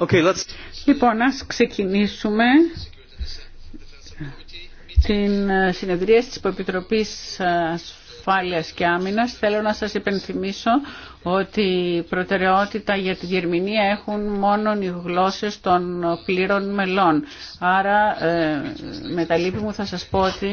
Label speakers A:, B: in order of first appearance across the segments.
A: Okay, let's...
B: Λοιπόν, ας ξεκινήσουμε την ε, συνεδρία της Επιτροπής ε, ασφάλειας και θέλω να σας υπενθυμίσω ότι προτεραιότητα για τη διερμηνία έχουν μόνο οι γλώσσες των πλήρων μελών. Άρα ε, με τα λύπη μου θα σας πω ότι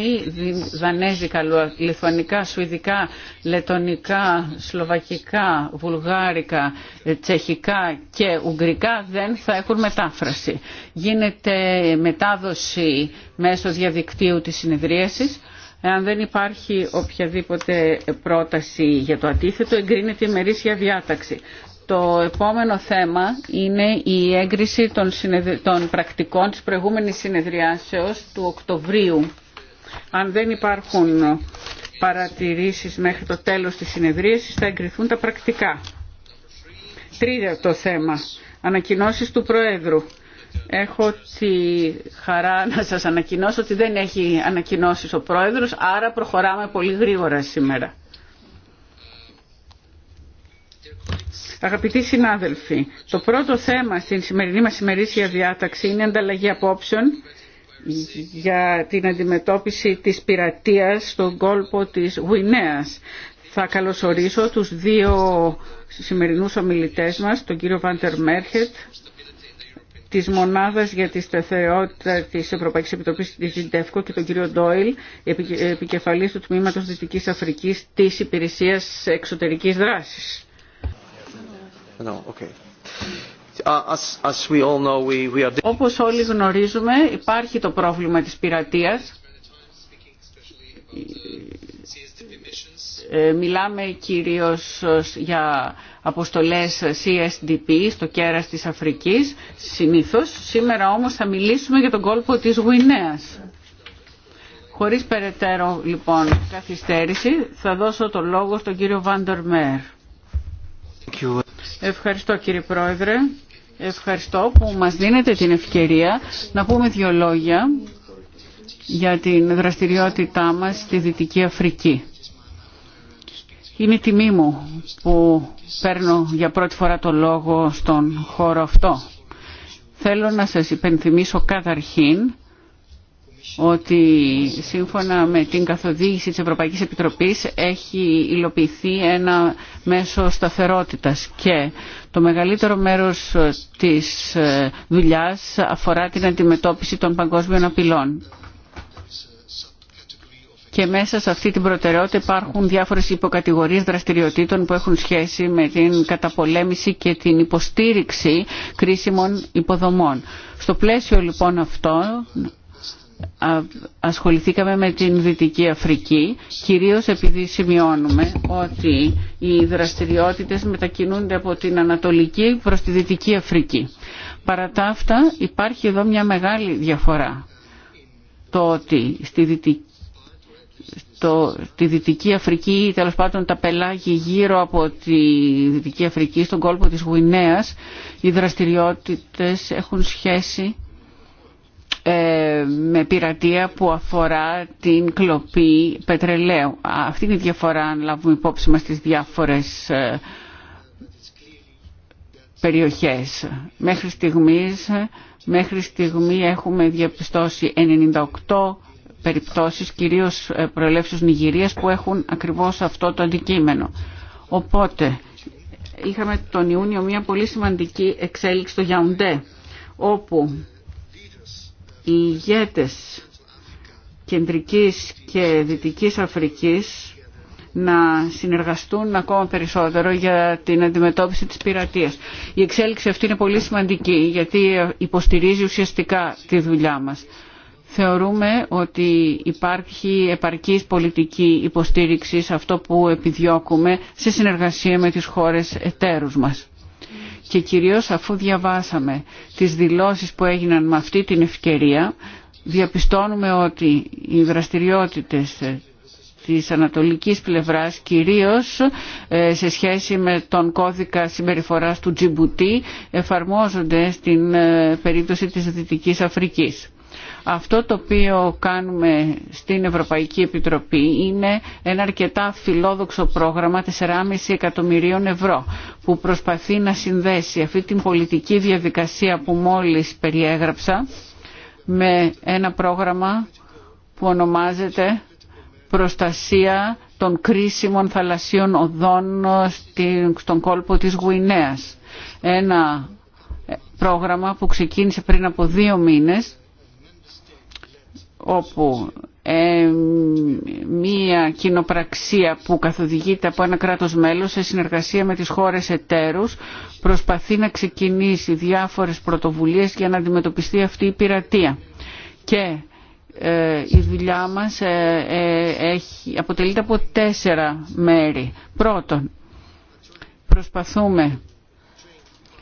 B: δανέζικα, λιθουανικά, σουηδικά, λετονικά, σλοβακικά, βουλγάρικα, ε, τσεχικά και ουγγρικά δεν θα έχουν μετάφραση. Γίνεται μετάδοση μέσω διαδικτύου της συνεδρίασης. Εάν δεν υπάρχει οποιαδήποτε πρόταση για το αντίθετο, εγκρίνεται η μερίσια διάταξη. Το επόμενο θέμα είναι η έγκριση των, των πρακτικών της προηγούμενης συνεδριάσεως του Οκτωβρίου. Αν δεν υπάρχουν παρατηρήσεις μέχρι το τέλος της συνεδρίασης θα εγκριθούν τα πρακτικά. Τρίτο θέμα. Ανακοινώσεις του Προέδρου. Έχω τη χαρά να σας ανακοινώσω ότι δεν έχει ανακοινώσει ο Πρόεδρος, άρα προχωράμε πολύ γρήγορα σήμερα. Αγαπητοί συνάδελφοι, το πρώτο θέμα στην σημερινή μας ημερήσια διάταξη είναι ανταλλαγή απόψεων για την αντιμετώπιση της πειρατείας στον κόλπο της Γουινέας. Θα καλωσορίσω τους δύο σημερινούς ομιλητές μας, τον κύριο Βάντερ Μέρχετ της Μονάδας για τη Σταθερότητα της Ευρωπαϊκής Επιτροπής της ΔΕΦΚΟ και τον κύριο Ντόιλ, ε, επικεφαλής του Τμήματος Δυτικής Αφρικής της Υπηρεσίας Εξωτερικής Δράσης. No, okay. Uh, Όπως όλοι γνωρίζουμε υπάρχει το πρόβλημα της πειρατείας ε, μιλάμε κυρίως για αποστολές CSDP στο κέρας της Αφρικής, συνήθως. Σήμερα όμως θα μιλήσουμε για τον κόλπο της Γουινέας. Χωρίς περαιτέρω λοιπόν καθυστέρηση θα δώσω το λόγο στον κύριο Βάντερ Μέρ. Ευχαριστώ κύριε Πρόεδρε. Ευχαριστώ που μας δίνετε την ευκαιρία να πούμε δύο λόγια για την δραστηριότητά μας στη Δυτική Αφρική. Είναι τιμή μου που παίρνω για πρώτη φορά το λόγο στον χώρο αυτό. Θέλω να σας υπενθυμίσω καταρχήν ότι σύμφωνα με την καθοδήγηση της Ευρωπαϊκής Επιτροπής έχει υλοποιηθεί ένα μέσο σταθερότητας και το μεγαλύτερο μέρος της δουλειάς αφορά την αντιμετώπιση των παγκόσμιων απειλών και μέσα σε αυτή την προτεραιότητα υπάρχουν διάφορες υποκατηγορίες δραστηριοτήτων που έχουν σχέση με την καταπολέμηση και την υποστήριξη κρίσιμων υποδομών. Στο πλαίσιο λοιπόν αυτό ασχοληθήκαμε με την Δυτική Αφρική κυρίως επειδή σημειώνουμε ότι οι δραστηριότητες μετακινούνται από την Ανατολική προς τη Δυτική Αφρική. Παρά τα αυτά υπάρχει εδώ μια μεγάλη διαφορά το ότι στη Δυτική το, τη Δυτική Αφρική ή τέλο πάντων τα πελάγη γύρω από τη Δυτική Αφρική στον κόλπο της Γουινέας οι δραστηριότητες έχουν σχέση ε, με πειρατεία που αφορά την κλοπή πετρελαίου. Αυτή είναι η διαφορά αν λάβουμε υπόψη μας τις διάφορες ε, περιοχές. Μέχρι στιγμής, μέχρι στιγμή έχουμε διαπιστώσει 98 περιπτώσεις, κυρίως ε, προελεύσεως Νιγηρίας, που έχουν ακριβώς αυτό το αντικείμενο. Οπότε, είχαμε τον Ιούνιο μια πολύ σημαντική εξέλιξη στο Γιαουντέ, όπου οι ηγέτες κεντρικής και δυτικής Αφρικής να συνεργαστούν ακόμα περισσότερο για την αντιμετώπιση της πειρατείας. Η εξέλιξη αυτή είναι πολύ σημαντική γιατί υποστηρίζει ουσιαστικά τη δουλειά μας. Θεωρούμε ότι υπάρχει επαρκής πολιτική υποστήριξη σε αυτό που επιδιώκουμε σε συνεργασία με τις χώρες εταίρους μας. Και κυρίως αφού διαβάσαμε τις δηλώσεις που έγιναν με αυτή την ευκαιρία, διαπιστώνουμε ότι οι δραστηριότητες της ανατολικής πλευράς κυρίως ε, σε σχέση με τον κώδικα συμπεριφοράς του Τζιμπουτί εφαρμόζονται στην ε, περίπτωση της Δυτικής Αφρικής. Αυτό το οποίο κάνουμε στην Ευρωπαϊκή Επιτροπή είναι ένα αρκετά φιλόδοξο πρόγραμμα 4,5 εκατομμυρίων ευρώ που προσπαθεί να συνδέσει αυτή την πολιτική διαδικασία που μόλις περιέγραψα με ένα πρόγραμμα που ονομάζεται προστασία των κρίσιμων θαλασσίων οδών στον κόλπο της Γουινέας. Ένα ε, πρόγραμμα που ξεκίνησε πριν από δύο μήνες όπου ε, μία κοινοπραξία που καθοδηγείται από ένα κράτος μέλος σε συνεργασία με τις χώρες εταίρους προσπαθεί να ξεκινήσει διάφορες πρωτοβουλίες για να αντιμετωπιστεί αυτή η πειρατεία. Και ε, η δουλειά μας ε, έχει, αποτελείται από τέσσερα μέρη. Πρώτον, προσπαθούμε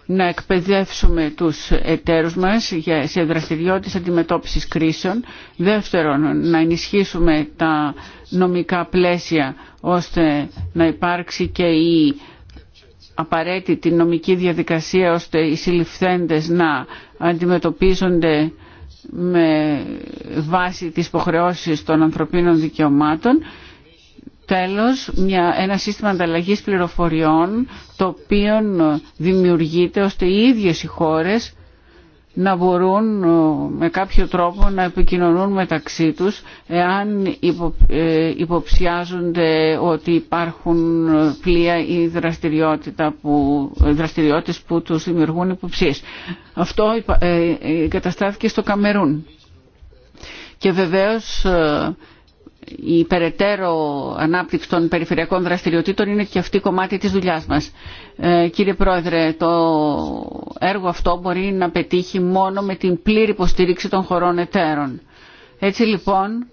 B: να εκπαιδεύσουμε τους εταίρους μας για, σε δραστηριότητες αντιμετώπισης κρίσεων. Δεύτερον, να ενισχύσουμε τα νομικά πλαίσια ώστε να υπάρξει και η απαραίτητη νομική διαδικασία ώστε οι συλληφθέντες να αντιμετωπίζονται με βάση τις υποχρεώσεις των ανθρωπίνων δικαιωμάτων Τέλος, μια, ένα σύστημα ανταλλαγής πληροφοριών το οποίο δημιουργείται ώστε οι ίδιες οι χώρες να μπορούν ε, με κάποιο τρόπο να επικοινωνούν μεταξύ τους εάν ε, υποψιάζονται ότι υπάρχουν πλοία ή δραστηριότητα που, δραστηριότητες που τους δημιουργούν υποψίες. Αυτό ε, καταστάθηκε στο Καμερούν. Και βεβαίως η περαιτέρω ανάπτυξη των περιφερειακών δραστηριοτήτων είναι και αυτή κομμάτι της δουλειάς μας. Ε, κύριε Πρόεδρε, το έργο αυτό μπορεί να πετύχει μόνο με την πλήρη υποστήριξη των χωρών εταίρων. Έτσι λοιπόν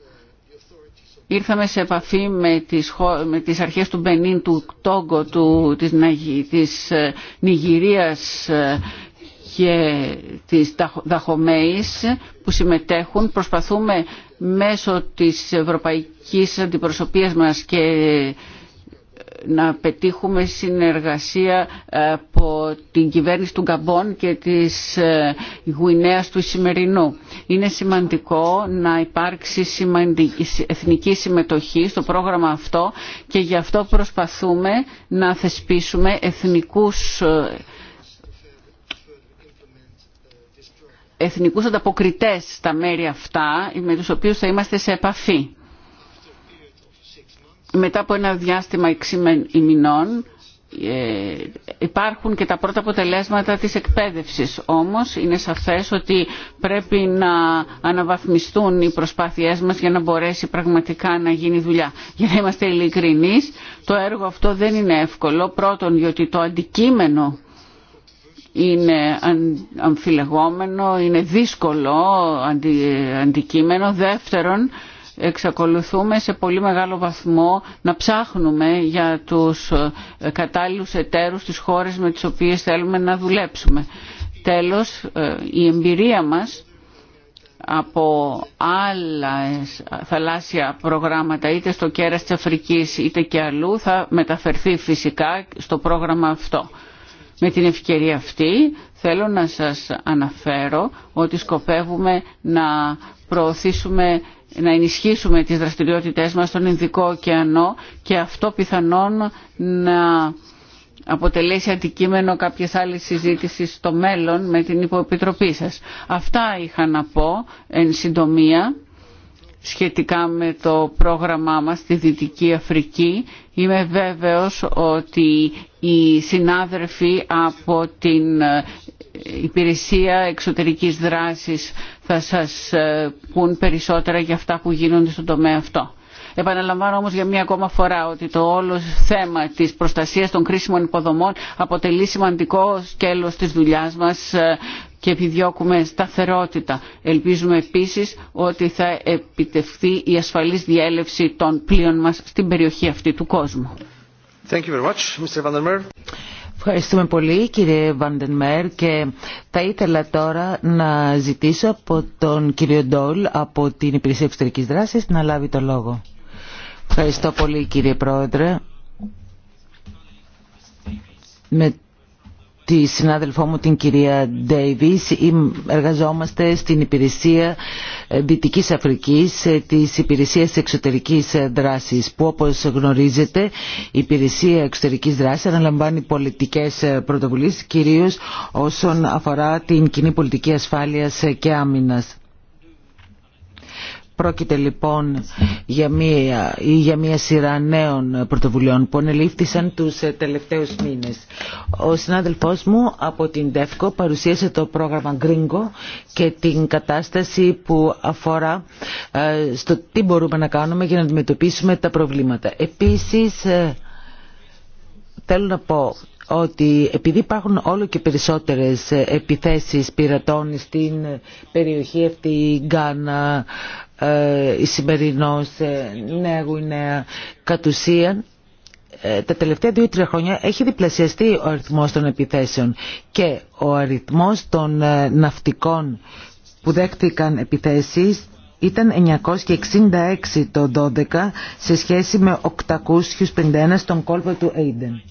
B: ήρθαμε σε επαφή με τις, με αρχές του Μπενίν, του Τόγκο, του, της, της ε, Νιγηρίας ε, και της Δαχομέης που συμμετέχουν. Προσπαθούμε μέσω της ευρωπαϊκής αντιπροσωπείας μας και ε, να πετύχουμε συνεργασία ε, από την κυβέρνηση του Γκαμπών και της ε, Γουινέας του Ισημερινού. Είναι σημαντικό να υπάρξει εθνική συμμετοχή στο πρόγραμμα αυτό και γι' αυτό προσπαθούμε να θεσπίσουμε εθνικούς εθνικούς ανταποκριτές στα μέρη αυτά με τους οποίους θα είμαστε σε επαφή. Μετά από ένα διάστημα μηνών ημινών ε, υπάρχουν και τα πρώτα αποτελέσματα της εκπαίδευσης. Όμως είναι σαφές ότι πρέπει να αναβαθμιστούν οι προσπάθειές μας για να μπορέσει πραγματικά να γίνει δουλειά. Για να είμαστε ειλικρινείς, το έργο αυτό δεν είναι εύκολο. Πρώτον, διότι το αντικείμενο είναι αμφιλεγόμενο, είναι δύσκολο αντικείμενο. Δεύτερον, εξακολουθούμε σε πολύ μεγάλο βαθμό να ψάχνουμε για τους ε, κατάλληλους εταίρους τις χώρες με τις οποίες θέλουμε να δουλέψουμε. Τέλος, ε, η εμπειρία μας από άλλα θαλάσσια προγράμματα είτε στο κέρας της Αφρικής είτε και αλλού θα μεταφερθεί φυσικά στο πρόγραμμα αυτό. Με την ευκαιρία αυτή θέλω να σας αναφέρω ότι σκοπεύουμε να προωθήσουμε να ενισχύσουμε τις δραστηριότητές μας στον Ινδικό ωκεανό και αυτό πιθανόν να αποτελέσει αντικείμενο κάποιες άλλες συζήτησης στο μέλλον με την υποεπιτροπή σας. Αυτά είχα να πω εν συντομία σχετικά με το πρόγραμμά μας στη Δυτική Αφρική Είμαι βέβαιος ότι οι συνάδελφοι από την ε, υπηρεσία εξωτερικής δράσης θα σας ε, πούν περισσότερα για αυτά που γίνονται στον τομέα αυτό. Επαναλαμβάνω όμως για μία ακόμα φορά ότι το όλο θέμα της προστασίας των κρίσιμων υποδομών αποτελεί σημαντικό σκέλος της δουλειάς μας ε, και επιδιώκουμε σταθερότητα. Ελπίζουμε επίσης ότι θα επιτευχθεί η ασφαλής διέλευση των πλοίων μας στην περιοχή αυτή του κόσμου. Thank you very much, Mr. Van der
C: Ευχαριστούμε πολύ κύριε Βαντενμέρ και θα ήθελα τώρα να ζητήσω από τον κύριο Ντόλ από την Υπηρεσία Εξωτερικής Δράσης να λάβει το λόγο. Ευχαριστώ πολύ κύριε Πρόεδρε. Με τη συνάδελφό μου την κυρία Ντέιβις εργαζόμαστε στην υπηρεσία ε, Δυτικής Αφρικής ε, της υπηρεσίας εξωτερικής ε, δράσης που όπως γνωρίζετε η υπηρεσία εξωτερικής δράσης αναλαμβάνει πολιτικές πρωτοβουλίες κυρίως όσον αφορά την κοινή πολιτική ασφάλειας και άμυνας. Πρόκειται λοιπόν για μία, για μία σειρά νέων πρωτοβουλειών που ανελήφθησαν τους ε, τελευταίους μήνες. Ο συνάδελφός μου από την ΤΕΦΚΟ παρουσίασε το πρόγραμμα Gringo και την κατάσταση που αφορά ε, στο τι μπορούμε να κάνουμε για να αντιμετωπίσουμε τα προβλήματα. Επίσης ε, θέλω να πω ότι επειδή υπάρχουν όλο και περισσότερες επιθέσεις πειρατών στην περιοχή αυτή, Γκάνα, ε, η σημερινός ε, νέου γουινέα κατ' ουσίαν ε, τα τελευταία δύο-τρία χρόνια έχει διπλασιαστεί ο αριθμός των επιθέσεων και ο αριθμός των ναυτικών που δέχτηκαν επιθέσεις ήταν 966 το 12 σε σχέση με 851 στον κόλπο του Αίντεν.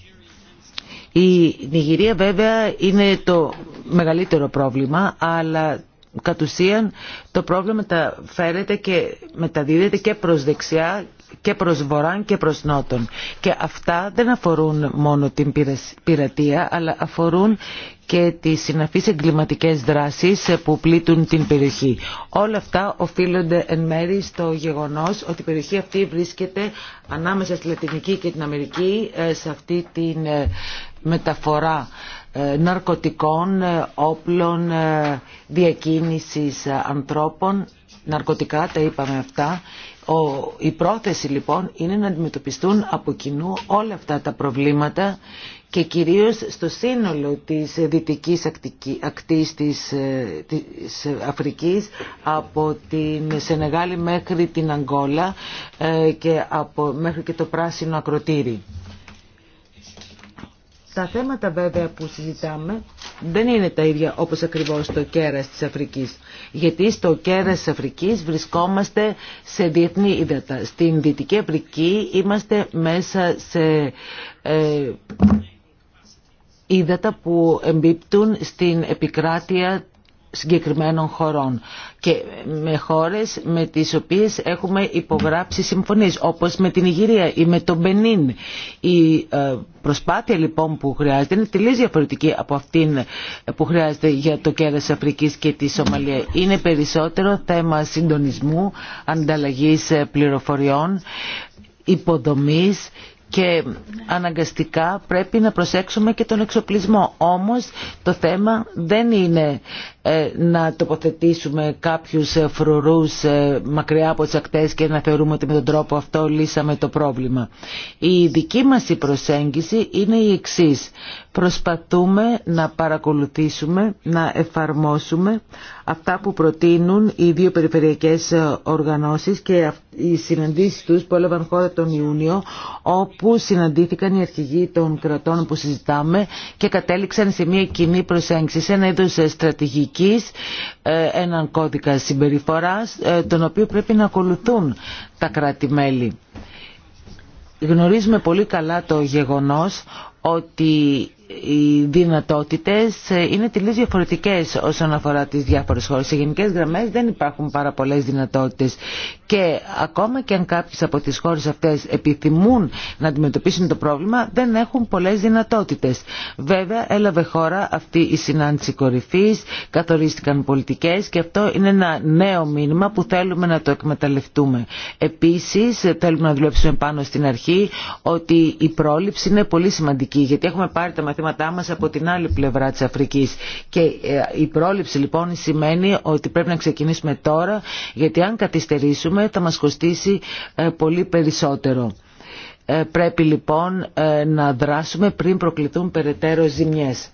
C: Η Νιγηρία βέβαια είναι το μεγαλύτερο πρόβλημα, αλλά κατ' ουσίαν το πρόβλημα μεταφέρεται και μεταδίδεται και προς δεξιά και προς βοράν και προς νότον. Και αυτά δεν αφορούν μόνο την πειρατεία, αλλά αφορούν και τις συναφείς εγκληματικές δράσεις που πλήττουν την περιοχή. Όλα αυτά οφείλονται εν μέρη στο γεγονός ότι η περιοχή αυτή βρίσκεται ανάμεσα στη Λατινική και την Αμερική ε, σε αυτή την ε, μεταφορά ε, ναρκωτικών, ε, όπλων, ε, διακίνησης ανθρώπων, ναρκωτικά τα είπαμε αυτά. η πρόθεση λοιπόν είναι να αντιμετωπιστούν από κοινού όλα αυτά τα προβλήματα και κυρίως στο σύνολο της δυτικής ακτής της, της Αφρικής από την Σενεγάλη μέχρι την Αγγόλα και από, μέχρι και το πράσινο ακροτήρι. Τα θέματα βέβαια που συζητάμε δεν είναι τα ίδια όπως ακριβώς το κέρας της Αφρικής. Γιατί στο κέρας της Αφρικής βρισκόμαστε σε διεθνή ύδατα. Στην Δυτική Αφρική είμαστε μέσα σε ε, που εμπίπτουν στην επικράτεια συγκεκριμένων χωρών και με χώρες με τις οποίες έχουμε υπογράψει συμφωνίες όπως με την Ιγυρία ή με τον Μπενίν. Η ε, προσπάθεια λοιπόν που χρειάζεται είναι τελείως διαφορετική από αυτήν ε, που χρειάζεται για το της Αφρικής και τη Σομαλία. Είναι περισσότερο θέμα συντονισμού, ανταλλαγής ε, πληροφοριών, υποδομής και αναγκαστικά πρέπει να προσέξουμε και τον εξοπλισμό. Όμως το θέμα δεν είναι ε, να τοποθετήσουμε κάποιους φρουρούς ε, μακριά από τις ακτές και να θεωρούμε ότι με τον τρόπο αυτό λύσαμε το πρόβλημα. Η δική μας η προσέγγιση είναι η εξής. Προσπαθούμε να παρακολουθήσουμε, να εφαρμόσουμε αυτά που προτείνουν οι δύο περιφερειακές οργανώσεις και οι συναντήσεις τους που έλαβαν χώρα τον Ιούνιο όπου συναντήθηκαν οι αρχηγοί των κρατών που συζητάμε και κατέληξαν σε μια κοινή προσέγγιση, σε ένα είδος στρατηγική ε, έναν κώδικα συμπεριφοράς, ε, τον οποίο πρέπει να ακολουθούν τα κράτη-μέλη. Γνωρίζουμε πολύ καλά το γεγονός ότι οι δυνατότητες ε, είναι τελείως διαφορετικές όσον αφορά τις διάφορες χώρες. Σε γενικές γραμμές δεν υπάρχουν πάρα πολλές δυνατότητες και ακόμα και αν κάποιες από τις χώρες αυτές επιθυμούν να αντιμετωπίσουν το πρόβλημα, δεν έχουν πολλές δυνατότητες. Βέβαια έλαβε χώρα αυτή η συνάντηση κορυφής, καθορίστηκαν πολιτικές και αυτό είναι ένα νέο μήνυμα που θέλουμε να το εκμεταλλευτούμε. Επίσης θέλουμε να δουλέψουμε πάνω στην αρχή ότι η πρόληψη είναι πολύ σημαντική γιατί έχουμε πάρει τα μαθήματά μας από την άλλη πλευρά της Αφρικής και ε, η πρόληψη λοιπόν σημαίνει ότι πρέπει να ξεκινήσουμε τώρα γιατί αν καθυστερήσουμε θα μας κοστίσει ε, πολύ περισσότερο. Ε, πρέπει λοιπόν ε, να δράσουμε πριν προκληθούν περαιτέρω ζημιές.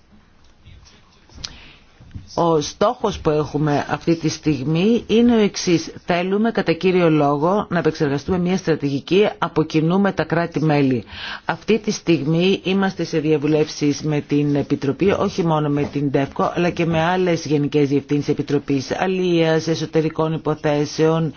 C: Ο στόχος που έχουμε αυτή τη στιγμή είναι ο εξής. Θέλουμε κατά κύριο λόγο να επεξεργαστούμε μια στρατηγική από κοινού με τα κράτη-μέλη. Αυτή τη στιγμή είμαστε σε διαβουλεύσεις με την Επιτροπή, όχι μόνο με την ΤΕΦΚΟ, αλλά και με άλλες γενικές διευθύνσεις Επιτροπής, αλίας, εσωτερικών υποθέσεων,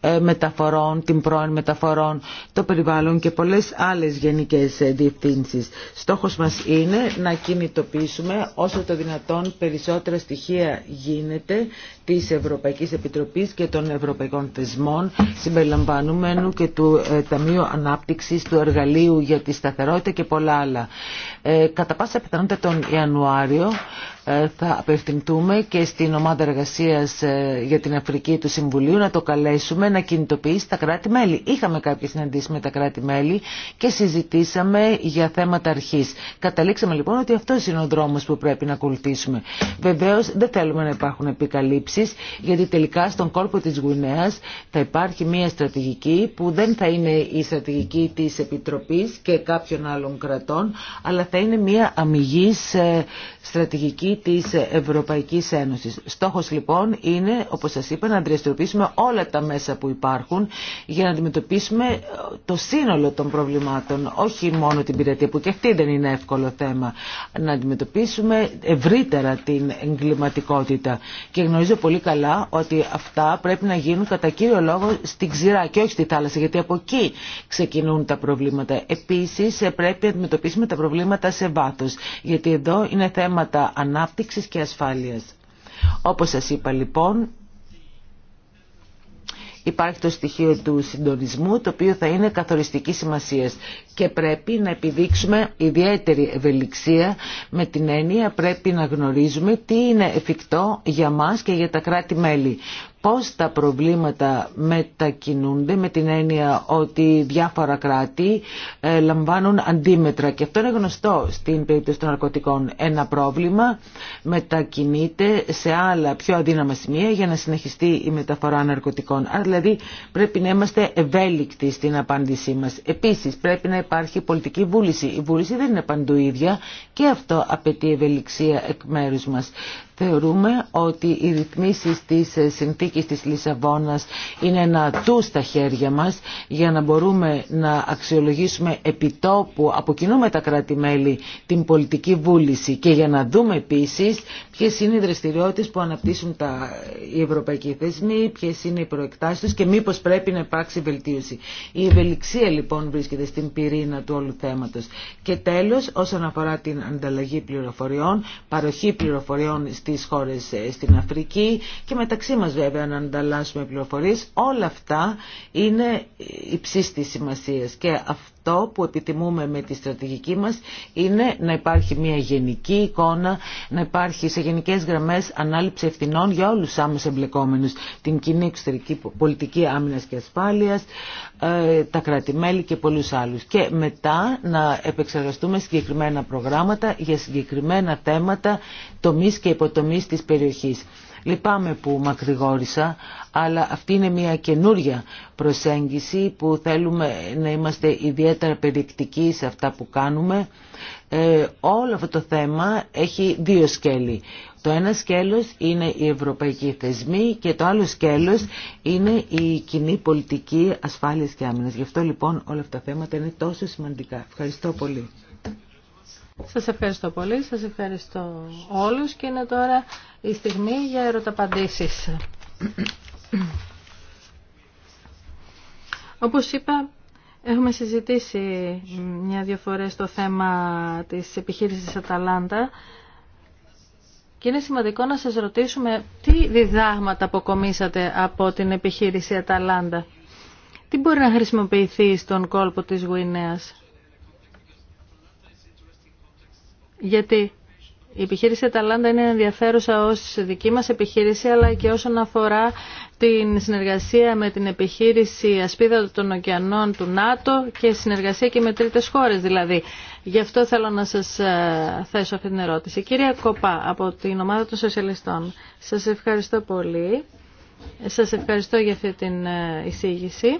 C: ε, μεταφορών, την πρώην μεταφορών, το περιβάλλον και πολλές άλλες γενικές ε, διευθύνσεις. Στόχος μας είναι να κινητοποιήσουμε όσο το δυνατόν περισσότερα στοιχεία γίνεται της Ευρωπαϊκής Επιτροπής και των Ευρωπαϊκών Θεσμών συμπεριλαμβανομένου και του ε, Ταμείου Ανάπτυξης, του Εργαλείου για τη Σταθερότητα και πολλά άλλα. Ε, κατά πάσα πιθανότητα τον Ιανουάριο ε, θα απευθυντούμε και στην ομάδα εργασίας για την Αφρική του Συμβουλίου να το καλέσουμε να κινητοποιήσει τα κράτη-μέλη. Είχαμε κάποιες συναντήσεις με τα κράτη-μέλη και συζητήσαμε για θέματα αρχής. Καταλήξαμε λοιπόν ότι αυτός είναι ο δρόμος που πρέπει να ακολουθήσουμε. Βεβαίως δεν θέλουμε να υπάρχουν επικαλύψεις γιατί τελικά στον κόλπο της Γουινέας θα υπάρχει μια στρατηγική που δεν θα είναι η στρατηγική της Επιτροπής και κάποιων άλλων κρατών αλλά θα είναι μια αμυγής ε, στρατηγική της Ευρωπαϊκής Ένωσης. Στόχος λοιπόν είναι, όπως σας είπα, να αντιαστροπίσουμε όλα τα μέσα που υπάρχουν για να αντιμετωπίσουμε το σύνολο των προβλημάτων, όχι μόνο την πειρατεία που και αυτή δεν είναι εύκολο θέμα, να αντιμετωπίσουμε ευρύτερα την εγκληματικότητα. Και γνωρίζω πολύ καλά ότι αυτά πρέπει να γίνουν κατά κύριο λόγο στην ξηρά και όχι στη θάλασσα, γιατί από εκεί ξεκινούν τα προβλήματα. Επίσης πρέπει να αντιμετωπίσουμε τα προβλήματα σε βάθος, γιατί εδώ είναι θέμα θέματα ανάπτυξης και ασφάλειας. Όπως σας είπα λοιπόν, υπάρχει το στοιχείο του συντονισμού το οποίο θα είναι καθοριστική σημασίας και πρέπει να επιδείξουμε ιδιαίτερη ευελιξία με την έννοια πρέπει να γνωρίζουμε τι είναι εφικτό για μας και για τα κράτη-μέλη πώς τα προβλήματα μετακινούνται με την έννοια ότι διάφορα κράτη ε, λαμβάνουν αντίμετρα και αυτό είναι γνωστό στην περίπτωση των ναρκωτικών. Ένα πρόβλημα μετακινείται σε άλλα πιο αδύναμα σημεία για να συνεχιστεί η μεταφορά ναρκωτικών. Άρα δηλαδή πρέπει να είμαστε ευέλικτοι στην απάντησή μας. Επίσης πρέπει να υπάρχει πολιτική βούληση. Η βούληση δεν είναι παντού ίδια και αυτό απαιτεί ευελιξία εκ μέρους μας. Θεωρούμε ότι οι ρυθμίσεις της ε, συνθήκης της Λισαβόνας είναι ένα του στα χέρια μας για να μπορούμε να αξιολογήσουμε επιτόπου από κοινού τα κράτη-μέλη την πολιτική βούληση και για να δούμε επίσης ποιες είναι οι δραστηριότητες που αναπτύσσουν τα, οι ευρωπαϊκοί θεσμοί, ποιες είναι οι προεκτάσεις τους και μήπως πρέπει να υπάρξει βελτίωση. Η ευελιξία λοιπόν βρίσκεται στην πυρήνα του όλου θέματος. Και τέλος όσον αφορά την ανταλλαγή πληροφοριών, παροχή πληροφοριών στις χώρες ε, στην Αφρική και μεταξύ μας βέβαια να ανταλλάσσουμε πληροφορίες. Όλα αυτά είναι υψής της σημασίας και αυτό αυτό που επιτιμούμε με τη στρατηγική μας είναι να υπάρχει μια γενική εικόνα, να υπάρχει σε γενικές γραμμές ανάληψη ευθυνών για όλους τους άμεσα εμπλεκόμενους, την κοινή εξωτερική πολιτική άμυνας και ασφάλειας, ε, τα κρατημέλη και πολλούς άλλους. Και μετά να επεξεργαστούμε συγκεκριμένα προγράμματα για συγκεκριμένα θέματα, τομείς και υποτομείς της περιοχής. Λυπάμαι που μακρηγόρησα, αλλά αυτή είναι μια καινούρια προσέγγιση που θέλουμε να είμαστε ιδιαίτερα περιεκτικοί σε αυτά που κάνουμε. Ε, όλο αυτό το θέμα έχει δύο σκέλη. Το ένα σκέλος είναι οι ευρωπαϊκοί θεσμοί και το άλλο σκέλος είναι η κοινή πολιτική ασφάλειας και άμυνας. Γι' αυτό λοιπόν όλα αυτά τα θέματα είναι τόσο σημαντικά. Ευχαριστώ πολύ.
D: Σας ευχαριστώ πολύ, σας ευχαριστώ όλους και είναι τώρα η στιγμή για ερωταπαντήσεις. Όπως είπα, έχουμε συζητήσει μια-δυο φορές το θέμα της επιχείρησης Αταλάντα και είναι σημαντικό να σας ρωτήσουμε τι διδάγματα αποκομίσατε από την επιχείρηση Αταλάντα. Τι μπορεί να χρησιμοποιηθεί στον κόλπο της Γουινέας. γιατί η επιχείρηση Αταλάντα είναι ενδιαφέρουσα ως δική μας επιχείρηση, αλλά και όσον αφορά την συνεργασία με την επιχείρηση Ασπίδα των Ωκεανών του ΝΑΤΟ και συνεργασία και με τρίτες χώρες δηλαδή. Γι' αυτό θέλω να σας ε, θέσω αυτή την ερώτηση. Κυρία Κοπά, από την ομάδα των Σοσιαλιστών, σας ευχαριστώ πολύ. Σας ευχαριστώ για αυτή την ε, εισήγηση.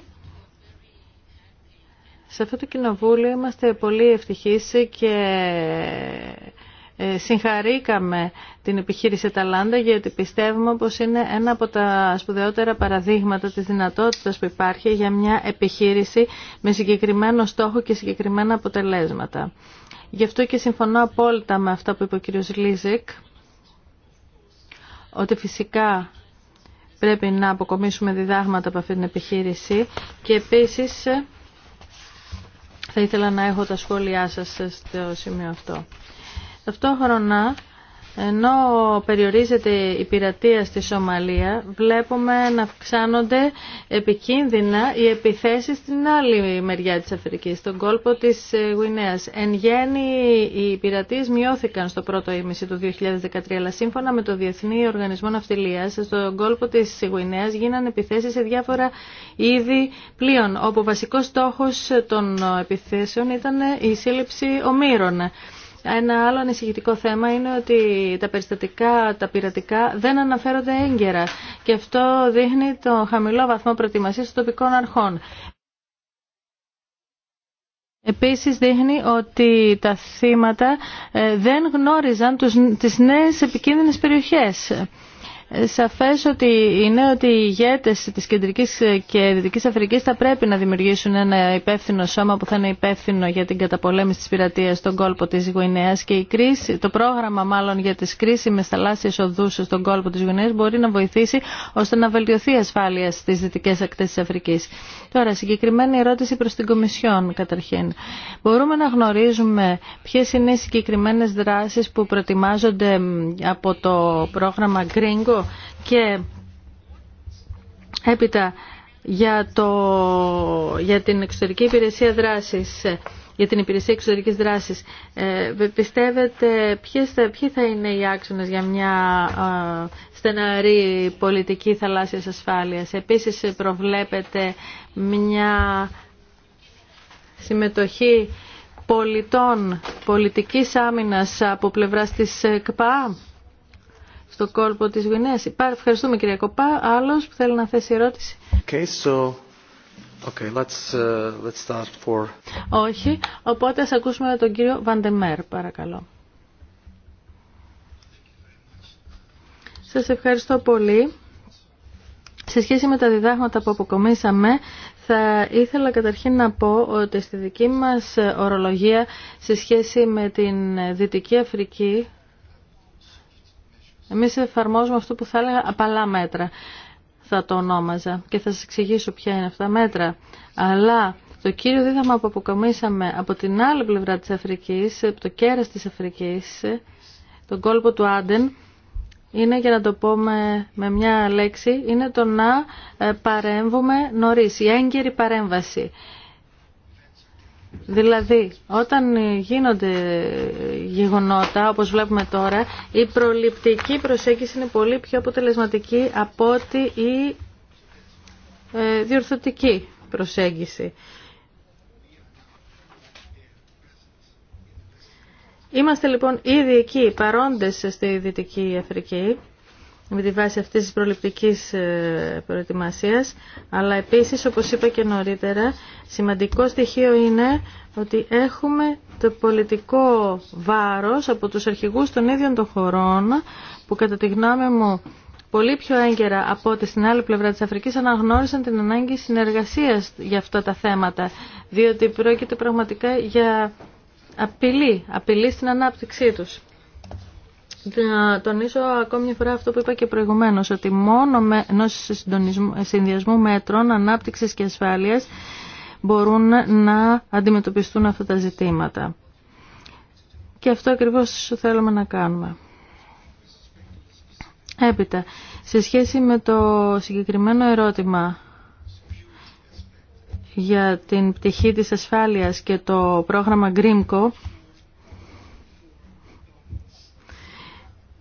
D: Σε αυτό το κοινοβούλιο είμαστε πολύ ευτυχείς και ε, συγχαρήκαμε την επιχείρηση Ταλάντα γιατί πιστεύουμε πως είναι ένα από τα σπουδαιότερα παραδείγματα της δυνατότητας που υπάρχει για μια επιχείρηση με συγκεκριμένο στόχο και συγκεκριμένα αποτελέσματα. Γι' αυτό και συμφωνώ απόλυτα με αυτά που είπε ο κ. Λίζικ ότι φυσικά πρέπει να αποκομίσουμε διδάγματα από αυτή την επιχείρηση και επίσης θα ήθελα να έχω τα σχόλιά σας στο σημείο αυτό. Ταυτόχρονα ενώ περιορίζεται η πειρατεία στη Σομαλία, βλέπουμε να αυξάνονται επικίνδυνα οι επιθέσεις στην άλλη μεριά της Αφρικής, στον κόλπο της ε, Γουινέας. Εν γέννη, οι πειρατείες μειώθηκαν στο πρώτο ήμιση του 2013, αλλά σύμφωνα με το Διεθνή Οργανισμό Ναυτιλίας, στον κόλπο της Γουινέας γίνανε επιθέσεις σε διάφορα είδη πλοίων, όπου βασικός στόχος των επιθέσεων ήταν η σύλληψη ομήρων. Ένα άλλο ανησυχητικό θέμα είναι ότι τα περιστατικά, τα πειρατικά δεν αναφέρονται έγκαιρα και αυτό δείχνει το χαμηλό βαθμό προετοιμασίας των τοπικών αρχών. Επίσης δείχνει ότι τα θύματα ε, δεν γνώριζαν τους, τις νέες επικίνδυνες περιοχές σαφές ότι είναι ότι οι ηγέτες της Κεντρικής και Δυτικής Αφρικής θα πρέπει να δημιουργήσουν ένα υπεύθυνο σώμα που θα είναι υπεύθυνο για την καταπολέμηση της πειρατείας στον κόλπο της Γουινέας και η κρίση, το πρόγραμμα μάλλον για τις κρίσιμες θαλάσσιες οδούς στον κόλπο της Γουινέας μπορεί να βοηθήσει ώστε να βελτιωθεί η ασφάλεια στις δυτικές ακτές της Αφρικής. Τώρα, συγκεκριμένη ερώτηση προς την Κομισιόν καταρχήν. Μπορούμε να γνωρίζουμε ποιε είναι οι συγκεκριμένες δράσεις που προετοιμάζονται από το πρόγραμμα Gringo και έπειτα για, το, για την εξωτερική υπηρεσία δράσης για την υπηρεσία εξωτερικής δράσης. Ε, πιστεύετε ποιες θα, ποιοι θα είναι οι άξονες για μια ε, στεναρή πολιτική θαλάσσιας ασφάλειας. Επίσης προβλέπετε μια συμμετοχή πολιτών πολιτικής άμυνας από πλευράς της ΚΠΑ. Στο κόλπο της Γουινέας. Ευχαριστούμε κυρία Κοπά. Άλλος που θέλει να θέσει ερώτηση.
A: Okay, so... Okay, let's, uh, let's start for...
D: Όχι, οπότε ας ακούσουμε τον κύριο Βαντεμέρ, παρακαλώ. Σας ευχαριστώ πολύ. Σε σχέση με τα διδάγματα που αποκομίσαμε, θα ήθελα καταρχήν να πω ότι στη δική μας ορολογία, σε σχέση με την Δυτική Αφρική, εμείς εφαρμόζουμε αυτό που θα έλεγα απαλά μέτρα θα το ονόμαζα και θα σας εξηγήσω ποια είναι αυτά τα μέτρα. Αλλά το κύριο δίδαμα που αποκομίσαμε από την άλλη πλευρά της Αφρικής, από το κέρας της Αφρικής, τον κόλπο του Άντεν, είναι για να το πούμε με μια λέξη, είναι το να ε, παρέμβουμε νωρίς, η έγκαιρη παρέμβαση. Δηλαδή, όταν γίνονται γεγονότα, όπως βλέπουμε τώρα, η προληπτική προσέγγιση είναι πολύ πιο αποτελεσματική από ότι η ε, διορθωτική προσέγγιση. Είμαστε λοιπόν ήδη εκεί, παρόντες στη Δυτική Αφρική με τη βάση αυτής της προληπτικής ε, προετοιμασίας, αλλά επίσης, όπως είπα και νωρίτερα, σημαντικό στοιχείο είναι ότι έχουμε το πολιτικό βάρος από τους αρχηγούς των ίδιων των χωρών, που κατά τη γνώμη μου πολύ πιο έγκαιρα από ότι στην άλλη πλευρά της Αφρικής αναγνώρισαν την ανάγκη συνεργασίας για αυτά τα θέματα, διότι πρόκειται πραγματικά για απειλή, απειλή στην ανάπτυξή τους να τονίσω ακόμη μια φορά αυτό που είπα και προηγουμένως, ότι μόνο με ενός συνδυασμού μέτρων ανάπτυξης και ασφάλειας μπορούν να αντιμετωπιστούν αυτά τα ζητήματα. Και αυτό ακριβώς θέλουμε να κάνουμε. Έπειτα, σε σχέση με το συγκεκριμένο ερώτημα για την πτυχή της ασφάλειας και το πρόγραμμα Grimco,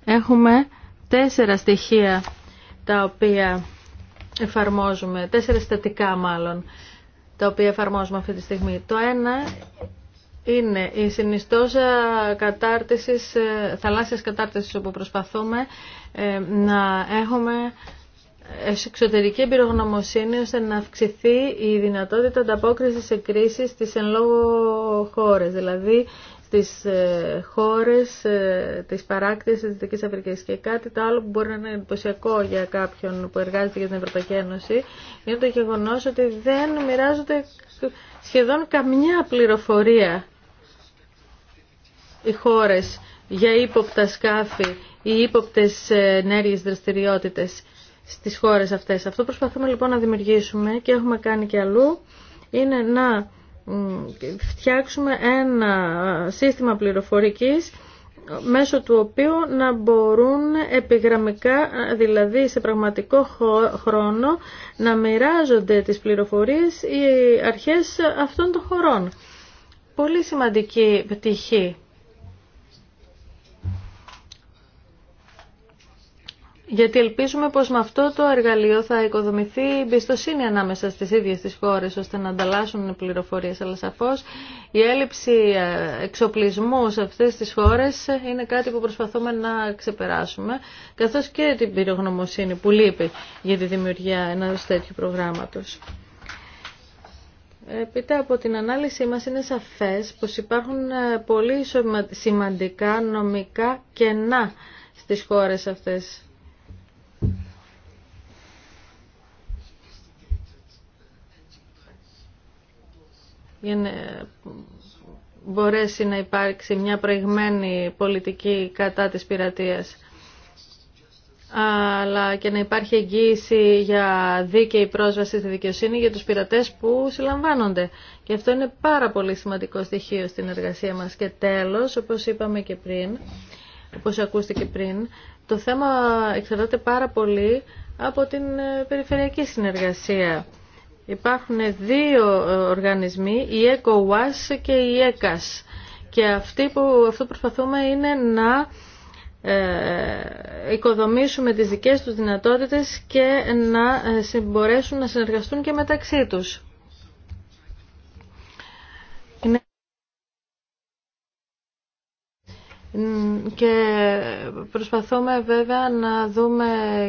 D: Έχουμε τέσσερα στοιχεία τα οποία εφαρμόζουμε, τέσσερα στατικά μάλλον, τα οποία εφαρμόζουμε αυτή τη στιγμή. Το ένα είναι η συνιστόσα κατάρτισης, ε, θαλάσσιας κατάρτισης όπου προσπαθούμε ε, να έχουμε εξωτερική εμπειρογνωμοσύνη ώστε να αυξηθεί η δυνατότητα ανταπόκριση σε κρίσεις στις εν λόγω χώρες. Δηλαδή στις ε, χώρες ε, της παράκτησης της Δυτικής Αφρικής. Και κάτι το άλλο που μπορεί να είναι εντυπωσιακό για κάποιον που εργάζεται για την Ευρωπαϊκή Ένωση είναι το γεγονός ότι δεν μοιράζονται σχεδόν καμιά πληροφορία οι χώρες για ύποπτα σκάφη ή ύποπτες ενέργειες δραστηριότητες στις χώρες αυτές. Αυτό προσπαθούμε λοιπόν να δημιουργήσουμε και έχουμε κάνει και αλλού είναι να φτιάξουμε ένα σύστημα πληροφορικής μέσω του οποίου να μπορούν επιγραμμικά, δηλαδή σε πραγματικό χρόνο, να μοιράζονται τις πληροφορίες οι αρχές αυτών των χωρών. Πολύ σημαντική πτυχή γιατί ελπίζουμε πως με αυτό το εργαλείο θα οικοδομηθεί η εμπιστοσύνη ανάμεσα στις ίδιες τις χώρες ώστε να ανταλλάσσουν πληροφορίες. Αλλά σαφώς η έλλειψη ε, εξοπλισμού σε αυτές τις χώρες είναι κάτι που προσπαθούμε να ξεπεράσουμε καθώς και την πυρογνωμοσύνη που λείπει για τη δημιουργία ενός τέτοιου προγράμματος. Επίτα από την ανάλυση μας είναι σαφές πως υπάρχουν ε, πολύ σημαντικά νομικά κενά στις χώρες αυτές για να μπορέσει να υπάρξει μια προηγμένη πολιτική κατά της πειρατείας αλλά και να υπάρχει εγγύηση για δίκαιη πρόσβαση στη δικαιοσύνη για τους πειρατές που συλλαμβάνονται. Και αυτό είναι πάρα πολύ σημαντικό στοιχείο στην εργασία μας. Και τέλος, όπως είπαμε και πριν, όπως ακούστηκε πριν, το θέμα εξαρτάται πάρα πολύ από την ε, περιφερειακή συνεργασία. Υπάρχουν δύο ε, οργανισμοί, η ECOWAS και η ECAS. Και αυτοί που, αυτό που προσπαθούμε είναι να ε, οικοδομήσουμε τις δικές τους δυνατότητες και να ε, μπορέσουν να συνεργαστούν και μεταξύ τους. και προσπαθούμε βέβαια να δούμε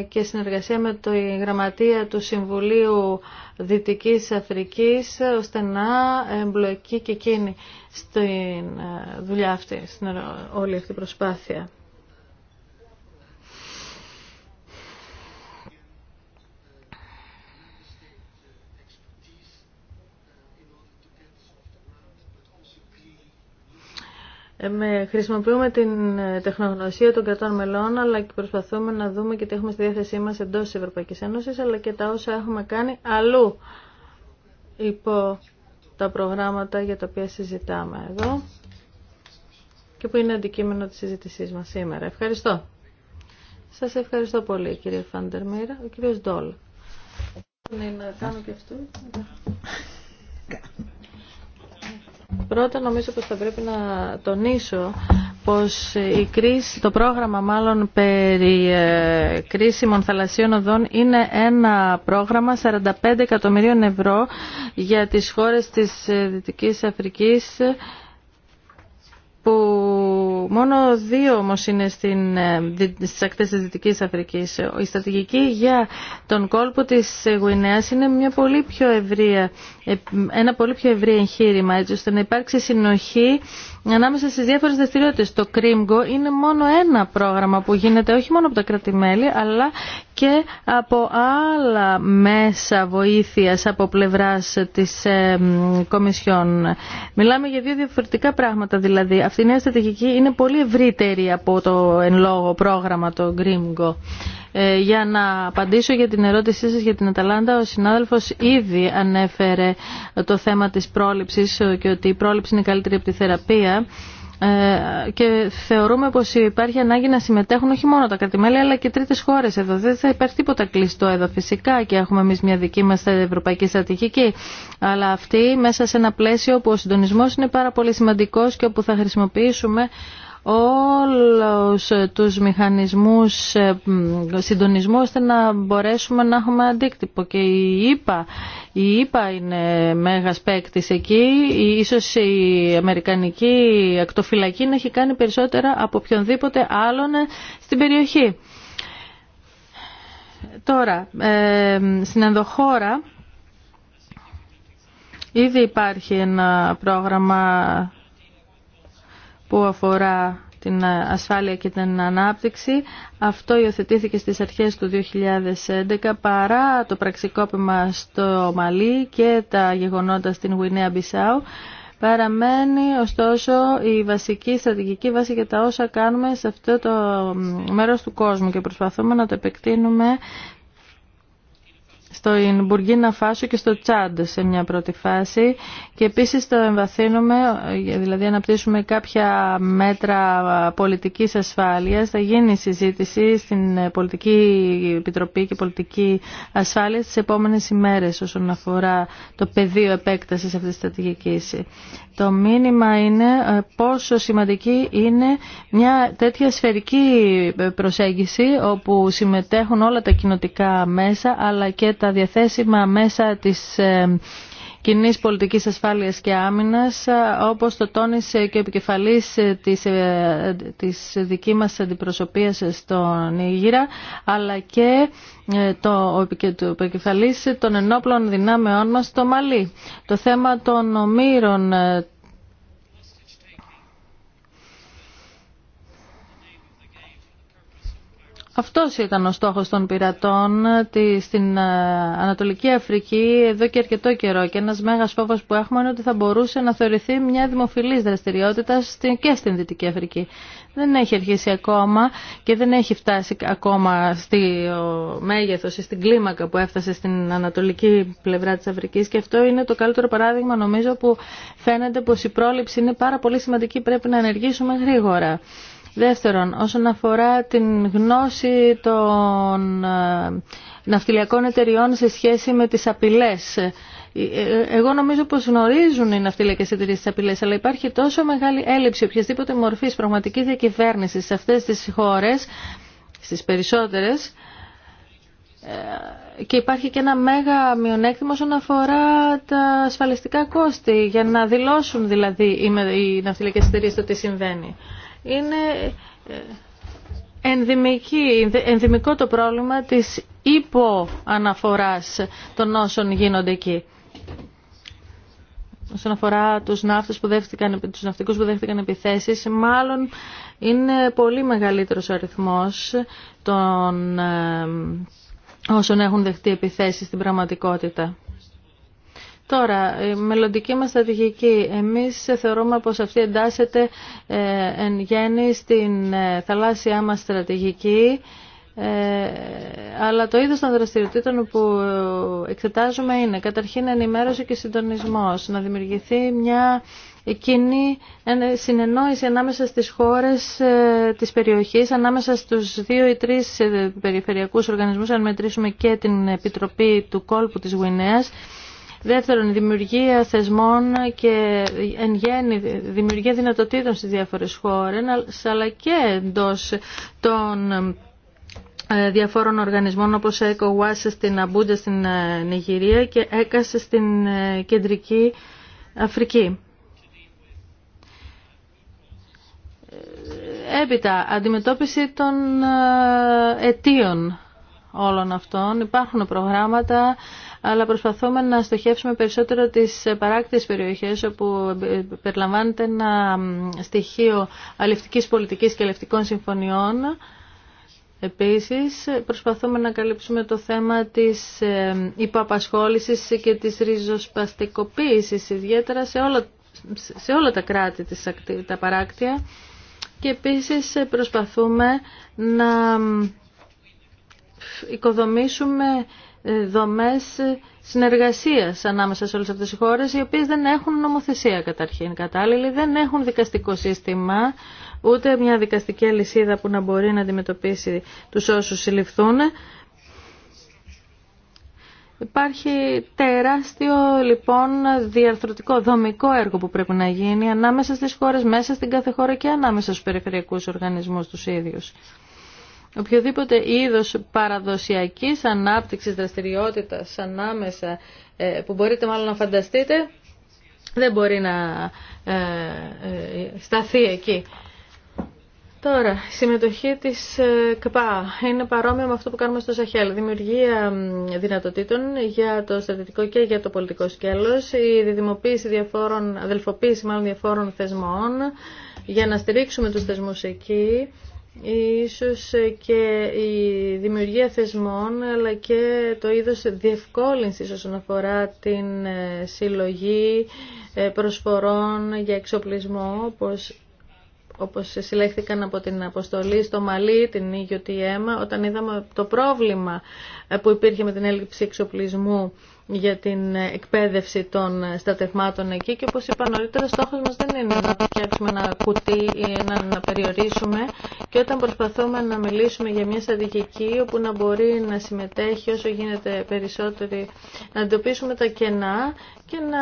D: και συνεργασία με το γραμματεία του Συμβουλίου Δυτικής Αφρικής ώστε να εμπλοκεί και εκείνη στην ε, δουλειά αυτή, στην ε, όλη αυτή προσπάθεια. χρησιμοποιούμε την ε, τεχνογνωσία των κρατών μελών, αλλά και προσπαθούμε να δούμε και τι έχουμε στη διάθεσή μας εντός της Ευρωπαϊκής Ένωσης, αλλά και τα όσα έχουμε κάνει αλλού υπό τα προγράμματα για τα οποία συζητάμε εδώ και που είναι αντικείμενο της συζήτησής μας σήμερα. Ευχαριστώ. Σας ευχαριστώ πολύ κύριε Φαντερμίρα. Ο κύριος Ντόλ. Ναι, αυτό. Πρώτα νομίζω πως θα πρέπει να τονίσω πως η κρίση, το πρόγραμμα μάλλον περί ε, κρίσιμων θαλασσίων οδών είναι ένα πρόγραμμα 45 εκατομμυρίων ευρώ για τις χώρες της ε, Δυτικής Αφρικής που μόνο δύο όμω είναι στην, ε, στις ακτές της Δυτικής Αφρικής. Η στρατηγική για τον κόλπο της Γουινέας είναι μια πολύ πιο ευρία, ε, ένα πολύ πιο ευρύ εγχείρημα έτσι ώστε να υπάρξει συνοχή ανάμεσα στι διάφορε δραστηριότητε, Το Κρίμγκο είναι μόνο ένα πρόγραμμα που γίνεται όχι μόνο από τα κράτη-μέλη αλλά και από άλλα μέσα βοήθειας από πλευράς της ε, Κομισιόν. Μιλάμε για δύο διαφορετικά πράγματα δηλαδή. Αυτή η νέα στρατηγική είναι πολύ ευρύτερη από το εν λόγω πρόγραμμα το Κρίμγκο. Ε, για να απαντήσω για την ερώτησή σας για την Αταλάντα, ο συνάδελφος ήδη ανέφερε το θέμα της πρόληψης και ότι η πρόληψη είναι καλύτερη από τη θεραπεία ε, και θεωρούμε πως υπάρχει ανάγκη να συμμετέχουν όχι μόνο τα κρατημέλη αλλά και τρίτες χώρες εδώ. Δεν θα υπάρχει τίποτα κλειστό εδώ φυσικά και έχουμε εμείς μια δική μας ευρωπαϊκή στρατηγική αλλά αυτή μέσα σε ένα πλαίσιο όπου ο συντονισμός είναι πάρα πολύ σημαντικός και όπου θα χρησιμοποιήσουμε όλους τους μηχανισμούς ε, συντονισμού ώστε να μπορέσουμε να έχουμε αντίκτυπο και η ΕΠΑ η ΕΠΑ είναι μέγας παίκτη εκεί ίσως η Αμερικανική ακτοφυλακή να έχει κάνει περισσότερα από οποιονδήποτε άλλον ε, στην περιοχή Τώρα, ε, στην ενδοχώρα ήδη υπάρχει ένα πρόγραμμα που αφορά την ασφάλεια και την ανάπτυξη. Αυτό υιοθετήθηκε στις αρχές του 2011 παρά το πραξικόπημα στο Μαλί και τα γεγονότα στην Γουινέα Μπισάου. Παραμένει ωστόσο η βασική στρατηγική βάση για τα όσα κάνουμε σε αυτό το μέρος του κόσμου και προσπαθούμε να το επεκτείνουμε στο Ινμπουργίνα Φάσο και στο Τσάντ σε μια πρώτη φάση και επίσης το εμβαθύνουμε, δηλαδή αναπτύσσουμε κάποια μέτρα πολιτικής ασφάλειας. Θα γίνει συζήτηση στην Πολιτική Επιτροπή και Πολιτική Ασφάλεια στις επόμενες ημέρες όσον αφορά το πεδίο επέκτασης αυτής της στρατηγικής. Το μήνυμα είναι ε, πόσο σημαντική είναι μια τέτοια σφαιρική ε, προσέγγιση όπου συμμετέχουν όλα τα κοινοτικά μέσα αλλά και τα διαθέσιμα μέσα της ε, κοινή πολιτική ασφάλειας και άμυνας, ε, όπως το τόνισε και ο επικεφαλή ε, της, δική μας αντιπροσωπείας στον Ήγηρα, αλλά και το, ο επικεφαλής των ενόπλων δυνάμεών μας στο Μαλί. Το θέμα των ομήρων Αυτός ήταν ο στόχος των πειρατών στην ε, Ανατολική Αφρική εδώ και αρκετό καιρό και ένας μέγας φόβος που έχουμε είναι ότι θα μπορούσε να θεωρηθεί μια δημοφιλής δραστηριότητα και στην Δυτική Αφρική. Δεν έχει αρχίσει ακόμα και δεν έχει φτάσει ακόμα στη μέγεθος ή στην κλίμακα που έφτασε στην ανατολική πλευρά της Αφρικής και αυτό είναι το καλύτερο παράδειγμα νομίζω που φαίνεται πως η πρόληψη είναι πάρα πολύ σημαντική πρέπει να ενεργήσουμε γρήγορα. Δεύτερον, όσον αφορά την γνώση των ε, ναυτιλιακών εταιριών σε σχέση με τις απειλές. Ε, εγώ νομίζω πως γνωρίζουν οι ναυτιλιακές εταιρείε τις απειλές, αλλά υπάρχει τόσο μεγάλη έλλειψη οποιασδήποτε μορφής πραγματικής διακυβέρνησης σε αυτές τις χώρες, στις περισσότερες, ε, και υπάρχει και ένα μέγα μειονέκτημα όσον αφορά τα ασφαλιστικά κόστη, για να δηλώσουν δηλαδή οι ναυτιλιακές εταιρείε το τι συμβαίνει είναι ε, ενδυμική, ενδυμικό το πρόβλημα της υποαναφοράς των όσων γίνονται εκεί. Όσον αφορά τους, ναύτες που δέχτηκαν, τους ναυτικούς που δέχτηκαν επιθέσεις, μάλλον είναι πολύ μεγαλύτερος ο αριθμός των ε, όσων έχουν δεχτεί επιθέσεις στην πραγματικότητα. Τώρα, η μελλοντική μας στρατηγική. Εμείς θεωρούμε πως αυτή εντάσσεται ε, εν γέννη στην ε, θαλάσσια μας στρατηγική. Ε, αλλά το είδος των δραστηριοτήτων που εξετάζουμε είναι καταρχήν ενημέρωση και συντονισμός, να δημιουργηθεί μια κοινή συνεννόηση ανάμεσα στις χώρες ε, της περιοχής, ανάμεσα στους δύο ή τρεις περιφερειακούς οργανισμούς, αν μετρήσουμε και την Επιτροπή του Κόλπου της Γουινέας, Δεύτερον, η δημιουργία θεσμών και εν γέννη δημιουργία δυνατοτήτων στις διάφορες χώρες, αλλά και εντός των ε, διαφόρων οργανισμών όπως ECOWAS στην Αμπούντα στην ε, Νιγηρία και ΕΚΑΣ στην ε, Κεντρική Αφρική. Έπειτα, αντιμετώπιση των αιτίων όλων αυτών. Υπάρχουν προγράμματα αλλά προσπαθούμε να στοχεύσουμε περισσότερο τις παράκτιες περιοχές όπου περιλαμβάνεται ένα στοιχείο αλευτικής πολιτικής και αλευτικών συμφωνιών. Επίσης, προσπαθούμε να καλύψουμε το θέμα της ε, υποαπασχόλησης και της ριζοσπαστικοποίησης, ιδιαίτερα σε όλα, σε όλα τα κράτη της, τα παράκτια. Και επίσης προσπαθούμε να οικοδομήσουμε δομές συνεργασίας ανάμεσα σε όλες αυτές τις χώρες οι οποίες δεν έχουν νομοθεσία καταρχήν κατάλληλη, δεν έχουν δικαστικό σύστημα ούτε μια δικαστική αλυσίδα που να μπορεί να αντιμετωπίσει τους όσους συλληφθούν. Υπάρχει τεράστιο λοιπόν διαρθρωτικό δομικό έργο που πρέπει να γίνει ανάμεσα στις χώρες, μέσα στην κάθε χώρα και ανάμεσα στους περιφερειακούς οργανισμούς τους ίδιους οποιοδήποτε είδος παραδοσιακής ανάπτυξης δραστηριότητας ανάμεσα ε, που μπορείτε μάλλον να φανταστείτε δεν μπορεί να ε, ε, σταθεί εκεί. Τώρα, η συμμετοχή της ΚΠΑ είναι παρόμοια με αυτό που κάνουμε στο Σαχέλ. Δημιουργία δυνατοτήτων για το στρατητικό και για το πολιτικό σκέλος, η διδημοποίηση διαφόρων, αδελφοποίηση μάλλον διαφόρων θεσμών για να στηρίξουμε τους θεσμούς εκεί, ίσως και η δημιουργία θεσμών αλλά και το είδος διευκόλυνσης όσον αφορά την ε, συλλογή ε, προσφορών για εξοπλισμό όπως όπως συλλέχθηκαν από την αποστολή στο Μαλί, την αίμα, όταν είδαμε το πρόβλημα ε, που υπήρχε με την έλλειψη εξοπλισμού για την εκπαίδευση των στατευμάτων εκεί και όπως είπα νωρίτερα στόχος μας δεν είναι να φτιάξουμε ένα κουτί ή να, περιορίσουμε και όταν προσπαθούμε να μιλήσουμε για μια στρατηγική όπου να μπορεί να συμμετέχει όσο γίνεται περισσότεροι να αντιμετωπίσουμε τα κενά και να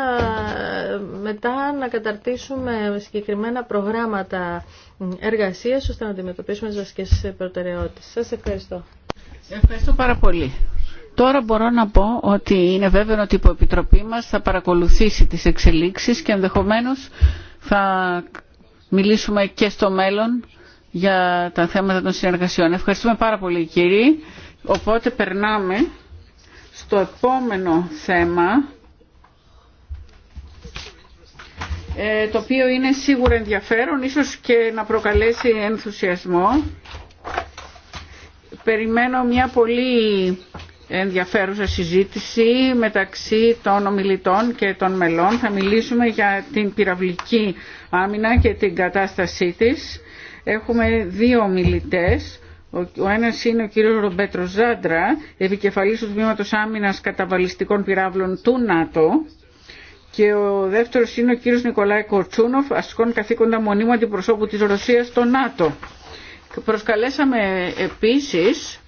D: μετά να καταρτήσουμε συγκεκριμένα προγράμματα εργασίας ώστε να αντιμετωπίσουμε τις βασικές προτεραιότητες. Σας ευχαριστώ. Ευχαριστώ πάρα πολύ.
B: Τώρα μπορώ να πω ότι είναι βέβαιο ότι η Υποεπιτροπή μας θα παρακολουθήσει τις εξελίξεις και ενδεχομένως θα μιλήσουμε και στο μέλλον για τα θέματα των συνεργασιών. Ευχαριστούμε πάρα πολύ κύριοι. Οπότε περνάμε στο επόμενο θέμα ε, το οποίο είναι σίγουρα ενδιαφέρον, ίσως και να προκαλέσει ενθουσιασμό. Περιμένω μια πολύ ενδιαφέρουσα συζήτηση μεταξύ των ομιλητών και των μελών. Θα μιλήσουμε για την πυραυλική άμυνα και την κατάστασή της. Έχουμε δύο ομιλητές. Ο ένας είναι ο κύριος Ρομπέτρο Ζάντρα, επικεφαλής του Τμήματος Άμυνας Καταβαλιστικών Πυράβλων του ΝΑΤΟ. Και ο δεύτερος είναι ο κύριος Νικολάη Κορτσούνοφ, ασκών καθήκοντα μονίμου αντιπροσώπου της Ρωσίας στο ΝΑΤΟ. Προσκαλέσαμε επίσης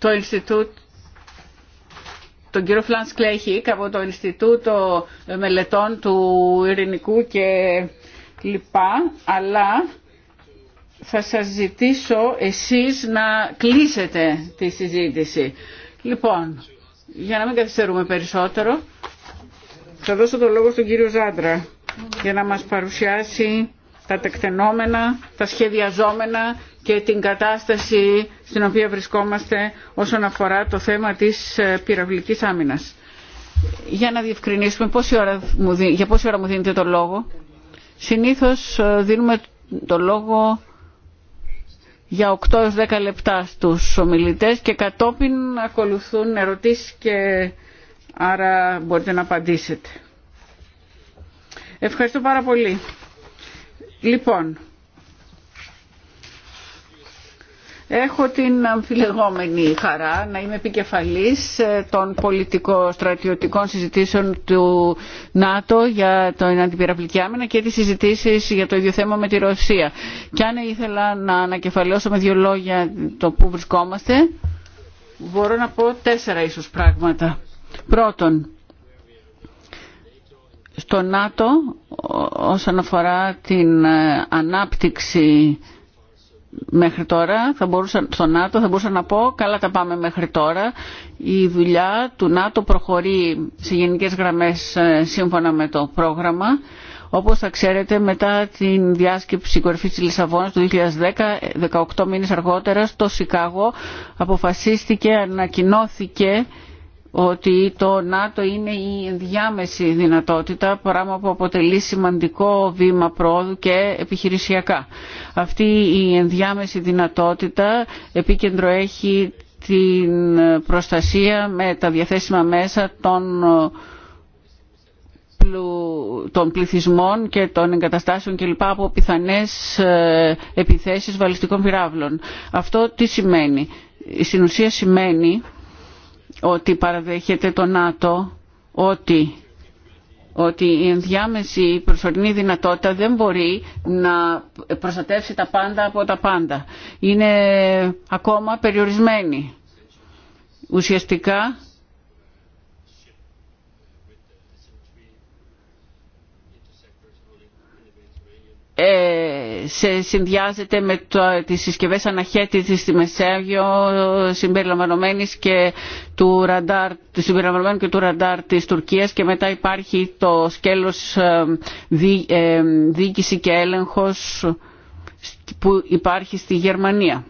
B: το Ινστιτούτο τον κύριο Φλάνς Κλέχικ από το Ινστιτούτο Μελετών του Ειρηνικού και λοιπά, αλλά θα σας ζητήσω εσείς να κλείσετε τη συζήτηση. Λοιπόν, για να μην καθυστερούμε περισσότερο, θα δώσω το λόγο στον κύριο Ζάντρα για να μας παρουσιάσει τα τεκτενόμενα, τα σχεδιαζόμενα και την κατάσταση στην οποία βρισκόμαστε όσον αφορά το θέμα της ε, πυραυλικής άμυνας. Για να διευκρινίσουμε πόση ώρα για πόση ώρα μου δίνετε το λόγο. Συνήθως ε, δίνουμε το λόγο για 8 10 λεπτά στους ομιλητές και κατόπιν ακολουθούν ερωτήσεις και άρα μπορείτε να απαντήσετε. Ευχαριστώ πάρα πολύ. Λοιπόν, Έχω την αμφιλεγόμενη χαρά να είμαι επικεφαλής ε, των πολιτικο-στρατιωτικών συζητήσεων του ΝΑΤΟ για το αντιπυραυλική άμυνα και τις συζητήσεις για το ίδιο θέμα με τη Ρωσία. Και αν ήθελα να ανακεφαλαιώσω με δύο λόγια το που βρισκόμαστε, μπορώ να πω τέσσερα ίσως πράγματα. Πρώτον, στο ΝΑΤΟ όσον αφορά την ε, ανάπτυξη μέχρι τώρα θα μπορούσα, στο ΝΑΤΟ θα μπορούσα να πω καλά τα πάμε μέχρι τώρα. Η δουλειά του ΝΑΤΟ προχωρεί σε γενικές γραμμές ε, σύμφωνα με το πρόγραμμα. Όπως θα ξέρετε μετά την διάσκεψη κορυφής της Λισαβόνας του 2010, 18 μήνες αργότερα στο Σικάγο αποφασίστηκε, ανακοινώθηκε ότι το ΝΑΤΟ είναι η ενδιάμεση δυνατότητα, πράγμα που αποτελεί σημαντικό βήμα πρόοδου και επιχειρησιακά. Αυτή η ενδιάμεση δυνατότητα επίκεντρο έχει την προστασία με τα διαθέσιμα μέσα των των πληθυσμών και των εγκαταστάσεων κλπ. από πιθανές ε, επιθέσεις βαλιστικών πυράβλων. Αυτό τι σημαίνει. Στην ουσία σημαίνει ότι παραδέχεται το ΝΑΤΟ ότι ότι η ενδιάμεση προσωρινή δυνατότητα δεν μπορεί να προστατεύσει τα πάντα από τα πάντα. Είναι ακόμα περιορισμένη. Ουσιαστικά Ε, σε συνδυάζεται με το, τις συσκευές αναχέτησης στη Μεσέγειο συμπεριλαμβανομένης και του ραντάρ, συμπεριλαμβανομένου και του ραντάρ της Τουρκίας και μετά υπάρχει το σκέλος ε, δι, ε, και έλεγχος που υπάρχει στη Γερμανία.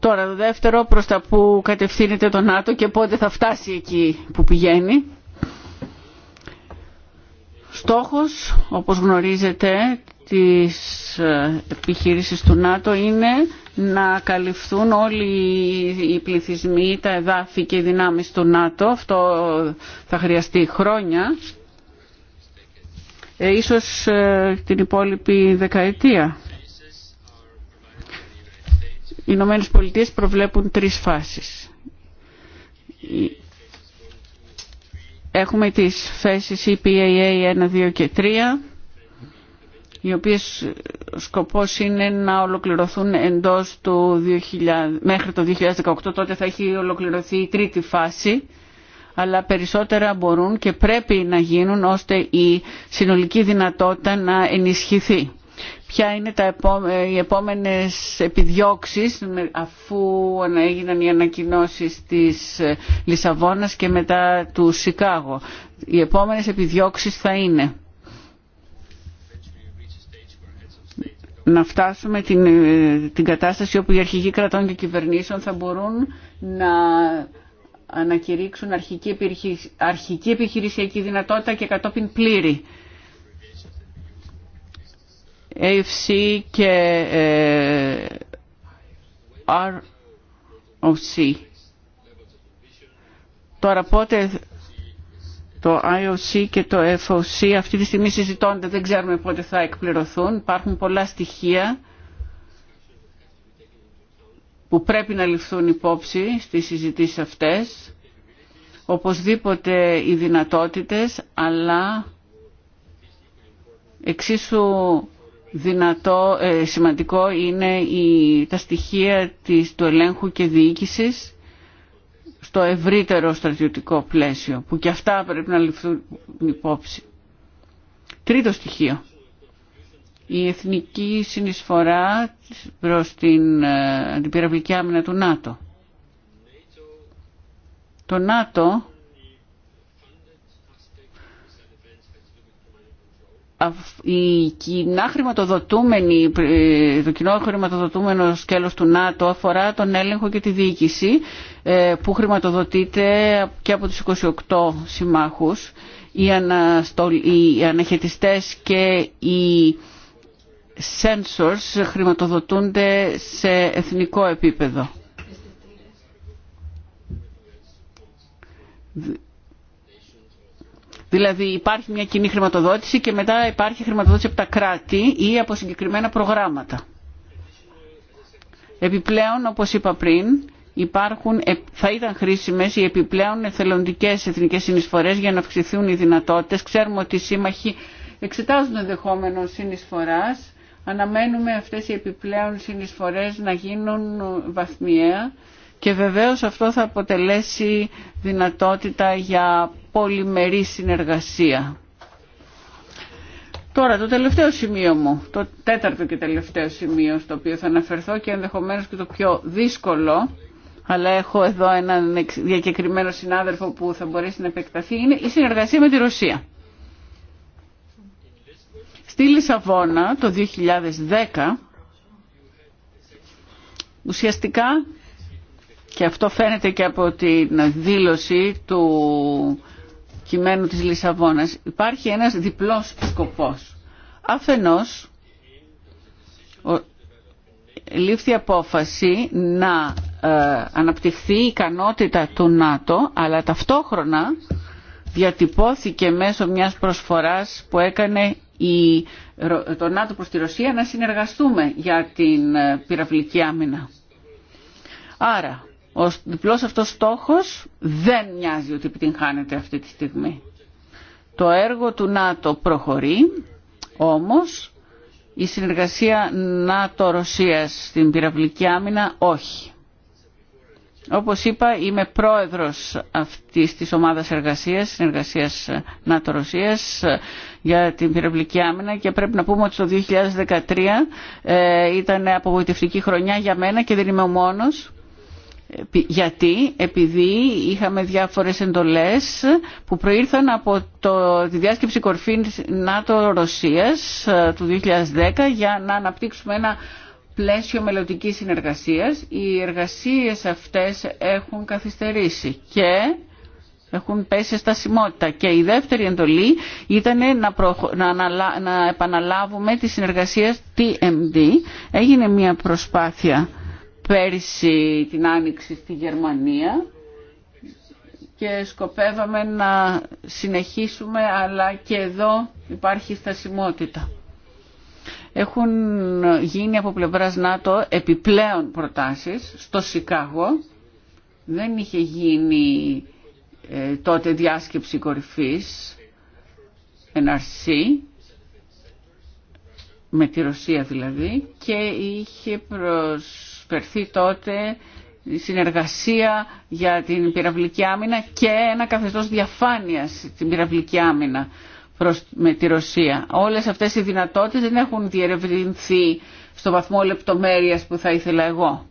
B: Τώρα το δεύτερο προς τα που κατευθύνεται το ΝΑΤΟ και πότε θα φτάσει εκεί που πηγαίνει στόχος, όπως γνωρίζετε, της ε, επιχείρησης του ΝΑΤΟ είναι να καλυφθούν όλοι οι πληθυσμοί, τα εδάφη και οι δυνάμεις του ΝΑΤΟ. Αυτό θα χρειαστεί χρόνια, ε, ίσως ε, την υπόλοιπη δεκαετία. Οι Ηνωμένες Πολιτείες προβλέπουν τρεις φάσεις. Έχουμε τις θέσεις EPAA 1, 2 και 3, οι οποίες σκοπός είναι να ολοκληρωθούν εντός του 2000, μέχρι το 2018, τότε θα έχει ολοκληρωθεί η τρίτη φάση, αλλά περισσότερα μπορούν και πρέπει να γίνουν ώστε η συνολική δυνατότητα να ενισχυθεί ποια είναι τα ε, οι επόμενες επιδιώξεις αφού έγιναν οι ανακοινώσεις της ε, Λισαβόνας και μετά του Σικάγο. Οι επόμενες επιδιώξεις θα είναι να φτάσουμε την, ε, την κατάσταση όπου οι αρχηγοί κρατών και κυβερνήσεων θα μπορούν να ανακηρύξουν αρχική, επιχειρησιακή δυνατότητα και κατόπιν πλήρη. AFC και ε, ROC. Τώρα πότε το IOC και το FOC αυτή τη στιγμή συζητώνται, δεν ξέρουμε πότε θα εκπληρωθούν. Υπάρχουν πολλά στοιχεία που πρέπει να ληφθούν υπόψη στις συζητήσεις αυτές. Οπωσδήποτε οι δυνατότητες, αλλά εξίσου δυνατό, ε, σημαντικό είναι η, τα στοιχεία της, του ελέγχου και διοίκησης στο ευρύτερο στρατιωτικό πλαίσιο, που και αυτά πρέπει να ληφθούν υπόψη. Τρίτο στοιχείο. Η εθνική συνεισφορά προς την ε, αντιπυραυλική άμυνα του ΝΑΤΟ. Το ΝΑΤΟ η κοινά χρηματοδοτούμενη, ε, το κοινό χρηματοδοτούμενο σκέλος του ΝΑΤΟ αφορά τον έλεγχο και τη διοίκηση ε, που χρηματοδοτείται και από τους 28 συμμάχους. Οι, αναστολ, οι αναχαιτιστές και οι sensors χρηματοδοτούνται σε εθνικό επίπεδο. Δηλαδή υπάρχει μια κοινή χρηματοδότηση και μετά υπάρχει χρηματοδότηση από τα κράτη ή από συγκεκριμένα προγράμματα. Επιπλέον, όπως είπα πριν, υπάρχουν, θα ήταν χρήσιμες οι επιπλέον εθελοντικές εθνικές συνεισφορές για να αυξηθούν οι δυνατότητες. Ξέρουμε ότι οι σύμμαχοι εξετάζουν ενδεχόμενο συνεισφοράς. Αναμένουμε αυτές οι επιπλέον συνεισφορές να γίνουν βαθμιαία και βεβαίως αυτό θα αποτελέσει δυνατότητα για πολυμερή συνεργασία. Τώρα το τελευταίο σημείο μου, το τέταρτο και τελευταίο σημείο στο οποίο θα αναφερθώ και ενδεχομένως και το πιο δύσκολο, αλλά έχω εδώ έναν διακεκριμένο συνάδελφο που θα μπορέσει να επεκταθεί, είναι η συνεργασία με τη Ρωσία. Στη Λισαβόνα το 2010 ουσιαστικά και αυτό φαίνεται και από την δήλωση του κειμένου της Λισαβόνας. Υπάρχει ένας διπλός σκοπός. Αφενός, λήφθη απόφαση να ε, αναπτυχθεί η ικανότητα του ΝΑΤΟ, αλλά ταυτόχρονα διατυπώθηκε μέσω μιας προσφοράς που έκανε η, το ΝΑΤΟ προς τη Ρωσία να συνεργαστούμε για την ε, πυραυλική άμυνα. Άρα, ο διπλός αυτός στόχος δεν μοιάζει ότι επιτυγχάνεται αυτή τη στιγμή. Το έργο του ΝΑΤΟ προχωρεί, όμως η συνεργασία ΝΑΤΟ-Ρωσίας στην πυραυλική άμυνα όχι. Όπως είπα είμαι πρόεδρος αυτής της ομάδας εργασίας, συνεργασίας ΝΑΤΟ-Ρωσίας ε, για την πυραυλική άμυνα και πρέπει να πούμε ότι το 2013 ε, ήταν απογοητευτική χρονιά για μένα και δεν είμαι ο μόνος γιατί, επειδή είχαμε διάφορες εντολές που προήρθαν από το, τη διασκεψη κορφή κορφής ΝΑΤΟ-Ρωσίας ε, του 2010 για να αναπτύξουμε ένα πλαίσιο μελλοντική συνεργασίας. Οι εργασίες αυτές έχουν καθυστερήσει και έχουν πέσει στα στασιμότητα. Και η δεύτερη εντολή ήταν να, να, να επαναλάβουμε τη συνεργασία TMD. Έγινε μια προσπάθεια πέρυσι την Άνοιξη στη Γερμανία και σκοπεύαμε να συνεχίσουμε αλλά και εδώ υπάρχει στασιμότητα. Έχουν γίνει από πλευράς ΝΑΤΟ επιπλέον προτάσεις στο Σικάγο. Δεν είχε γίνει ε, τότε διάσκεψη κορυφής NRC με τη Ρωσία δηλαδή και είχε προς προσφερθεί τότε συνεργασία για την πυραυλική άμυνα και ένα καθεστώς διαφάνειας στην πυραυλική άμυνα προς, με τη Ρωσία. Όλες αυτές οι δυνατότητες δεν έχουν διερευνηθεί στο βαθμό λεπτομέρειας που θα ήθελα εγώ.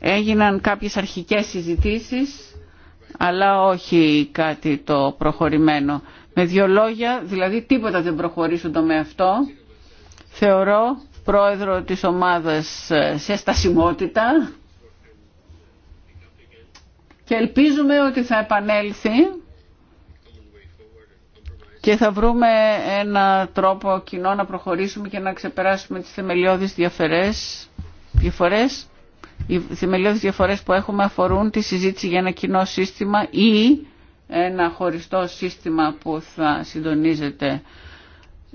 B: Έγιναν κάποιες αρχικές συζητήσεις, αλλά όχι κάτι το προχωρημένο. Με δύο λόγια, δηλαδή τίποτα δεν προχωρήσουν το με αυτό. Θεωρώ πρόεδρο της ομάδας ε, σε στασιμότητα και ελπίζουμε ότι θα επανέλθει και θα βρούμε ένα τρόπο κοινό να προχωρήσουμε και να ξεπεράσουμε τις θεμελιώδεις διαφορές. διαφορές. Οι θεμελιώδεις διαφορές που έχουμε αφορούν τη συζήτηση για ένα κοινό σύστημα ή ένα χωριστό σύστημα που θα συντονίζεται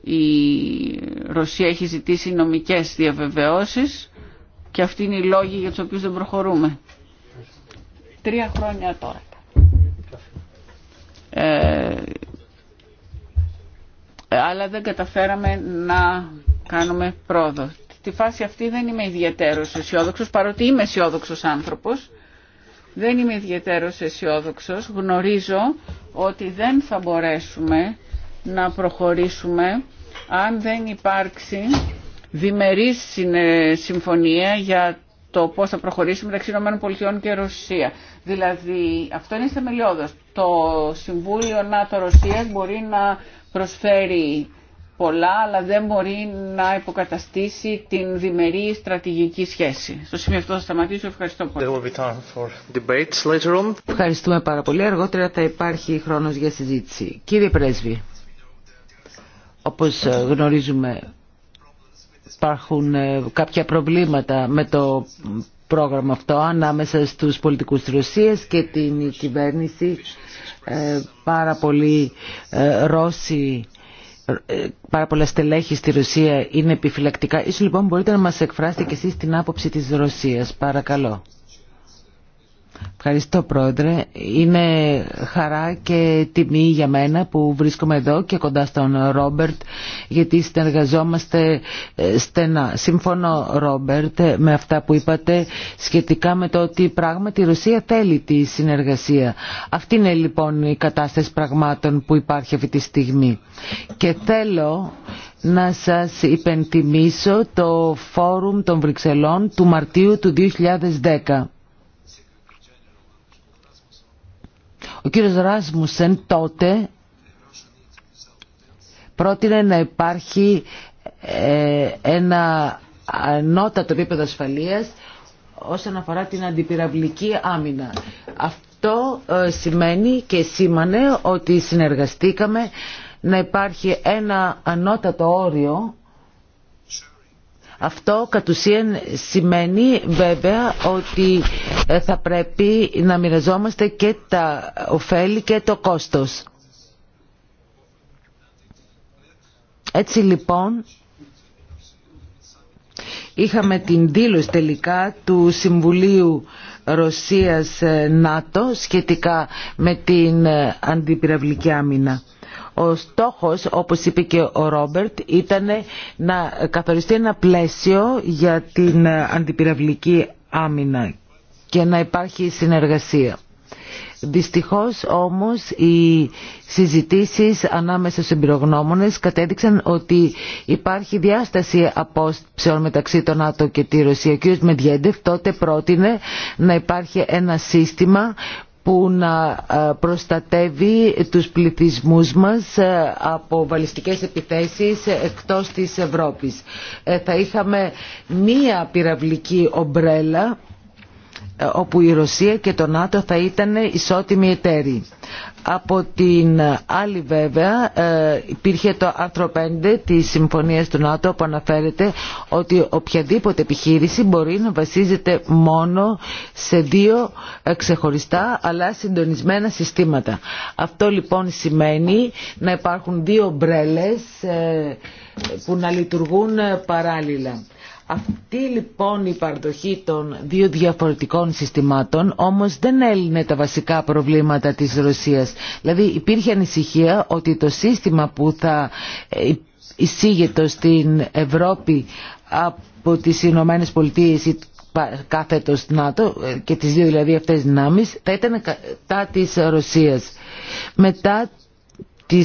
B: η Ρωσία έχει ζητήσει νομικές διαβεβαιώσεις και αυτοί είναι οι λόγοι για τους οποίους δεν προχωρούμε. Τρία χρόνια τώρα. Ε, αλλά δεν καταφέραμε να κάνουμε πρόοδο. Τη φάση αυτή δεν είμαι ιδιαίτερο αισιόδοξο, παρότι είμαι αισιόδοξο άνθρωπος. Δεν είμαι ιδιαίτερο αισιόδοξο. Γνωρίζω ότι δεν θα μπορέσουμε να προχωρήσουμε αν δεν υπάρξει διμερής συμφωνία για το πώς θα προχωρήσει μεταξύ ΗΠΑ και Ρωσία. Δηλαδή, αυτό είναι θεμελιώδος. Το Συμβούλιο ΝΑΤΟ-Ρωσίας μπορεί να προσφέρει πολλά, αλλά δεν μπορεί να υποκαταστήσει την διμερή στρατηγική σχέση. Στο σημείο αυτό θα σταματήσω. Ευχαριστώ πολύ.
C: Ευχαριστούμε πάρα πολύ. Αργότερα θα υπάρχει χρόνος για συζήτηση. Κύριε Πρέσβη. Όπως ε, γνωρίζουμε υπάρχουν ε, κάποια προβλήματα με το πρόγραμμα αυτό ανάμεσα στους πολιτικούς της Ρωσίας και την κυβέρνηση. Ε, πάρα πολλοί Ρώσοι πάρα πολλά στελέχη στη Ρωσία είναι επιφυλακτικά. Ίσως λοιπόν μπορείτε να μας εκφράσετε και εσείς την άποψη της Ρωσίας. Παρακαλώ. Ευχαριστώ Πρόεδρε. Είναι χαρά και τιμή για μένα που βρίσκομαι εδώ και κοντά στον Ρόμπερτ γιατί συνεργαζόμαστε ε, στενά. Συμφωνώ Ρόμπερτ με αυτά που είπατε σχετικά με το ότι πράγματι η Ρωσία θέλει τη συνεργασία. Αυτή είναι λοιπόν η κατάσταση πραγμάτων που υπάρχει αυτή τη στιγμή. Και θέλω να σας υπενθυμίσω το Φόρουμ των Βρυξελών του Μαρτίου του 2010 Ο κύριος Ράσμουσεν τότε πρότεινε να υπάρχει ε, ένα ανώτατο επίπεδο ασφαλείας όσον αφορά την αντιπυραυλική άμυνα. Αυτό ε, σημαίνει και σήμανε ότι συνεργαστήκαμε να υπάρχει ένα ανώτατο όριο αυτό κατ' ουσίαν σημαίνει βέβαια ότι ε, θα πρέπει να μοιραζόμαστε και τα ωφέλη και το κόστος. Έτσι λοιπόν είχαμε την δήλωση τελικά του Συμβουλίου Ρωσίας-ΝΑΤΟ σχετικά με την ε, αντιπυραυλική άμυνα. Ο στόχος, όπως είπε και ο Ρόμπερτ, ήταν να καθοριστεί ένα πλαίσιο για την αντιπυραυλική άμυνα και να υπάρχει συνεργασία. Δυστυχώς όμως οι συζητήσεις ανάμεσα στους εμπειρογνώμονες κατέδειξαν ότι υπάρχει διάσταση απόψεων μεταξύ των ΝΑΤΟ και τη Ρωσία. Ο κ. Μεδιέντεφ τότε πρότεινε να υπάρχει ένα σύστημα που να ε, προστατεύει τους πληθυσμούς μας ε, από βαλιστικές επιθέσεις εκτός της Ευρώπης. Ε, θα είχαμε μία πυραυλική ομπρέλα όπου η Ρωσία και το ΝΑΤΟ θα ήταν ισότιμοι εταίροι. Από την άλλη βέβαια ε, υπήρχε το άρθρο 5 της Συμφωνίας του ΝΑΤΟ που αναφέρεται ότι οποιαδήποτε επιχείρηση μπορεί να βασίζεται μόνο σε δύο ε, ξεχωριστά αλλά συντονισμένα συστήματα. Αυτό λοιπόν σημαίνει να υπάρχουν δύο μπρέλες ε, που να λειτουργούν παράλληλα. Αυτή λοιπόν η παραδοχή των δύο διαφορετικών συστημάτων όμως δεν έλυνε τα βασικά προβλήματα της Ρωσίας. Δηλαδή υπήρχε ανησυχία ότι το σύστημα που θα ε, εισήγεται στην Ευρώπη από τις Ηνωμένε Πολιτείες ή κάθετος ΝΑΤΟ ε, και τις δύο δηλαδή αυτές δυνάμεις θα ήταν κατά της Ρωσίας. Μετά Τη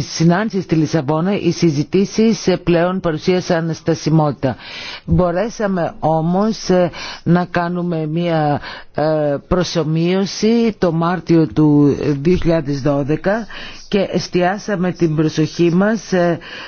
C: συνάντηση στη Λισαβόνα οι συζητήσεις ε, πλέον παρουσίασαν στασιμότητα. Μπορέσαμε όμως ε, να κάνουμε μια ε, προσωμείωση το Μάρτιο του 2012 και εστιάσαμε την προσοχή μας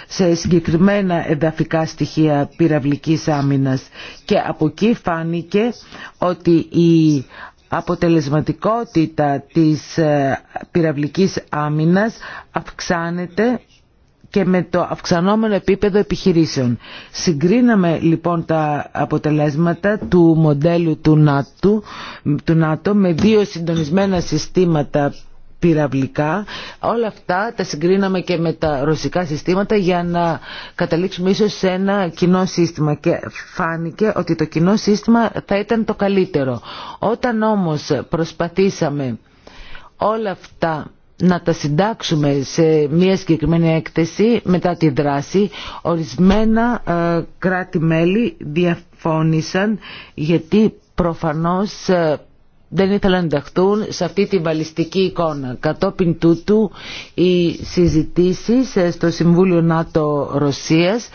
C: σε συγκεκριμένα εδαφικά στοιχεία πυραυλικής άμυνας και από εκεί φάνηκε ότι η αποτελεσματικότητα της ε, πυραυλικής άμυνας αυξάνεται και με το αυξανόμενο επίπεδο επιχειρήσεων. Συγκρίναμε λοιπόν τα αποτελέσματα του μοντέλου του του ΝΑΤΟ με δύο συντονισμένα συστήματα πυραυλικά. Όλα αυτά τα συγκρίναμε και με τα ρωσικά συστήματα για να καταλήξουμε ίσως σε ένα κοινό σύστημα και φάνηκε ότι το κοινό σύστημα θα ήταν το καλύτερο. Όταν όμως προσπαθήσαμε όλα αυτά να τα συντάξουμε σε μια συγκεκριμένη έκθεση μετά τη δράση. Ορισμένα ε, κράτη-μέλη διαφώνησαν γιατί προφανώς ε, δεν ήθελαν να ενταχθούν σε αυτή τη βαλιστική εικόνα. Κατόπιν τούτου οι συζητήσεις ε, στο Συμβούλιο ΝΑΤΟ Ρωσίας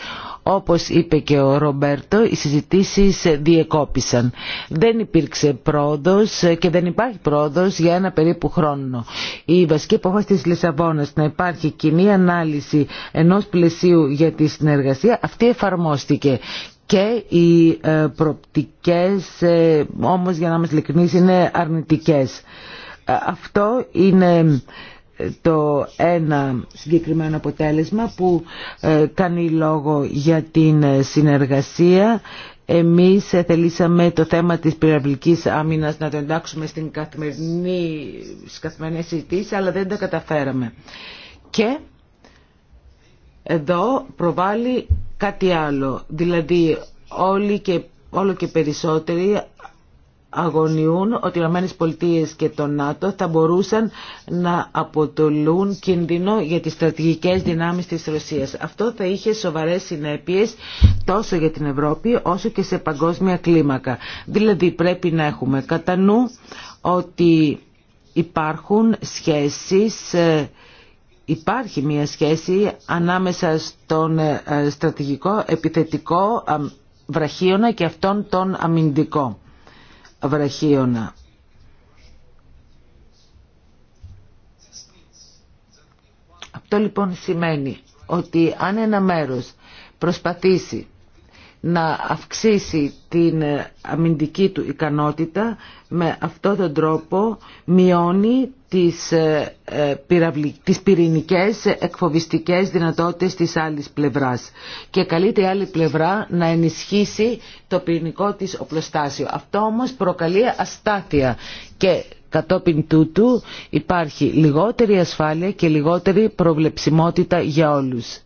C: όπως είπε και ο Ρομπέρτο, οι συζητήσεις ε, διεκόπησαν. Δεν υπήρξε πρόοδος ε, και δεν υπάρχει πρόοδος για ένα περίπου χρόνο. Η βασική απόφαση της Λισαβόνας να υπάρχει κοινή ανάλυση ενός πλαισίου για τη συνεργασία, αυτή εφαρμόστηκε και οι ε, προπτικές ε, όμως για να μας ειλικρινείς είναι αρνητικές. Ε, αυτό είναι το ένα συγκεκριμένο αποτέλεσμα που κάνει λόγο για την συνεργασία. Εμείς θελήσαμε το θέμα της πυραυλικής άμυνας να το εντάξουμε στην καθημερινή, στις καθημερινές συζητήσεις, αλλά δεν τα καταφέραμε. Και εδώ προβάλλει κάτι άλλο. Δηλαδή όλοι και, όλο και περισσότεροι αγωνιούν ότι οι Ηνωμένες Πολιτείες και το ΝΑΤΟ θα μπορούσαν να αποτελούν κίνδυνο για τις στρατηγικές δυνάμεις της Ρωσίας. Αυτό θα είχε σοβαρές συνέπειες τόσο για την Ευρώπη όσο και σε παγκόσμια κλίμακα. Δηλαδή πρέπει να έχουμε κατά νου ότι υπάρχουν σχέσεις ε, υπάρχει μια σχέση ανάμεσα στον ε, στρατηγικό επιθετικό βραχίωνα και αυτόν τον αμυντικό βραχίωνα. Αυτό λοιπόν σημαίνει ότι αν ένα μέρος προσπαθήσει να αυξήσει την αμυντική του ικανότητα με αυτόν τον τρόπο μειώνει τις, ε, ε, πυραυλι... τις πυρηνικές εκφοβιστικές δυνατότητες της άλλης πλευράς και καλείται η άλλη πλευρά να ενισχύσει το πυρηνικό της οπλοστάσιο. Αυτό όμως προκαλεί αστάθεια και κατόπιν τούτου υπάρχει λιγότερη ασφάλεια και λιγότερη προβλεψιμότητα για όλους.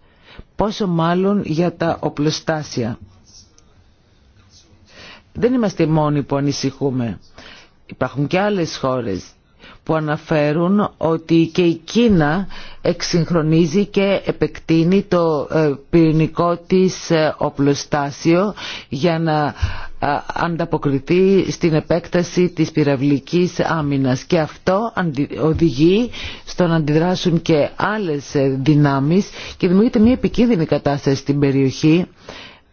C: Πόσο μάλλον για τα οπλοστάσια. Δεν είμαστε οι μόνοι που ανησυχούμε. Υπάρχουν και άλλες χώρες που αναφέρουν ότι και η Κίνα εξυγχρονίζει και επεκτείνει το ε, πυρηνικό της ε, οπλοστάσιο για να ε, ανταποκριθεί στην επέκταση της πυραυλικής άμυνας και αυτό οδηγεί στο να αντιδράσουν και άλλες δυνάμεις και δημιουργείται μια επικίνδυνη κατάσταση στην περιοχή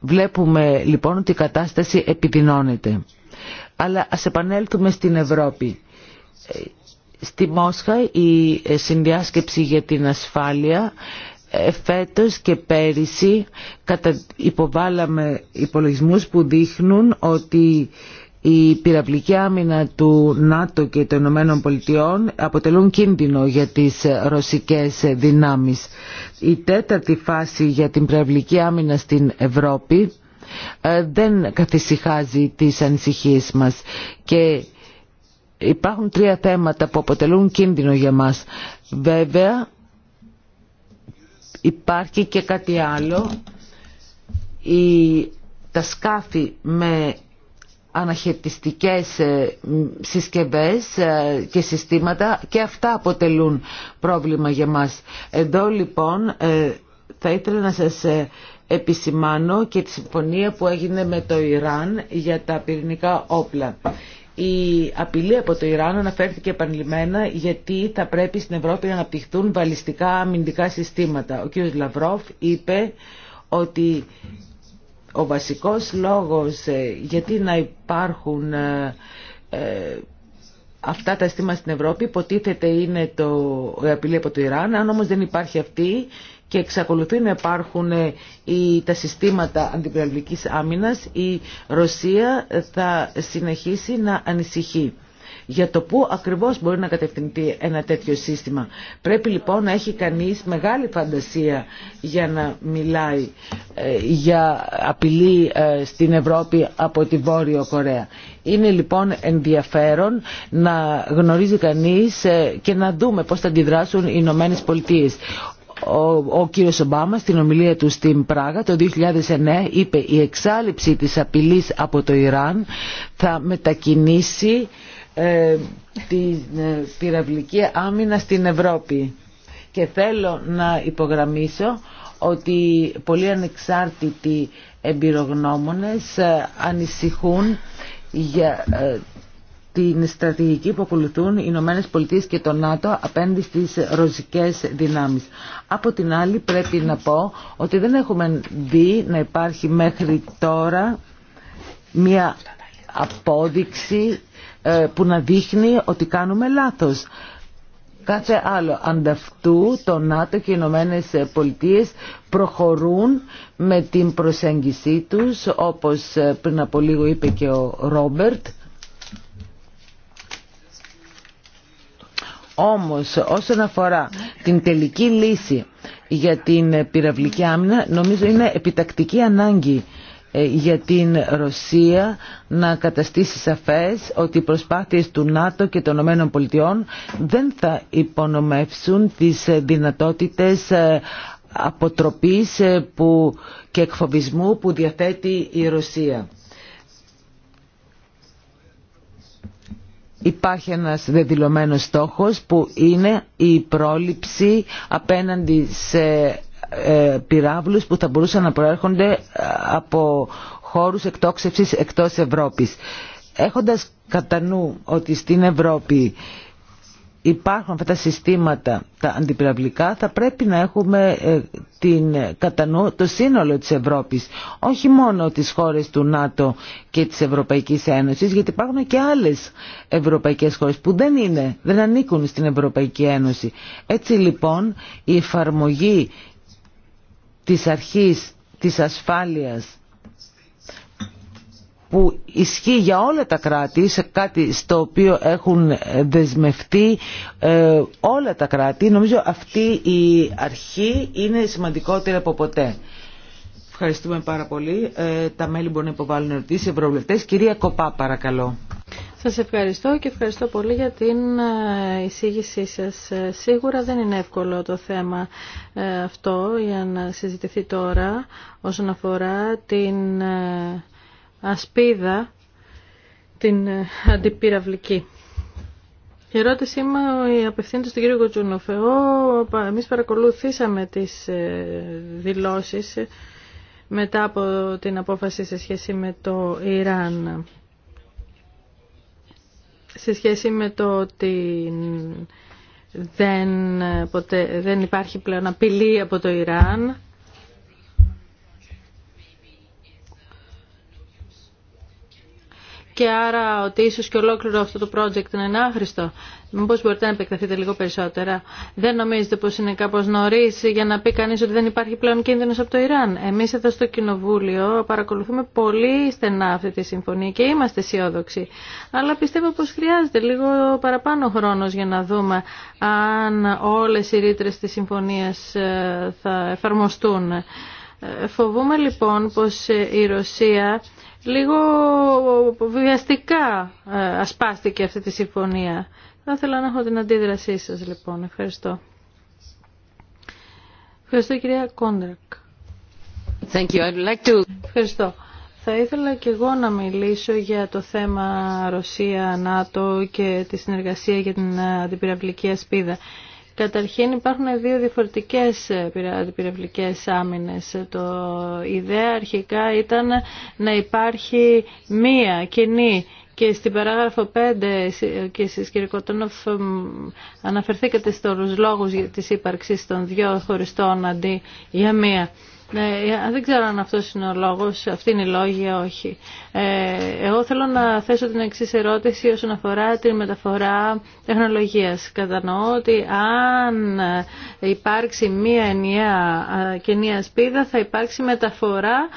C: Βλέπουμε λοιπόν ότι η κατάσταση επιδεινώνεται. Αλλά ας επανέλθουμε στην Ευρώπη. Στη Μόσχα η συνδιάσκεψη για την ασφάλεια ε, φέτος και πέρυσι υποβάλαμε υπολογισμούς που δείχνουν ότι η πυραυλική άμυνα του ΝΑΤΟ και των ΗΠΑ αποτελούν κίνδυνο για τις ρωσικές δυνάμεις. Η τέταρτη φάση για την πυραυλική άμυνα στην Ευρώπη ε, δεν καθησυχάζει τις ανησυχίες μας και υπάρχουν τρία θέματα που αποτελούν κίνδυνο για μας. Βέβαια υπάρχει και κάτι άλλο. Η, τα σκάφη με αναχαιτιστικές ε, συσκευές ε, και συστήματα και αυτά αποτελούν πρόβλημα για μας. Εδώ λοιπόν ε, θα ήθελα να σας επισημάνω και τη συμφωνία που έγινε με το Ιράν για τα πυρηνικά όπλα. Η απειλή από το Ιράν αναφέρθηκε επανειλημμένα γιατί θα πρέπει στην Ευρώπη να αναπτυχθούν βαλιστικά αμυντικά συστήματα. Ο κ. Λαυρόφ είπε ότι ο βασικός λόγος ε, γιατί να υπάρχουν ε, ε, αυτά τα αισθήματα στην Ευρώπη υποτίθεται είναι το, η απειλή από το Ιράν. Αν όμως δεν υπάρχει αυτή και εξακολουθεί να υπάρχουν τα συστήματα αντιπυραυλικής άμυνας, η Ρωσία θα συνεχίσει να ανησυχεί για το πού ακριβώς μπορεί να κατευθυνθεί ένα τέτοιο σύστημα. Πρέπει λοιπόν να έχει κανείς μεγάλη φαντασία για να μιλάει ε, για απειλή ε, στην Ευρώπη από τη Βόρειο Κορέα. Είναι λοιπόν ενδιαφέρον να γνωρίζει κανείς ε, και να δούμε πώς θα αντιδράσουν οι Ηνωμένε Πολιτείε. Ο, ο κύριος Ομπάμα στην ομιλία του στην Πράγα το 2009 είπε η εξάλληψη της απειλής από το Ιράν θα μετακινήσει ε, την ε, πυραυλική άμυνα στην Ευρώπη. Και θέλω να υπογραμμίσω ότι πολλοί ανεξάρτητοι εμπειρογνώμονες ε, ανησυχούν για την στρατηγική που ακολουθούν οι Ηνωμένε Πολιτείε και το ΝΑΤΟ απέναντι στις ρωσικέ δυνάμεις. Από την άλλη πρέπει να πω ότι δεν έχουμε δει να υπάρχει μέχρι τώρα μια απόδειξη ε, που να δείχνει ότι κάνουμε λάθος. Κάτσε άλλο. Ανταυτού το ΝΑΤΟ και οι Ηνωμένε Πολιτείε προχωρούν με την προσέγγιση τους, όπως ε, πριν από λίγο είπε και ο Ρόμπερτ. Όμως όσον αφορά την τελική λύση για την πυραυλική άμυνα, νομίζω είναι επιτακτική ανάγκη ε, για την Ρωσία να καταστήσει σαφές ότι οι προσπάθειες του ΝΑΤΟ και των ΗΠΑ δεν θα υπονομεύσουν τις δυνατότητες ε, αποτροπής ε, που, και εκφοβισμού που διαθέτει η Ρωσία. Υπάρχει ένας δεδηλωμένος στόχος που είναι η πρόληψη απέναντι σε ε, πυράβλους που θα μπορούσαν να προέρχονται ε, από χώρους εκτόξευσης εκτός Ευρώπης. Έχοντας κατά νου ότι στην Ευρώπη υπάρχουν αυτά τα συστήματα τα αντιπυραυλικά θα πρέπει να έχουμε ε, την, κατά νου το σύνολο της Ευρώπης όχι μόνο τις χώρες του ΝΑΤΟ και της Ευρωπαϊκής Ένωσης γιατί υπάρχουν και άλλες ευρωπαϊκές χώρες που δεν είναι, δεν ανήκουν στην Ευρωπαϊκή Ένωση έτσι λοιπόν η εφαρμογή της αρχής της ασφάλειας που ισχύει για όλα τα κράτη, σε κάτι στο οποίο έχουν δεσμευτεί ε, όλα τα κράτη. Νομίζω αυτή η αρχή είναι σημαντικότερη από ποτέ. Ευχαριστούμε πάρα πολύ. Ε, τα μέλη μπορούν να υποβάλουν ερωτήσεις, ευρωβουλευτές. Κυρία Κοπά, παρακαλώ.
D: Σας ευχαριστώ και ευχαριστώ πολύ για την ε, εισήγησή σας. Ε, σίγουρα δεν είναι εύκολο το θέμα ε, αυτό για να συζητηθεί τώρα όσον αφορά την ασπίδα, την αντιπυραυλική. Η ερώτησή μου απευθύνεται στον κύριο Κοτσούνοφ. Εμείς παρακολουθήσαμε τις δηλώσεις μετά από την απόφαση σε σχέση με το Ιράν σε σχέση με το ότι δεν, ποτέ, δεν υπάρχει πλέον απειλή από το Ιράν και άρα ότι ίσως και ολόκληρο αυτό το project είναι άχρηστο. Μήπως μπορείτε να επεκταθείτε λίγο περισσότερα. Δεν νομίζετε πως είναι κάπως νωρίς για να πει κανείς ότι δεν υπάρχει πλέον κίνδυνος από το Ιράν. Εμείς εδώ στο Κοινοβούλιο παρακολουθούμε πολύ στενά αυτή τη συμφωνία και είμαστε αισιόδοξοι. Αλλά πιστεύω πως χρειάζεται λίγο παραπάνω χρόνος για να δούμε αν όλες οι ρήτρες της συμφωνίας ε, θα εφαρμοστούν. Ε, φοβούμε λοιπόν πως η Ρωσία λίγο βιαστικά ε, ασπάστηκε αυτή τη συμφωνία. Θα ήθελα να έχω την αντίδρασή σας λοιπόν. Ευχαριστώ. Ευχαριστώ κυρία Κόντρακ. Thank you. I'd like to... Ευχαριστώ. Θα ήθελα και εγώ να μιλήσω για το θέμα Ρωσία-ΝΑΤΟ και τη συνεργασία για την ε, αντιπυραυλική ασπίδα. Καταρχήν υπάρχουν δύο διαφορετικές ε, αντιπυρευλικές άμυνες. Το ιδέα αρχικά ήταν να υπάρχει μία κοινή και στην παράγραφο 5 και εσείς κύριε Κοτώνοφ αναφερθήκατε στους λόγους της ύπαρξης των δύο χωριστών αντί για μία. Ναι, ε, δεν ξέρω αν αυτό είναι ο λόγος, αυτή είναι η λόγια, όχι. Ε, εγώ θέλω να θέσω την εξής ερώτηση όσον αφορά τη μεταφορά τεχνολογίας. Κατανοώ ότι αν υπάρξει μία ενιαία κοινή σπίδα θα υπάρξει μεταφορά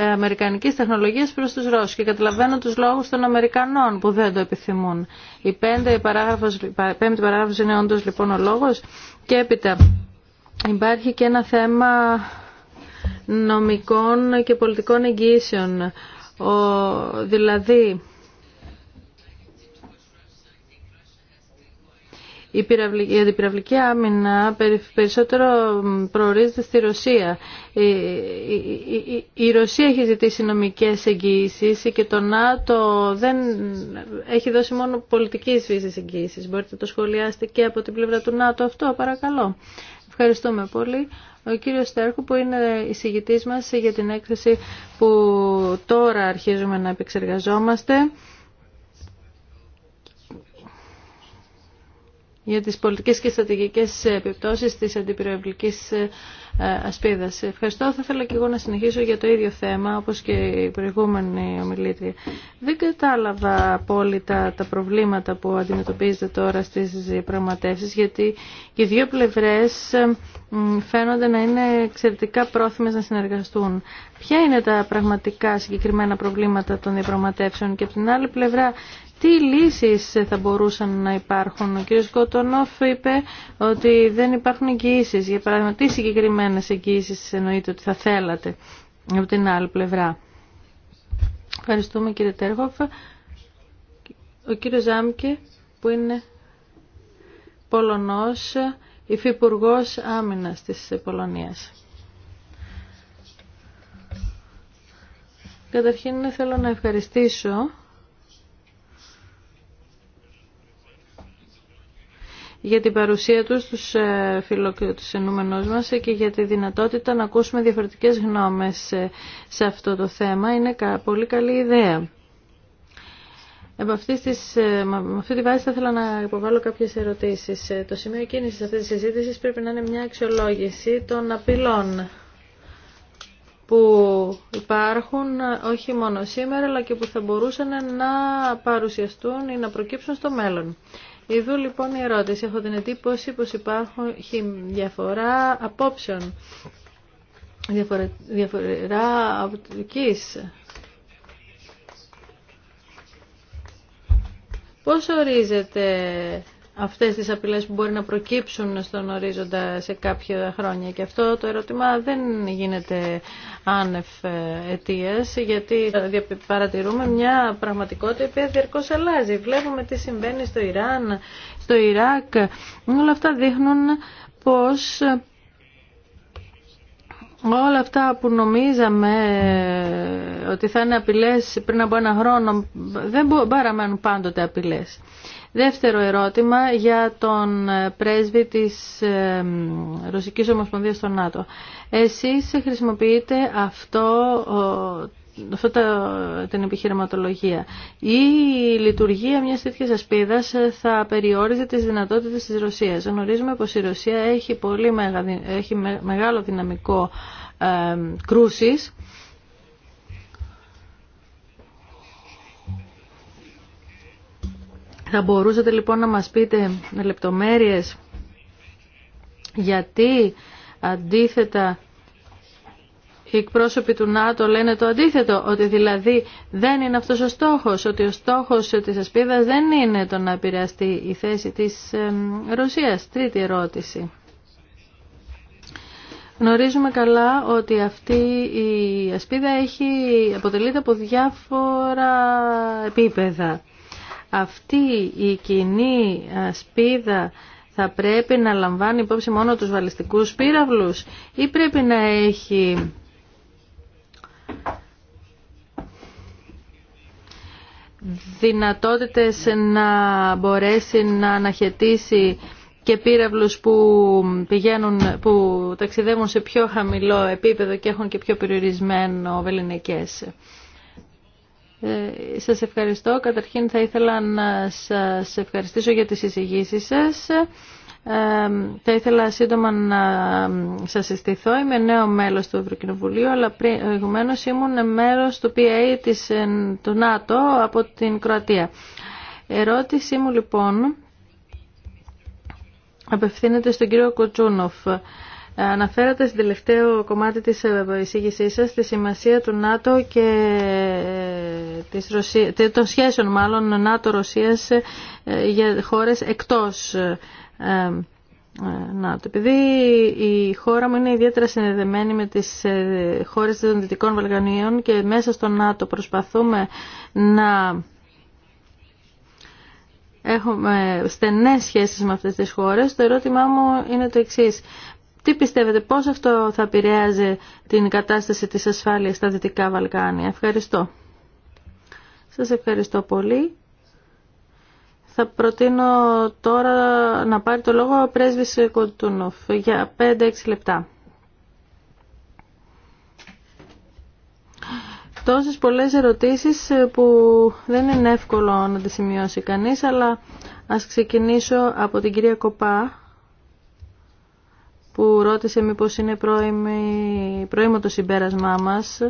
D: ε, αμερικανικής τεχνολογίας προς τους Ρώσους και καταλαβαίνω τους λόγους των Αμερικανών που δεν το επιθυμούν. Η παράγραφος, πέμπτη παράγραφος είναι όντως λοιπόν ο λόγος και έπειτα υπάρχει και ένα θέμα νομικών και πολιτικών εγγύσεων. Ο, δηλαδή, η αντιπυραυλική άμυνα περισσότερο προορίζεται στη Ρωσία. Η Ρωσία έχει ζητήσει νομικές εγγυήσεις και το ΝΑΤΟ δεν έχει δώσει μόνο πολιτική φύσης εγγύησης. Μπορείτε να το σχολιάσετε και από την πλευρά του ΝΑΤΟ αυτό, παρακαλώ. Ευχαριστούμε πολύ ο κύριος Στέρκου που είναι εισηγητής μας για την έκθεση που τώρα αρχίζουμε να επεξεργαζόμαστε για τις πολιτικές και στρατηγικές επιπτώσεις της αντιπυροευλικής ε, ασπίδας. Ευχαριστώ. Θα ήθελα και εγώ να συνεχίσω για το ίδιο θέμα, όπως και η προηγούμενη ομιλήτρια. Δεν κατάλαβα απόλυτα τα προβλήματα που αντιμετωπίζετε τώρα στις πραγματεύσεις, γιατί οι δύο πλευρές ε, φαίνονται να είναι εξαιρετικά πρόθυμες να συνεργαστούν. Ποια είναι τα πραγματικά συγκεκριμένα προβλήματα των διαπραγματεύσεων και από την άλλη πλευρά τι λύσεις θα μπορούσαν να υπάρχουν. Ο κ. Κοτονόφ είπε ότι δεν υπάρχουν εγγυήσεις. Για παράδειγμα, τι συγκεκριμένε εγγυήσει εννοείται ότι θα θέλατε από την άλλη πλευρά. Ευχαριστούμε κύριε Τέρχοφ. Ο κύριος Ζάμκε που είναι Πολωνός, υφυπουργός άμυνας της Πολωνίας. Καταρχήν θέλω να ευχαριστήσω για την παρουσία τους στους ε, φιλοκριτούς μας και για τη δυνατότητα να ακούσουμε διαφορετικές γνώμες ε, σε αυτό το θέμα. Είναι πολύ καλή ιδέα. Ε, με αυτή τη βάση θα ήθελα να υποβάλω κάποιες ερωτήσεις. Το σημείο κίνησης αυτής της συζήτησης πρέπει να είναι μια αξιολόγηση των απειλών που υπάρχουν όχι μόνο σήμερα αλλά και που θα μπορούσαν να παρουσιαστούν ή να προκύψουν στο μέλλον. Εδώ λοιπόν η ερώτηση. Έχω την εντύπωση πως υπάρχουν διαφορά απόψεων, διαφορά, διαφορά Πώ Πώς ορίζεται αυτές τις απειλές που μπορεί να προκύψουν στον ορίζοντα σε κάποια χρόνια. Και αυτό το ερώτημα δεν γίνεται άνευ ε, αιτίας, γιατί παρατηρούμε μια πραγματικότητα η οποία διαρκώς αλλάζει. Βλέπουμε τι συμβαίνει στο Ιράν, στο Ιράκ. Όλα αυτά δείχνουν πως Όλα αυτά που νομίζαμε ε, ότι θα είναι απειλές πριν από ένα χρόνο δεν παραμένουν πάντοτε απειλές. Δεύτερο ερώτημα για τον πρέσβη της ε, Ρωσικής Ομοσπονδίας στο ΝΑΤΟ. Εσείς χρησιμοποιείτε αυτό αυτή την επιχειρηματολογία. Η λειτουργία μιας τέτοιας ασπίδας θα περιόριζε τις δυνατότητες της Ρωσίας. Γνωρίζουμε πως η Ρωσία έχει, πολύ μεγα, έχει μεγάλο δυναμικό ε, κρούσης Θα μπορούσατε λοιπόν να μας πείτε με λεπτομέρειες γιατί αντίθετα οι εκπρόσωποι του ΝΑΤΟ λένε το αντίθετο, ότι δηλαδή δεν είναι αυτός ο στόχος, ότι ο στόχος της ασπίδας δεν είναι το να επηρεαστεί η θέση της Ρωσίας. Τρίτη ερώτηση. Γνωρίζουμε καλά ότι αυτή η ασπίδα έχει, αποτελείται από διάφορα επίπεδα αυτή η κοινή σπίδα θα πρέπει να λαμβάνει υπόψη μόνο τους βαλιστικούς πύραυλους ή πρέπει να έχει δυνατότητες να μπορέσει να αναχαιτήσει και πύραυλους που, πηγαίνουν, που ταξιδεύουν σε πιο χαμηλό επίπεδο και έχουν και πιο περιορισμένο βεληνικές. Ε, σας ευχαριστώ. Καταρχήν θα ήθελα να σας ευχαριστήσω για τις εισηγήσεις σας. Ε, θα ήθελα σύντομα να σας συστηθώ. Είμαι νέο μέλος του Ευρωκοινοβουλίου, αλλά προηγουμένω ήμουν μέρος του PA της, ε, του ΝΑΤΟ από την Κροατία. Ερώτησή μου λοιπόν απευθύνεται στον κύριο Κοτσούνοφ. Αναφέρατε στην τελευταίο κομμάτι της ε, εισήγησή σας τη σημασία του ΝΑΤΟ και ε, της των σχέσεων μάλλον ΝΑΤΟ-Ρωσίας ε, για χώρες εκτός νατο επειδή η χώρα μου είναι ιδιαίτερα συνδεδεμένη με τις χώρες των Δυτικών Βαλκανίων και μέσα στο ΝΑΤΟ προσπαθούμε να έχουμε στενές σχέσεις με αυτές τις χώρες, το ερώτημά μου είναι το εξής. Τι πιστεύετε, πώς αυτό θα επηρέαζε την κατάσταση της ασφάλειας στα Δυτικά Βαλκάνια. Ευχαριστώ. Σας ευχαριστώ πολύ. Θα προτείνω τώρα να πάρει το λόγο ο πρέσβης Κοντούνοφ για 5-6 λεπτά. Τόσες πολλές ερωτήσεις που δεν είναι εύκολο να τις σημειώσει κανείς, αλλά ας ξεκινήσω από την κυρία Κοπά που ρώτησε μήπως είναι πρόημο το συμπέρασμά μας,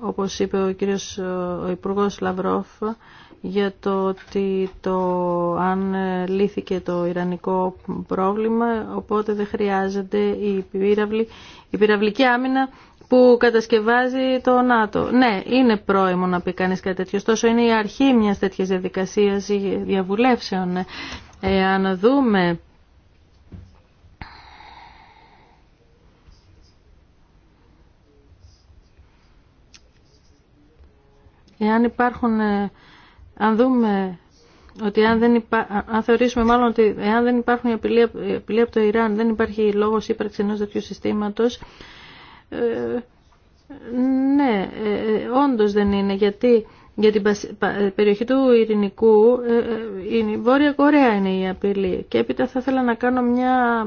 D: όπως είπε ο κύριος ο Υπουργός Λαυρόφ, για το ότι το, αν λύθηκε το ιρανικό πρόβλημα, οπότε δεν χρειάζεται η, πυραυλη, η πυραυλική άμυνα που κατασκευάζει το ΝΑΤΟ. Ναι, είναι πρόημο να πει κανείς κάτι τέτοιο, ωστόσο είναι η αρχή μιας τέτοιας διαδικασίας διαβουλεύσεων. Ε, αν δούμε Εάν υπάρχουν, ε, αν δούμε ότι αν, δεν αν θεωρήσουμε μάλλον ότι εάν δεν υπάρχουν η ε, απειλή, από το Ιράν, δεν υπάρχει λόγος ύπαρξη ενός τέτοιου συστήματος, ε, ναι, ε, ε, όντως δεν είναι, γιατί για την περιοχή του Ειρηνικού η Βόρεια Κορέα είναι η απειλή. Και έπειτα θα ήθελα να κάνω μια,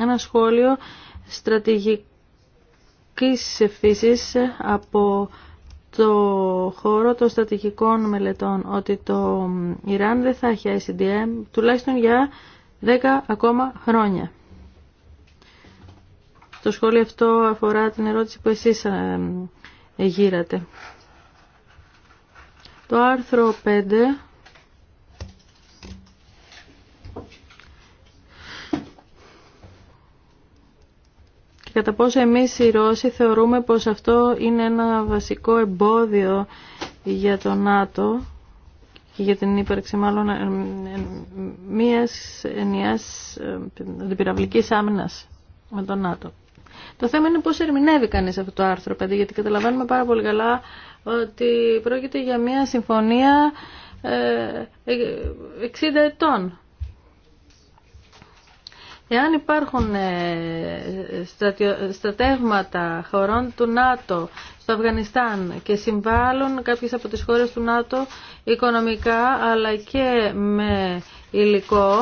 D: ένα σχόλιο στρατηγικής ευθύσης από το χώρο των στατικικών μελετών ότι το Ιράν δεν θα έχει ICDM τουλάχιστον για 10 ακόμα χρόνια. Το σχόλιο αυτό αφορά την ερώτηση που εσείς ε, γύρατε. Το άρθρο 5 κατά πόσο εμείς οι Ρώσοι θεωρούμε πως αυτό είναι ένα βασικό εμπόδιο για το ΝΑΤΟ και για την ύπαρξη μάλλον ε, ε, μίας ενιαίας ε, αντιπυραυλικής άμυνας με το ΝΑΤΟ. Το θέμα είναι πώς ερμηνεύει κανείς αυτό το άρθρο παιδί, γιατί καταλαβαίνουμε πάρα πολύ καλά ότι πρόκειται για μια συμφωνία 60 ετών. Εάν υπάρχουν ε, στρατεύματα χωρών του ΝΑΤΟ στο Αφγανιστάν και συμβάλλουν κάποιες από τις χώρες του ΝΑΤΟ οικονομικά αλλά και με υλικό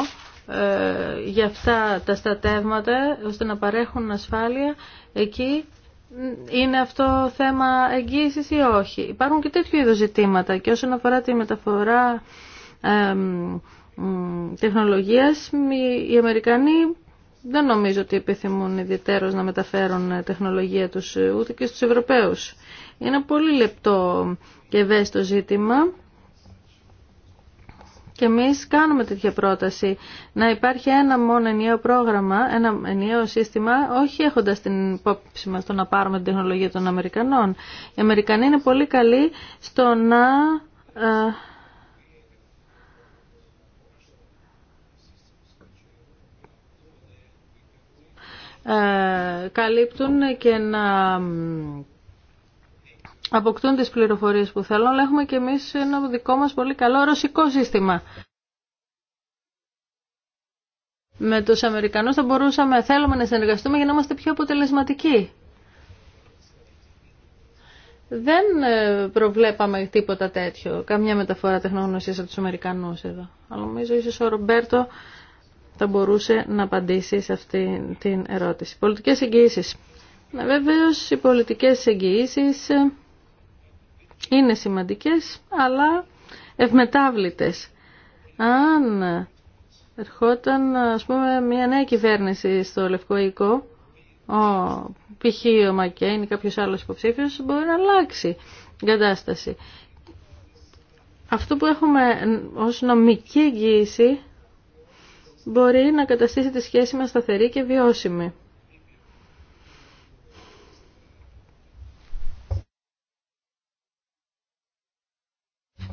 D: ε, για αυτά τα στρατεύματα ώστε να παρέχουν ασφάλεια εκεί είναι αυτό θέμα εγγύησης ή όχι. Υπάρχουν και τέτοιου είδους ζητήματα και όσον αφορά τη μεταφορά ε, τεχνολογίας οι Αμερικανοί δεν νομίζω ότι επιθυμούν ιδιαίτερως να μεταφέρουν ε, τεχνολογία τους ε, ούτε και στους Ευρωπαίους. Είναι πολύ λεπτό και ευαίσθητο ζήτημα και εμείς κάνουμε τέτοια πρόταση να υπάρχει ένα μόνο ενιαίο πρόγραμμα, ένα ενιαίο σύστημα, όχι έχοντας την υπόψη μας το να πάρουμε την τεχνολογία των Αμερικανών. Οι Αμερικανοί είναι πολύ καλοί στο να ε, Ε, καλύπτουν και να αποκτούν τις πληροφορίες που θέλουν, αλλά έχουμε και εμείς ένα δικό μας πολύ καλό ρωσικό σύστημα. Με τους Αμερικανούς θα μπορούσαμε, θέλουμε να συνεργαστούμε για να είμαστε πιο αποτελεσματικοί. Δεν ε, προβλέπαμε τίποτα τέτοιο, καμιά μεταφορά τεχνογνωσίας από τους Αμερικανούς εδώ. Αλλά νομίζω ίσως ο Ρομπέρτο θα μπορούσε να απαντήσει σε αυτή την ερώτηση. Πολιτικές εγγυήσεις. Ε, βεβαίως οι πολιτικές εγγυήσεις ε, είναι σημαντικές αλλά ευμετάβλητες. Αν ερχόταν ας πούμε μια νέα κυβέρνηση στο Λευκό Οίκο, ο π.χ. ο Μακέιν ή κάποιος άλλος υποψήφιος μπορεί να αλλάξει την κατάσταση. Αυτό που έχουμε ως νομική εγγύηση μπορεί να καταστήσει τη σχέση μας σταθερή και βιώσιμη.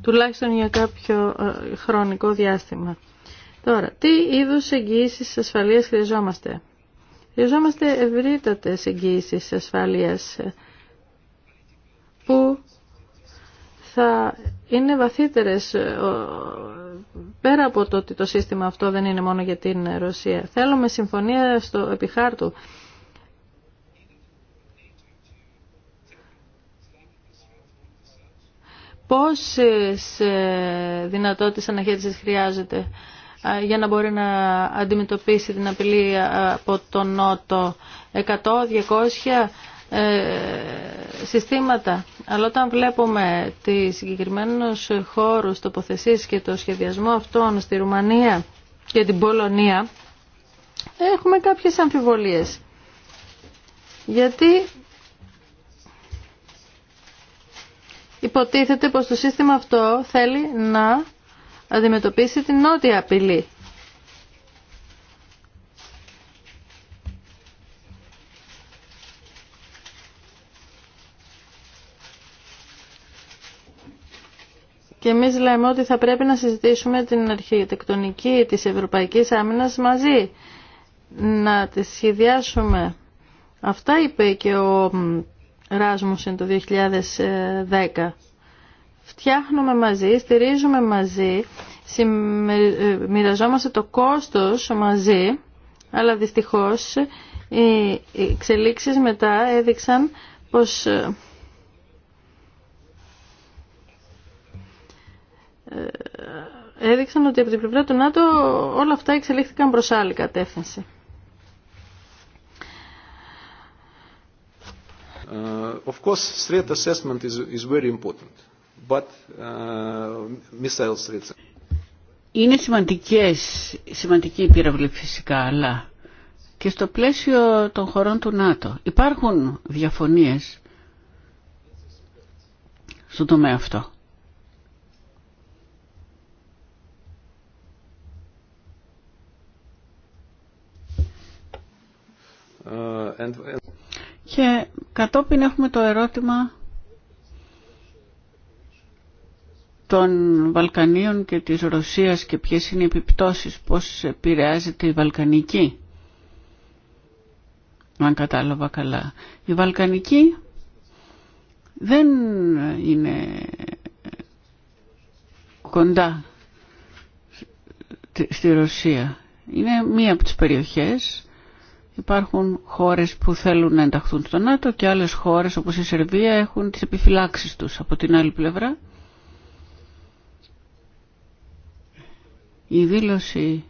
D: τουλάχιστον για κάποιο ε, χρονικό διάστημα. Τώρα, τι είδους εγγυήσει ασφαλείας χρειαζόμαστε. Χρειαζόμαστε ευρύτατες εγγύησεις ασφαλείας ε, που θα είναι βαθύτερες ε, πέρα από το ότι το σύστημα αυτό δεν είναι μόνο για την Ρωσία. Θέλουμε συμφωνία στο επιχάρτου. Πόσες ε, δυνατότητες αναχέτησης χρειάζεται για να μπορεί να αντιμετωπίσει την απειλή από τον Νότο 100, 200 ε, συστήματα. Αλλά όταν βλέπουμε τι συγκεκριμένου χώρους τοποθεσίες και το σχεδιασμό αυτών στη Ρουμανία και την Πολωνία, έχουμε κάποιες αμφιβολίες. Γιατί υποτίθεται πως το σύστημα αυτό θέλει να αντιμετωπίσει την νότια απειλή Και εμεί λέμε ότι θα πρέπει να συζητήσουμε την αρχιτεκτονική της Ευρωπαϊκής Άμυνα μαζί. Να τη σχεδιάσουμε. Αυτά είπε και ο Ράσμουσεν το 2010. Φτιάχνουμε μαζί, στηρίζουμε μαζί, ε, μοιραζόμαστε το κόστος μαζί, αλλά δυστυχώς οι εξελίξεις μετά έδειξαν πως ε, Ε, ε, έδειξαν ότι από την πλευρά του ΝΑΤΟ όλα αυτά εξελίχθηκαν προς άλλη κατεύθυνση.
A: Uh, of course, threat
D: assessment is, is very important, but uh, missile threats.
B: Είναι σημαντικές, σημαντική η πύραυλη φυσικά, αλλά και στο πλαίσιο των χωρών του ΝΑΤΟ υπάρχουν διαφωνίες στον τομέα αυτό. Ε, και κατόπιν έχουμε το ερώτημα των Βαλκανίων και της Ρωσίας και ποιες είναι οι επιπτώσεις, πώς επηρεάζεται η Βαλκανική. Αν κατάλαβα καλά. Η Βαλκανική δεν είναι κοντά στη Ρωσία. Είναι μία από τις περιοχές Υπάρχουν χώρες που θέλουν να ενταχθούν στο ΝΑΤΟ και άλλες χώρες όπως η Σερβία έχουν τις επιφυλάξεις τους. Από την άλλη πλευρά η δήλωση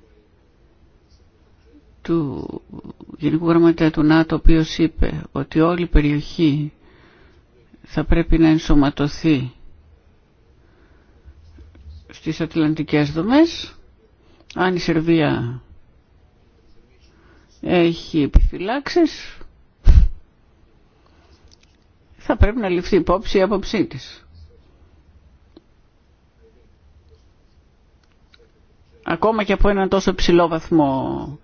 B: του Γενικού Γραμματέα του ΝΑΤΟ ο οποίος είπε ότι όλη η περιοχή θα πρέπει να ενσωματωθεί στις ατλαντικές δομές αν η Σερβία έχει επιφυλάξεις, θα πρέπει να ληφθεί υπόψη η άποψή τη. Ακόμα και από έναν τόσο ψηλό βαθμό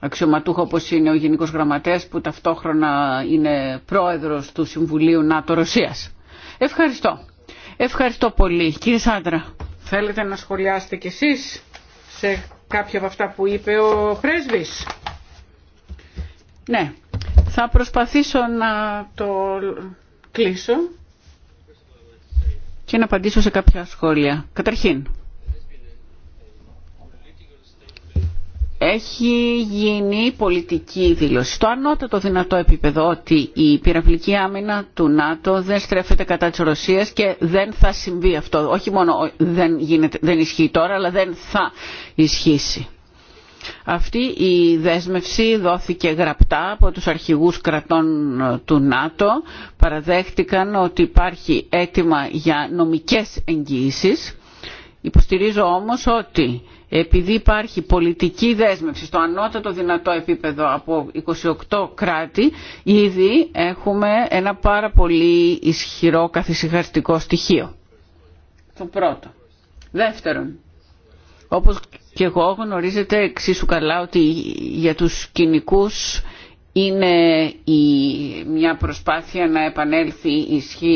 B: αξιωματούχο όπως είναι ο Γενικός Γραμματέας που ταυτόχρονα είναι πρόεδρος του Συμβουλίου ΝΑΤΟ Ρωσίας. Ευχαριστώ. Ευχαριστώ πολύ. Κύριε Σάντρα, θέλετε να σχολιάσετε κι εσείς σε κάποια από αυτά που είπε ο πρέσβης. Ναι, θα προσπαθήσω να το κλείσω και να απαντήσω σε κάποια σχόλια. Καταρχήν, έχει γίνει πολιτική δήλωση στο ανώτατο δυνατό επίπεδο ότι η πυραυλική άμυνα του νατο δεν στρέφεται κατά της ρωσίας και δεν θα συμβεί αυτό. όχι μόνο δεν, γίνεται, δεν ισχύει τώρα αλλά δεν θα ισχύσει. Αυτή η δέσμευση δόθηκε γραπτά από τους αρχηγούς κρατών ε, του ΝΑΤΟ. Παραδέχτηκαν ότι υπάρχει αίτημα για νομικές εγγυήσεις. Υποστηρίζω όμως ότι επειδή υπάρχει πολιτική δέσμευση στο ανώτατο δυνατό επίπεδο από 28 κράτη, ήδη έχουμε ένα πάρα πολύ ισχυρό καθησυχαστικό στοιχείο. Το πρώτο. Δεύτερον, όπως και εγώ γνωρίζετε εξίσου καλά ότι για τους κοινικούς είναι η, μια προσπάθεια να επανέλθει η ισχύ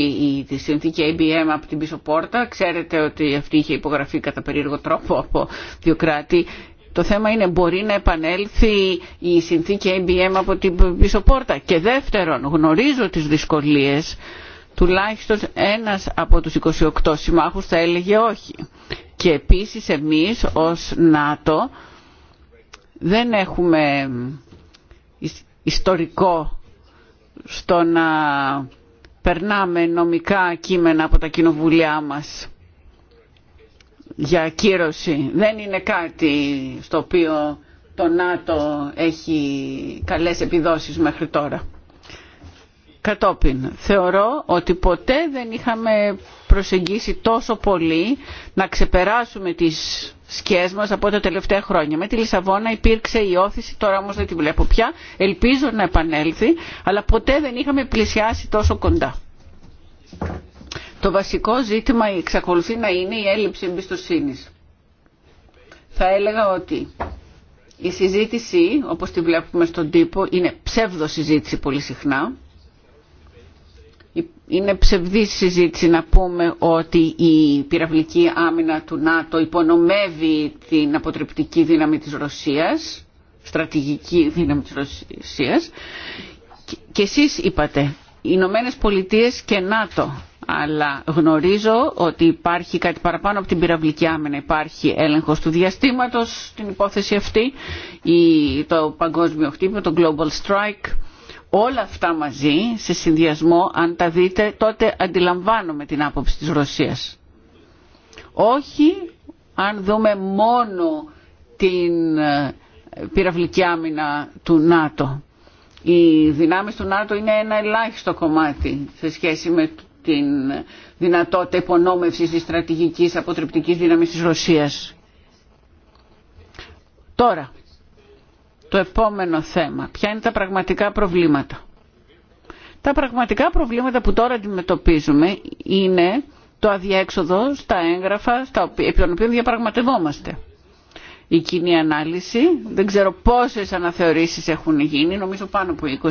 B: η, συνθήκη ABM από την πίσω πόρτα. Ξέρετε ότι αυτή είχε υπογραφεί κατά περίεργο τρόπο από δύο κράτη. Το θέμα είναι μπορεί να επανέλθει η συνθήκη ABM από την πίσω πόρτα. Και δεύτερον, γνωρίζω τις δυσκολίες τουλάχιστον ένας από τους 28 συμμάχους θα έλεγε όχι. Και επίσης εμείς ως ΝΑΤΟ δεν έχουμε ιστορικό στο να περνάμε νομικά κείμενα από τα κοινοβουλιά μας για ακύρωση. Δεν είναι κάτι στο οποίο το ΝΑΤΟ έχει καλές επιδόσεις μέχρι τώρα κατόπιν. Θεωρώ ότι ποτέ δεν είχαμε προσεγγίσει τόσο πολύ να ξεπεράσουμε τις σκιές μας από τα τελευταία χρόνια. Με τη Λισαβόνα υπήρξε η όθηση, τώρα όμως δεν τη βλέπω πια. Ελπίζω να επανέλθει, αλλά ποτέ δεν είχαμε πλησιάσει τόσο κοντά. Το βασικό ζήτημα εξακολουθεί να είναι η έλλειψη εμπιστοσύνης. Θα έλεγα ότι η συζήτηση, όπως τη βλέπουμε στον τύπο, είναι ψεύδο συζήτηση πολύ συχνά είναι ψευδή συζήτηση να πούμε ότι η πυραυλική άμυνα του ΝΑΤΟ υπονομεύει την αποτρεπτική δύναμη της Ρωσίας, στρατηγική δύναμη της Ρωσίας. Και εσείς είπατε, οι Ηνωμένε Πολιτείε και ΝΑΤΟ. Αλλά γνωρίζω ότι υπάρχει κάτι παραπάνω από την πυραυλική άμυνα. Υπάρχει έλεγχος του διαστήματος στην υπόθεση αυτή, το παγκόσμιο χτύπημα, το Global Strike Όλα αυτά μαζί, σε συνδυασμό, αν τα δείτε, τότε αντιλαμβάνομαι την άποψη της Ρωσίας. Όχι αν δούμε μόνο την ε, πυραυλική άμυνα του ΝΑΤΟ. Οι δυνάμεις του ΝΑΤΟ είναι ένα ελάχιστο κομμάτι σε σχέση με την δυνατότητα υπονόμευσης της στρατηγικής αποτρεπτικής δύναμης της Ρωσίας. Τώρα, το επόμενο θέμα. Ποια είναι τα πραγματικά προβλήματα. Τα πραγματικά προβλήματα που τώρα αντιμετωπίζουμε είναι το αδιέξοδο στα έγγραφα στα οποία, επί των οποίων διαπραγματευόμαστε. Η κοινή ανάλυση, δεν ξέρω πόσες αναθεωρήσεις έχουν γίνει, νομίζω πάνω από 20.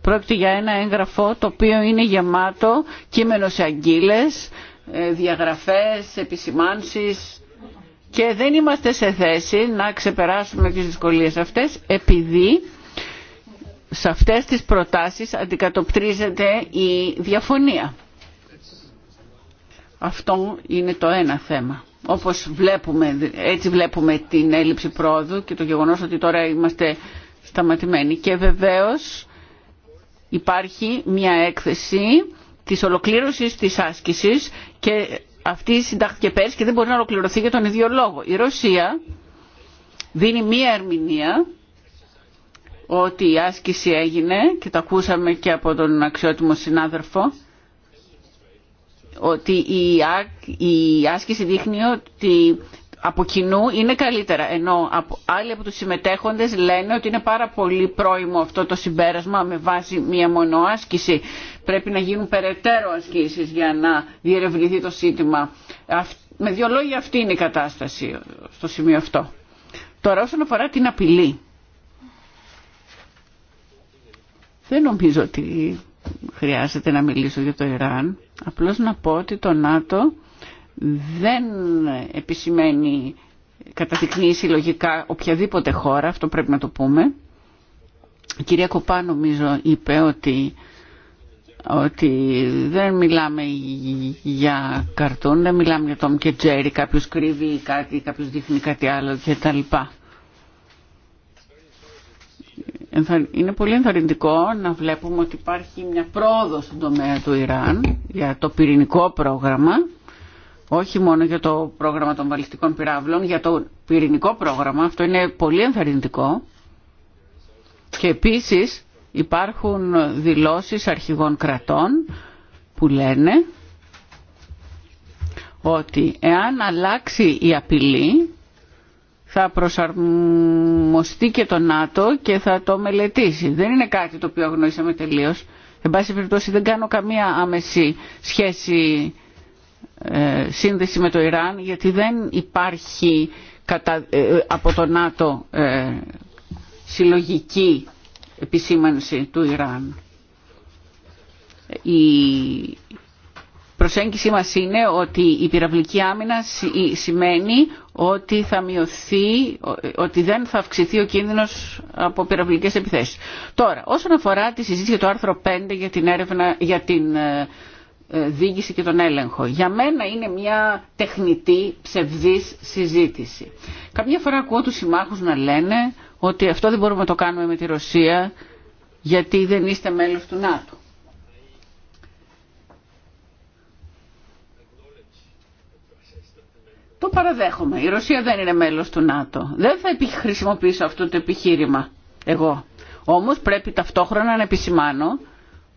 B: Πρόκειται για ένα έγγραφο το οποίο είναι γεμάτο κείμενο σε ε, διαγραφές, επισημάνσεις, και δεν είμαστε σε θέση να ξεπεράσουμε τις δυσκολίες αυτές επειδή σε αυτές τις προτάσεις αντικατοπτρίζεται η διαφωνία. Αυτό είναι το ένα θέμα. Όπως βλέπουμε, έτσι βλέπουμε την έλλειψη πρόοδου και το γεγονός ότι τώρα είμαστε σταματημένοι. Και βεβαίως υπάρχει μια έκθεση της ολοκλήρωσης της άσκησης αυτή συντάχθηκε πέρσι και δεν μπορεί να ολοκληρωθεί για τον ίδιο λόγο. Η Ρωσία δίνει μία ερμηνεία ότι η άσκηση έγινε και το ακούσαμε και από τον αξιότιμο συνάδελφο ότι η άσκηση δείχνει ότι από κοινού είναι καλύτερα. Ενώ άλλοι από τους συμμετέχοντες λένε ότι είναι πάρα πολύ πρόημο αυτό το συμπέρασμα με βάση μία μόνο άσκηση. Πρέπει να γίνουν περαιτέρω ασκήσεις για να διερευνηθεί το σύντημα. Με δύο λόγια αυτή είναι η κατάσταση στο σημείο αυτό. Τώρα όσον αφορά την απειλή. Δεν νομίζω ότι χρειάζεται να μιλήσω για το Ιράν. Απλώς να πω ότι το ΝΑΤΟ δεν επισημαίνει, καταδεικνύει συλλογικά οποιαδήποτε χώρα, αυτό πρέπει να το πούμε. Η κυρία Κοπά νομίζω είπε ότι, ότι δεν μιλάμε για καρτούν, δεν μιλάμε για τον και Τζέρι, κάποιος κρύβει κάτι, κάποιος δείχνει κάτι άλλο κτλ. Είναι πολύ ενθαρρυντικό να βλέπουμε ότι υπάρχει μια πρόοδο στον τομέα του Ιράν για το πυρηνικό πρόγραμμα όχι μόνο για το πρόγραμμα των βαλιστικών πυράβλων, για το πυρηνικό πρόγραμμα, αυτό είναι πολύ ενθαρρυντικό. Και επίσης υπάρχουν δηλώσεις αρχηγών κρατών που λένε ότι εάν αλλάξει η απειλή θα προσαρμοστεί και το ΝΑΤΟ και θα το μελετήσει. Δεν είναι κάτι το οποίο αγνοήσαμε τελείως. Εν πάση περιπτώσει δεν κάνω καμία άμεση σχέση ε, σύνδεση με το Ιράν γιατί δεν υπάρχει ε, από το ΝΑΤΟ ε, συλλογική επισήμανση του Ιράν. Η προσέγγιση μας είναι ότι η πυραυλική άμυνα σημαίνει ότι θα μειωθεί, ότι δεν θα αυξηθεί ο κίνδυνος από πυραυλικές επιθέσεις. Τώρα, όσον αφορά τη συζήτηση για το άρθρο 5 για την έρευνα, για την ε, διοίκηση και τον έλεγχο. Για μένα είναι μια τεχνητή ψευδής συζήτηση. Καμιά φορά ακούω τους συμμάχους να λένε ότι αυτό δεν μπορούμε να το κάνουμε με τη Ρωσία γιατί δεν είστε μέλος του ΝΑΤΟ. Το παραδέχομαι. Η Ρωσία δεν είναι μέλος του ΝΑΤΟ. Δεν θα χρησιμοποιήσω αυτό το επιχείρημα εγώ. Όμως πρέπει ταυτόχρονα να επισημάνω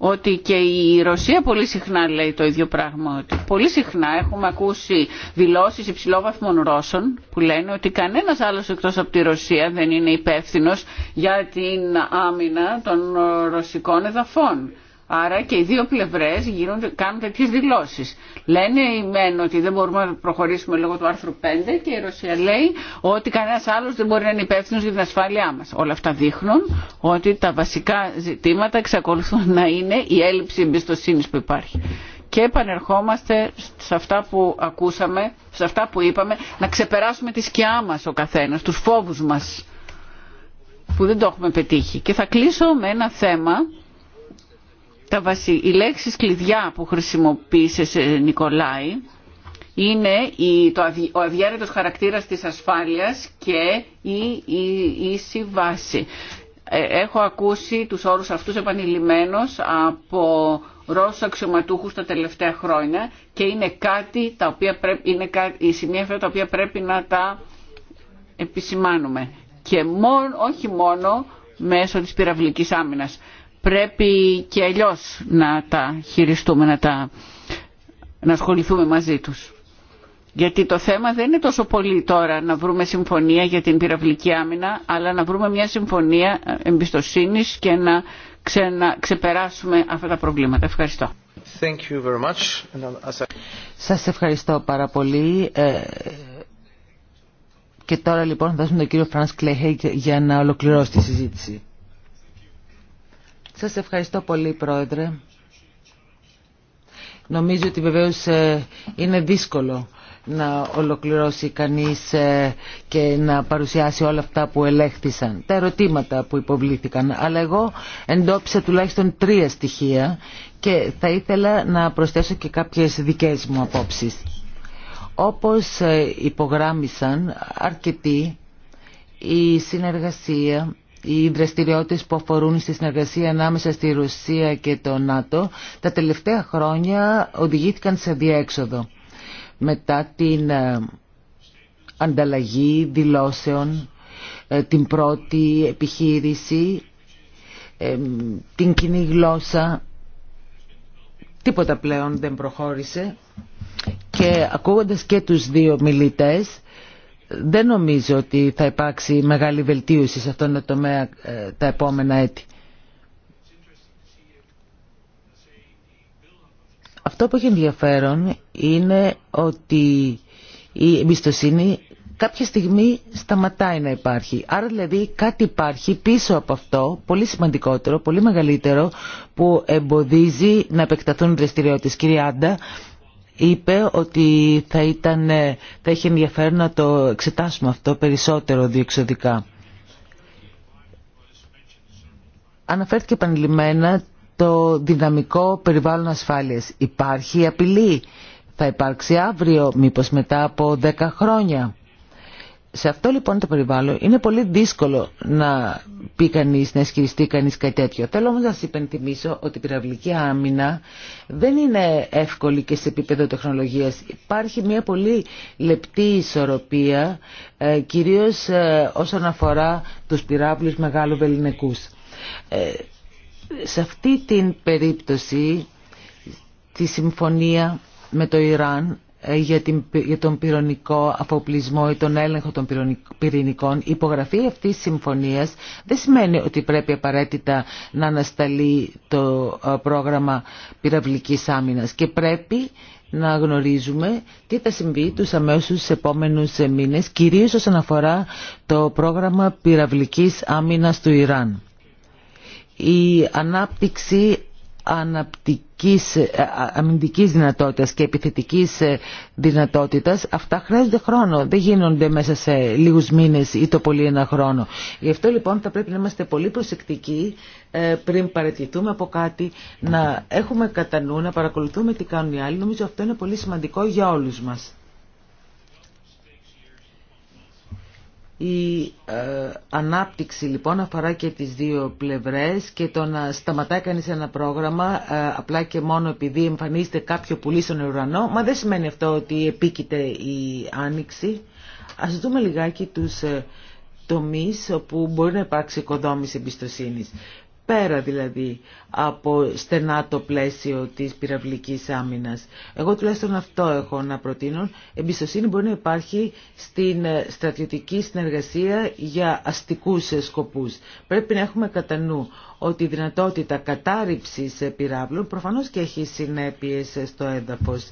B: ότι και η Ρωσία πολύ συχνά λέει το ίδιο πράγμα. Ότι πολύ συχνά έχουμε ακούσει δηλώσεις υψηλόβαθμων Ρώσων που λένε ότι κανένας άλλος εκτός από τη Ρωσία δεν είναι υπεύθυνο για την άμυνα των ρωσικών εδαφών. Άρα και οι δύο πλευρές κάνουν τέτοιε δηλώσεις. Λένε οι μεν ότι δεν μπορούμε να προχωρήσουμε λόγω του άρθρου 5 και η Ρωσία λέει ότι κανένας άλλος δεν μπορεί να είναι υπεύθυνο για την ασφάλειά μας. Όλα αυτά δείχνουν ότι τα βασικά ζητήματα εξακολουθούν να είναι η έλλειψη εμπιστοσύνη που υπάρχει. Και επανερχόμαστε σε αυτά που ακούσαμε, σε αυτά που είπαμε, να ξεπεράσουμε τη σκιά μας ο καθένας, τους φόβους μας που δεν το έχουμε πετύχει. Και θα κλείσω με ένα θέμα τα βασι... οι λέξεις κλειδιά που χρησιμοποίησε Νικολάη είναι η, το αδι, ο αδιέρετος χαρακτήρας της ασφάλειας και η, ίση βάση. Ε, έχω ακούσει τους όρους αυτούς επανειλημμένως από Ρώσους αξιωματούχους τα τελευταία χρόνια και είναι κάτι τα οποία είναι η σημεία αυτά τα οποία πρέπει να τα επισημάνουμε. Και όχι μόνο μέσω της πυραυλικής άμυνας πρέπει και αλλιώ να τα χειριστούμε, να, τα, να ασχοληθούμε μαζί τους. Γιατί το θέμα δεν είναι τόσο πολύ τώρα να βρούμε συμφωνία για την πυραυλική άμυνα, αλλά να βρούμε μια συμφωνία εμπιστοσύνης και να, ξεπεράσουμε αυτά τα προβλήματα. Ευχαριστώ. Thank you very
C: much. Σας ευχαριστώ πάρα πολύ. Ε, και τώρα λοιπόν θα δώσουμε τον κύριο Φρανς Κλέχεκ για να ολοκληρώσει τη συζήτηση. Σας ευχαριστώ πολύ Πρόεδρε. Νομίζω ότι βεβαίως ε, είναι δύσκολο να ολοκληρώσει κανείς ε, και να παρουσιάσει όλα αυτά που ελέγχθησαν, τα ερωτήματα που υποβλήθηκαν. Αλλά εγώ εντόπισα τουλάχιστον τρία στοιχεία και θα ήθελα να προσθέσω και κάποιες δικές μου απόψεις. Όπως ε, υπογράμμισαν αρκετοί, η συνεργασία οι δραστηριότητες που αφορούν στη συνεργασία ανάμεσα στη Ρωσία και το ΝΑΤΟ τα τελευταία χρόνια οδηγήθηκαν σε διέξοδο. Μετά την ε, ανταλλαγή δηλώσεων, ε, την πρώτη επιχείρηση, ε, την κοινή γλώσσα, τίποτα πλέον δεν προχώρησε και ακούγοντας και τους δύο μιλητές δεν νομίζω ότι θα υπάρξει μεγάλη βελτίωση σε αυτόν τον τομέα ε, τα επόμενα έτη. Αυτό που έχει ενδιαφέρον είναι ότι η εμπιστοσύνη κάποια στιγμή σταματάει να υπάρχει. Άρα δηλαδή κάτι υπάρχει πίσω από αυτό, πολύ σημαντικότερο, πολύ μεγαλύτερο, που εμποδίζει να επεκταθούν δραστηριότητες. Κυρία είπε ότι θα, ήταν, θα είχε ενδιαφέρον να το εξετάσουμε αυτό περισσότερο διεξοδικά. Αναφέρθηκε επανειλημμένα το δυναμικό περιβάλλον ασφάλειας. Υπάρχει απειλή. Θα υπάρξει αύριο, μήπως μετά από 10 χρόνια σε αυτό λοιπόν το περιβάλλον είναι πολύ δύσκολο να πει κανεί, να ισχυριστεί κανεί κάτι τέτοιο. Θέλω όμω να σα υπενθυμίσω ότι η πυραυλική άμυνα δεν είναι εύκολη και σε επίπεδο τεχνολογία. Υπάρχει μια πολύ λεπτή ισορροπία, ε, κυρίω ε, όσον αφορά του πυράβλου μεγάλου βεληνικού. Ε, σε αυτή την περίπτωση, τη συμφωνία με το Ιράν ε, για, για τον πυρονικό αφοπλισμό ή τον έλεγχο των πυρηνικών. Η υπογραφή αυτής της συμφωνίας δεν σημαίνει ότι πρέπει απαραίτητα να ανασταλεί το ε, πρόγραμμα πυραυλικής άμυνας και πρέπει να γνωρίζουμε τι θα συμβεί τους αμέσους επόμενους ε, μήνες, κυρίως όσον αφορά το πρόγραμμα πυραυλικής άμυνας του Ιράν. Η ανάπτυξη αναπτικής, ε, αμυντικής δυνατότητας και επιθετικής ε, δυνατότητας αυτά χρειάζονται χρόνο, δεν γίνονται μέσα σε λίγους μήνες ή το πολύ ένα χρόνο. Γι' αυτό λοιπόν θα πρέπει να είμαστε πολύ προσεκτικοί ε, πριν παρατηθούμε από κάτι, να έχουμε κατά νου, να παρακολουθούμε τι κάνουν οι άλλοι. Νομίζω αυτό είναι πολύ σημαντικό για όλους μας. Η ε, ανάπτυξη λοιπόν αφορά και τις δύο πλευρές και το να σταματάει κανείς ένα πρόγραμμα ε, απλά και μόνο επειδή εμφανίζεται κάποιο πουλί στον ουρανό, μα δεν σημαίνει αυτό ότι επίκειται η άνοιξη. Ας δούμε λιγάκι τους ε, τομείς όπου μπορεί να υπάρξει οικοδόμηση εμπιστοσύνης πέρα δηλαδή από στενά το πλαίσιο της πυραυλικής άμυνας. Εγώ τουλάχιστον αυτό έχω να προτείνω. Εμπιστοσύνη μπορεί να υπάρχει στην ε, στρατιωτική συνεργασία για αστικούς ε, σκοπούς. Πρέπει να έχουμε κατά νου ότι η δυνατότητα κατάρριψης ε, πυράβλων προφανώς και έχει συνέπειες στο έδαφος.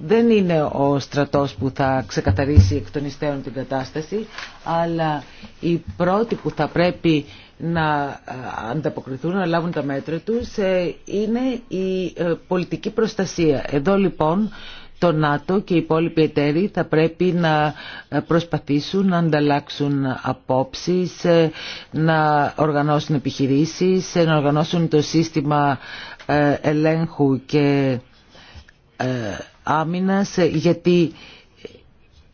C: Δεν είναι ο στρατός που θα ξεκαθαρίσει εκ των την κατάσταση, αλλά η πρώτη που θα πρέπει να ε, ανταποκριθούν, να λάβουν τα μέτρα τους, ε, είναι η ε, πολιτική προστασία. Εδώ λοιπόν το ΝΑΤΟ και οι υπόλοιποι εταίροι θα πρέπει να προσπαθήσουν να ανταλλάξουν απόψεις, να οργανώσουν επιχειρήσεις, να οργανώσουν το σύστημα ελέγχου και άμυνας, γιατί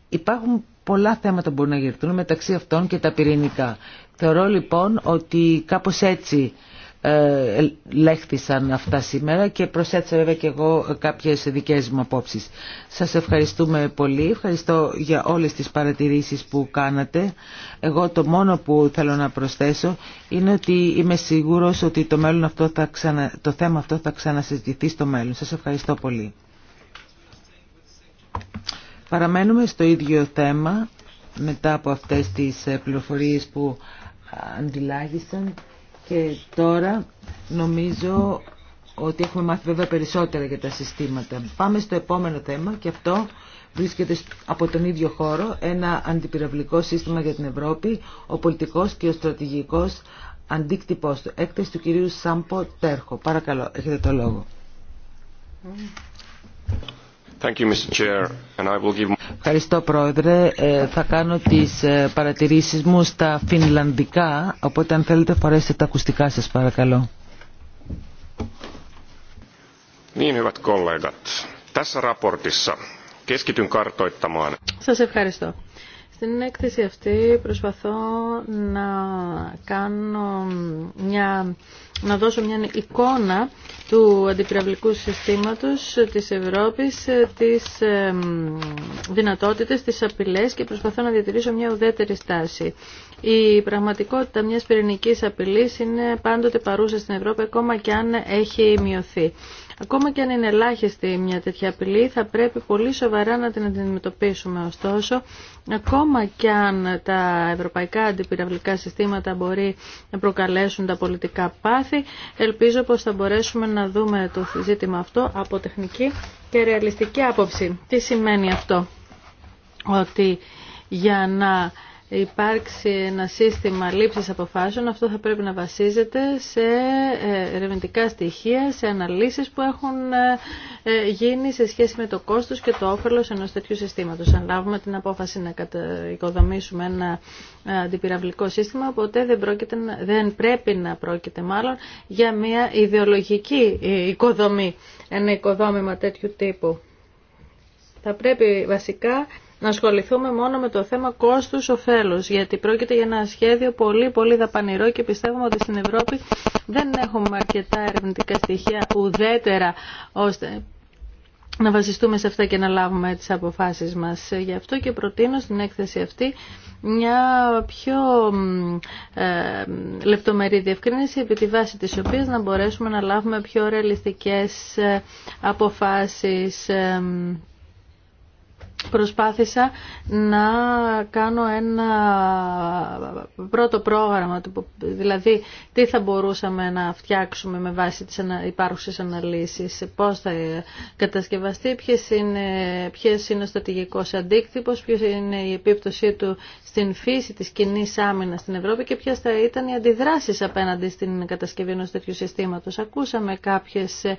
C: υπάρχουν πολλά θέματα που μπορούν να γερθούν μεταξύ αυτών και τα πυρηνικά. Θεωρώ λοιπόν ότι κάπως έτσι ε, λέχθησαν αυτά σήμερα και προσέτσα βέβαια και εγώ κάποιες δικές μου απόψεις. Σας ευχαριστούμε πολύ, ευχαριστώ για όλες τις παρατηρήσεις που κάνατε. Εγώ το μόνο που θέλω να προσθέσω είναι ότι είμαι σίγουρος ότι το, μέλλον αυτό το θέμα αυτό θα ξανασυζητηθεί στο μέλλον. Σας ευχαριστώ πολύ. Παραμένουμε στο ίδιο θέμα μετά από αυτές τις ε, πληροφορίες που αντιλάγησαν και τώρα νομίζω ότι έχουμε μάθει βέβαια περισσότερα για τα συστήματα. Πάμε στο επόμενο θέμα και αυτό βρίσκεται από τον ίδιο χώρο ένα αντιπυραυλικό σύστημα για την Ευρώπη, ο πολιτικός και ο στρατηγικός αντίκτυπός του. Έκθεση του κυρίου Σάμπο Τέρχο. Παρακαλώ, έχετε το λόγο. Mm. Ευχαριστώ Πρόεδρε. Ε, θα κάνω τις ε, παρατηρήσεις μου στα φινλανδικά, οπότε αν θέλετε φορέστε τα ακουστικά σας παρακαλώ.
B: Niin,
D: Σας ευχαριστώ. Στην έκθεση αυτή προσπαθώ να κάνω μια να δώσω μια εικόνα του αντιπυραυλικού συστήματος της Ευρώπης, τις δυνατότητες, τις απειλές και προσπαθώ να διατηρήσω μια ουδέτερη στάση. Η πραγματικότητα μιας πυρηνικής απειλής είναι πάντοτε παρούσα στην Ευρώπη ακόμα και αν έχει μειωθεί. Ακόμα και αν είναι ελάχιστη μια τέτοια απειλή, θα πρέπει πολύ σοβαρά να την αντιμετωπίσουμε. Ωστόσο, ακόμα και αν τα ευρωπαϊκά αντιπυραυλικά συστήματα μπορεί να προκαλέσουν τα πολιτικά πάθη, ελπίζω πως θα μπορέσουμε να δούμε το ζήτημα αυτό από τεχνική και ρεαλιστική άποψη. Τι σημαίνει αυτό, ότι για να υπάρξει ένα σύστημα λήψης αποφάσεων, αυτό θα πρέπει να βασίζεται σε ε, ερευνητικά στοιχεία, σε αναλύσεις που έχουν ε, ε, γίνει σε σχέση με το κόστος και το όφελος ενός τέτοιου συστήματος. Αν λάβουμε την απόφαση να οικοδομήσουμε ένα αντιπυραυλικό σύστημα, ποτέ δεν, πρόκειται, πρέπει να πρόκειται μάλλον για μια ιδεολογική οικοδομή, ένα οικοδόμημα τέτοιου τύπου. Θα πρέπει βασικά να ασχοληθούμε μόνο με το θέμα κόστους οφέλους, γιατί πρόκειται για ένα σχέδιο πολύ πολύ δαπανηρό και πιστεύουμε ότι στην Ευρώπη δεν έχουμε αρκετά ερευνητικά στοιχεία ουδέτερα ώστε να βασιστούμε σε αυτά και να λάβουμε τις αποφάσεις μας. Γι' αυτό και προτείνω στην έκθεση αυτή μια πιο ε, λεπτομερή διευκρίνηση επί τη βάση της οποίας να μπορέσουμε να λάβουμε πιο ρεαλιστικές ε, αποφάσεις ε, προσπάθησα να κάνω ένα πρώτο πρόγραμμα, δηλαδή τι θα μπορούσαμε να φτιάξουμε με βάση τις υπάρχουσες αναλύσεις, πώς θα κατασκευαστεί, ποιες είναι, ποιες είναι ο στρατηγικός αντίκτυπος, ποιος είναι η επίπτωσή του στην φύση της κοινή άμυνας στην Ευρώπη και ποιες θα ήταν οι αντιδράσεις απέναντι στην κατασκευή ενός τέτοιου συστήματος. Ακούσαμε κάποιες ε,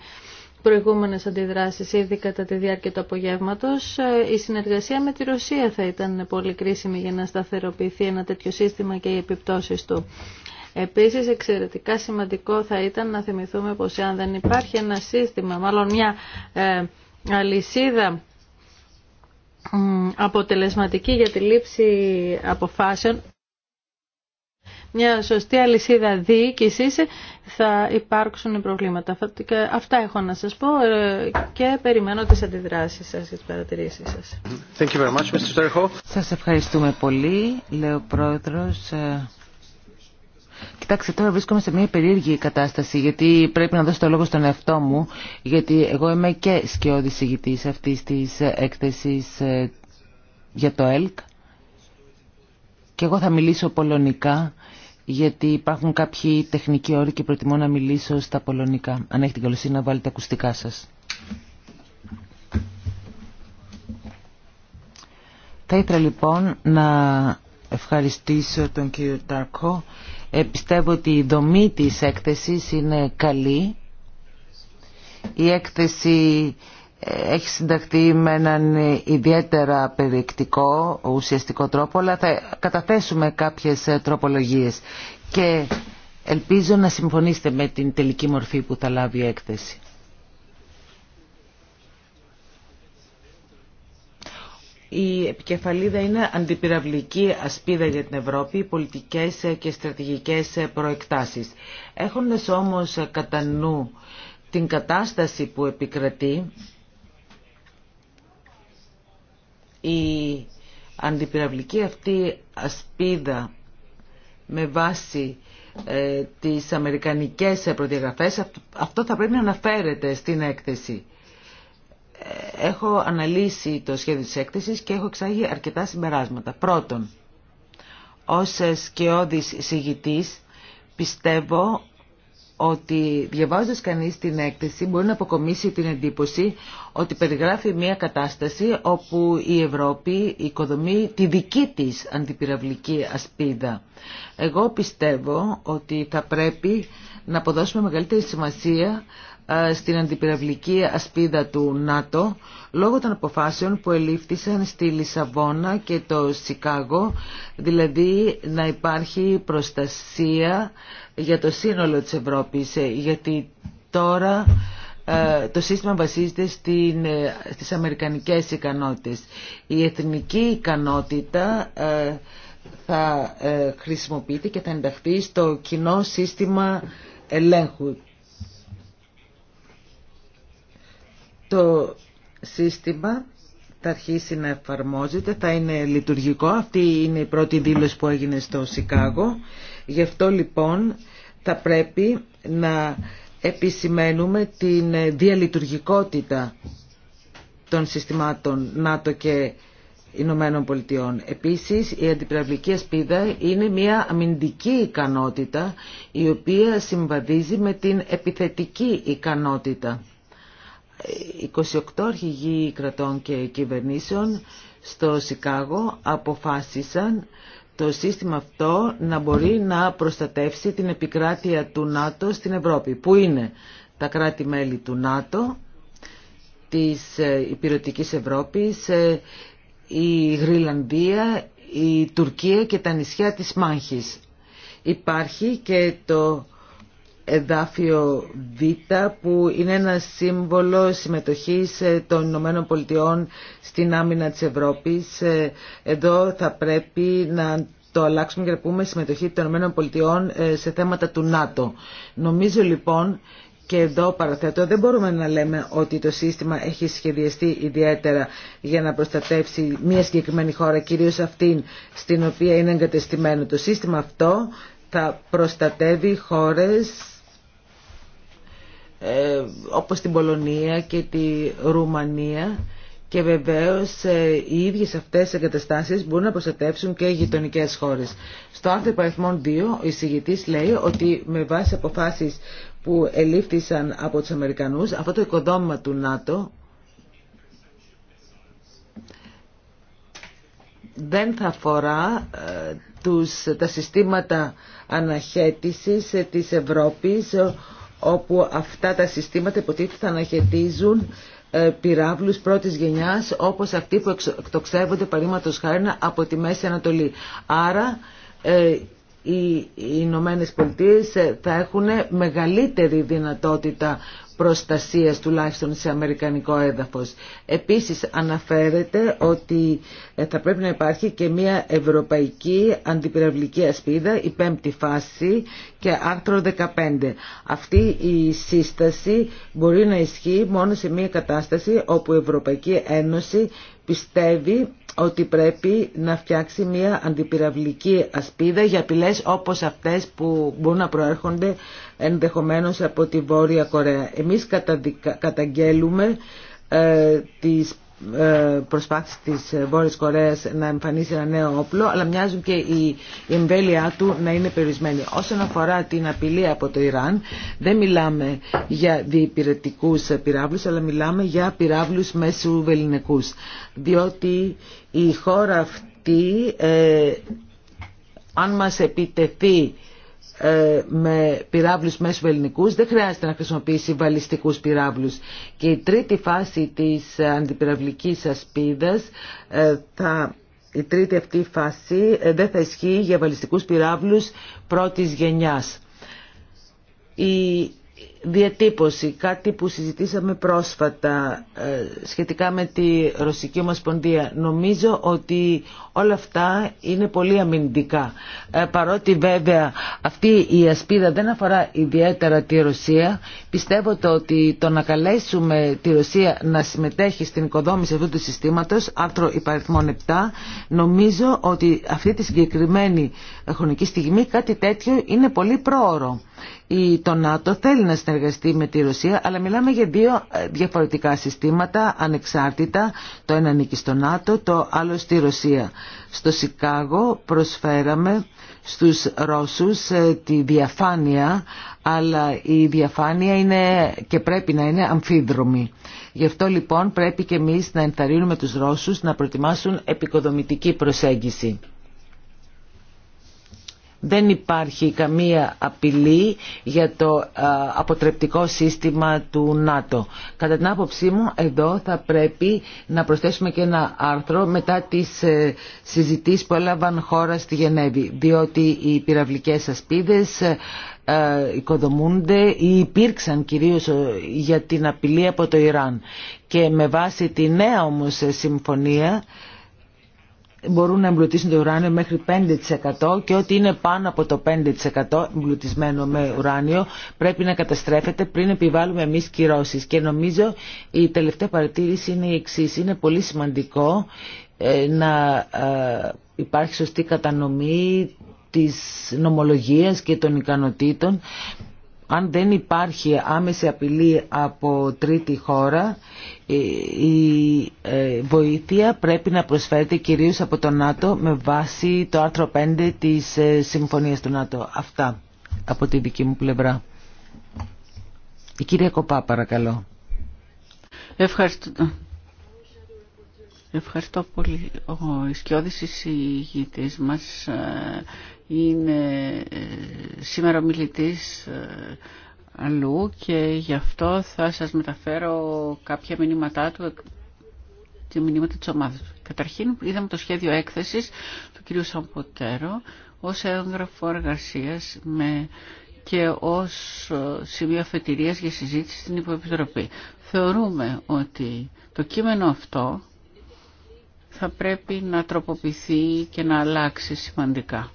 D: προηγούμενες αντιδράσεις ήδη κατά τη διάρκεια του απογεύματος. Ε, η συνεργασία με τη Ρωσία θα ήταν πολύ κρίσιμη για να σταθεροποιηθεί ένα τέτοιο σύστημα και οι επιπτώσεις του. Επίσης εξαιρετικά σημαντικό θα ήταν να θυμηθούμε πως αν δεν υπάρχει ένα σύστημα, μάλλον μια ε, αλυσίδα αποτελεσματική για τη λήψη αποφάσεων μια σωστή αλυσίδα διοίκηση, θα υπάρξουν προβλήματα. Αυτά έχω να σας πω ε, και περιμένω τις αντιδράσεις σας και τις παρατηρήσεις σας.
C: Thank ευχαριστούμε πολύ, λέει ο Πρόεδρος. Ε, κοιτάξτε, τώρα βρίσκομαι σε μια περίεργη κατάσταση, γιατί πρέπει να δώσω το λόγο στον εαυτό μου, γιατί εγώ είμαι και σκιώδη ηγητή αυτή τη έκθεση ε, για το ΕΛΚ. Και εγώ θα μιλήσω πολωνικά, γιατί υπάρχουν κάποιοι τεχνικοί όροι και προτιμώ να μιλήσω στα πολωνικά. Αν έχετε καλοσύνη να βάλετε ακουστικά σας. Θα ήθελα λοιπόν να ευχαριστήσω τον κύριο Τάρκο. Ε, πιστεύω ότι η δομή της έκθεσης είναι καλή. Η έκθεση έχει συνταχθεί με έναν ιδιαίτερα περιεκτικό, ουσιαστικό τρόπο, αλλά θα καταθέσουμε κάποιες ε, τροπολογίες και ελπίζω να συμφωνήσετε με την τελική μορφή που θα λάβει η έκθεση. Η επικεφαλίδα είναι αντιπυραυλική ασπίδα για την Ευρώπη, πολιτικές ε, και στρατηγικές ε, προεκτάσεις. Έχοντας όμως κατά νου την κατάσταση που επικρατεί, η αντιπυραυλική αυτή ασπίδα με βάση ε, τις αμερικανικές προδιαγραφές, αυτό θα πρέπει να αναφέρεται στην έκθεση. Ε, έχω αναλύσει το σχέδιο της έκθεσης και έχω εξάγει αρκετά συμπεράσματα. Πρώτον, ως σκιώδης συγητής πιστεύω ότι διαβάζοντας κανείς την έκθεση μπορεί να αποκομίσει την εντύπωση ότι περιγράφει μια κατάσταση όπου η Ευρώπη οικοδομεί τη δική της αντιπυραυλική ασπίδα. Εγώ πιστεύω ότι θα πρέπει να αποδώσουμε μεγαλύτερη σημασία στην αντιπυραυλική ασπίδα του ΝΑΤΟ λόγω των αποφάσεων που ελήφθησαν στη Λισαβόνα και το Σικάγο δηλαδή να υπάρχει προστασία για το σύνολο της Ευρώπης ε, γιατί τώρα ε, το σύστημα βασίζεται στην, ε, στις αμερικανικές ικανότητες. Η εθνική ικανότητα θα χρησιμοποιείται και θα ενταχθεί στο κοινό σύστημα ελέγχου. Το σύστημα θα αρχίσει να εφαρμόζεται, θα είναι λειτουργικό. Αυτή είναι η πρώτη δήλωση που έγινε στο Σικάγο Γι' αυτό λοιπόν θα πρέπει να επισημαίνουμε την διαλειτουργικότητα των συστημάτων ΝΑΤΟ και Ηνωμένων Πολιτειών. Επίσης, η αντιπραυλική ασπίδα είναι μια αμυντική ικανότητα η οποία συμβαδίζει με την επιθετική ικανότητα. 28 αρχηγοί κρατών και κυβερνήσεων στο Σικάγο αποφάσισαν το σύστημα αυτό να μπορεί να προστατεύσει την επικράτεια του ΝΑΤΟ στην Ευρώπη, που είναι τα κράτη-μέλη του ΝΑΤΟ, της ε, υπηρετικής Ευρώπης, ε, η Γρυλανδία, η Τουρκία και τα νησιά της Μάνχης. Υπάρχει και το εδάφιο Β που είναι ένα σύμβολο συμμετοχής ε, των Ηνωμένων Πολιτειών στην άμυνα της Ευρώπης. Ε, εδώ θα πρέπει να το αλλάξουμε και να πούμε συμμετοχή των Ηνωμένων Πολιτειών ε, σε θέματα του ΝΑΤΟ. Νομίζω λοιπόν και εδώ παραθέτω, δεν μπορούμε να λέμε ότι το σύστημα έχει σχεδιαστεί ιδιαίτερα για να προστατεύσει μια συγκεκριμένη χώρα, κυρίως αυτήν στην οποία είναι εγκατεστημένο. Το σύστημα αυτό θα προστατεύει χώρες ε, όπως την Πολωνία και τη Ρουμανία και βεβαίως ε, οι ίδιες αυτές εγκαταστάσεις μπορούν να προστατεύσουν και οι γειτονικέ χώρες. Στο άρθρο υπαριθμών 2 ο εισηγητής λέει ότι με βάση αποφάσεις που ελήφθησαν από τους Αμερικανούς αυτό το οικοδόμημα του ΝΑΤΟ δεν θα αφορά ε, τα συστήματα αναχέτησης ε, της Ευρώπης όπου αυτά τα συστήματα υποτίθεται θα αναχαιτίζουν ε, πυράβλου πρώτη γενιά όπω αυτοί που εκτοξεύονται παρήματο χάρη από τη Μέση Ανατολή. Άρα ε, οι Ηνωμένε Πολιτείε ε, θα έχουν μεγαλύτερη δυνατότητα προστασίας τουλάχιστον σε αμερικανικό έδαφος. Επίσης αναφέρεται ότι ε, θα πρέπει να υπάρχει και μια ευρωπαϊκή αντιπυραυλική ασπίδα, η πέμπτη φάση και άρθρο 15. Αυτή η σύσταση μπορεί να ισχύει μόνο σε μια κατάσταση όπου η Ευρωπαϊκή Ένωση πιστεύει ότι πρέπει να φτιάξει μια αντιπυραυλική ασπίδα για απειλές όπως αυτές που μπορούν να προέρχονται ενδεχομένως από τη Βόρεια Κορέα. Εμείς καταγγέλουμε ε, τις ε, προσπάθηση της ε, Βόρειας Κορέας να εμφανίσει ένα νέο όπλο αλλά μοιάζουν και η εμβέλειά του να είναι περιορισμένη. Όσον αφορά την απειλή από το Ιράν δεν μιλάμε για διπηρετικούς πυράβλους αλλά μιλάμε για πυράβλους μέσου βεληνικούς διότι η χώρα αυτή ε, αν μας επιτεθεί ε, με πυράβλους μέσου ελληνικούς δεν χρειάζεται να χρησιμοποιήσει βαλιστικούς πυράβλους και η τρίτη φάση της αντιπυραυλικής ασπίδας ε, θα η τρίτη αυτή φάση ε, δεν θα ισχύει για βαλιστικούς πυράβλους πρώτης γενιάς διατύπωση, κάτι που συζητήσαμε πρόσφατα ε, σχετικά με τη Ρωσική Ομοσπονδία. Νομίζω ότι όλα αυτά είναι πολύ αμυντικά. Ε, παρότι βέβαια αυτή η ασπίδα δεν αφορά ιδιαίτερα τη Ρωσία, πιστεύω ότι το να καλέσουμε τη Ρωσία να συμμετέχει στην οικοδόμηση αυτού του συστήματος, άρθρο υπαριθμών 7, νομίζω ότι αυτή τη συγκεκριμένη χρονική στιγμή κάτι τέτοιο είναι πολύ πρόωρο. Το ΝΑΤΟ θέλει συνεργαστεί με τη Ρωσία, αλλά μιλάμε για δύο ε, διαφορετικά συστήματα, ανεξάρτητα. Το ένα ανήκει στο ΝΑΤΟ, το άλλο στη Ρωσία. Στο Σικάγο προσφέραμε στους Ρώσους ε, τη διαφάνεια, αλλά η διαφάνεια είναι και πρέπει να είναι αμφίδρομη. Γι' αυτό λοιπόν πρέπει και εμείς να ενθαρρύνουμε τους Ρώσους να προτιμάσουν επικοδομητική προσέγγιση δεν υπάρχει καμία απειλή για το ε, αποτρεπτικό σύστημα του ΝΑΤΟ. Κατά την άποψή μου εδώ θα πρέπει να προσθέσουμε και ένα άρθρο μετά τις ε, συζητήσεις που έλαβαν χώρα στη Γενέβη διότι οι πυραυλικές ασπίδες ε, οικοδομούνται ή υπήρξαν κυρίως για την απειλή από το Ιράν και με βάση τη νέα όμως συμφωνία μπορούν να εμπλουτίσουν το ουράνιο μέχρι 5% και ότι είναι πάνω από το 5% εμπλουτισμένο με ουράνιο πρέπει να καταστρέφεται πριν επιβάλλουμε εμείς κυρώσεις. Και νομίζω η τελευταία παρατήρηση είναι η εξή. Είναι πολύ σημαντικό ε, να ε, υπάρχει σωστή κατανομή της νομολογίας και των ικανοτήτων αν δεν υπάρχει άμεση απειλή από τρίτη χώρα η ε, βοήθεια πρέπει να προσφέρεται κυρίως από το ΝΑΤΟ με βάση το άρθρο 5 της ε, Συμφωνίας του ΝΑΤΟ. Αυτά από τη δική μου πλευρά. Η κυρία Κοπά παρακαλώ. Ευχαριστώ.
B: Ευχαριστώ πολύ. Ο Ισκιώδης εισηγητής μας ε, είναι σήμερα μιλητής αλλού και γι' αυτό θα σας μεταφέρω κάποια μηνύματά του, τη μηνύματα της ομάδας. Καταρχήν είδαμε το σχέδιο έκθεσης του κ. Σαμποτέρο ως έγγραφο εργασία με και ως ε, σημείο αφετηρίας για συζήτηση στην Υποεπιτροπή. Θεωρούμε ότι το κείμενο αυτό θα πρέπει να τροποποιηθεί και να αλλάξει σημαντικά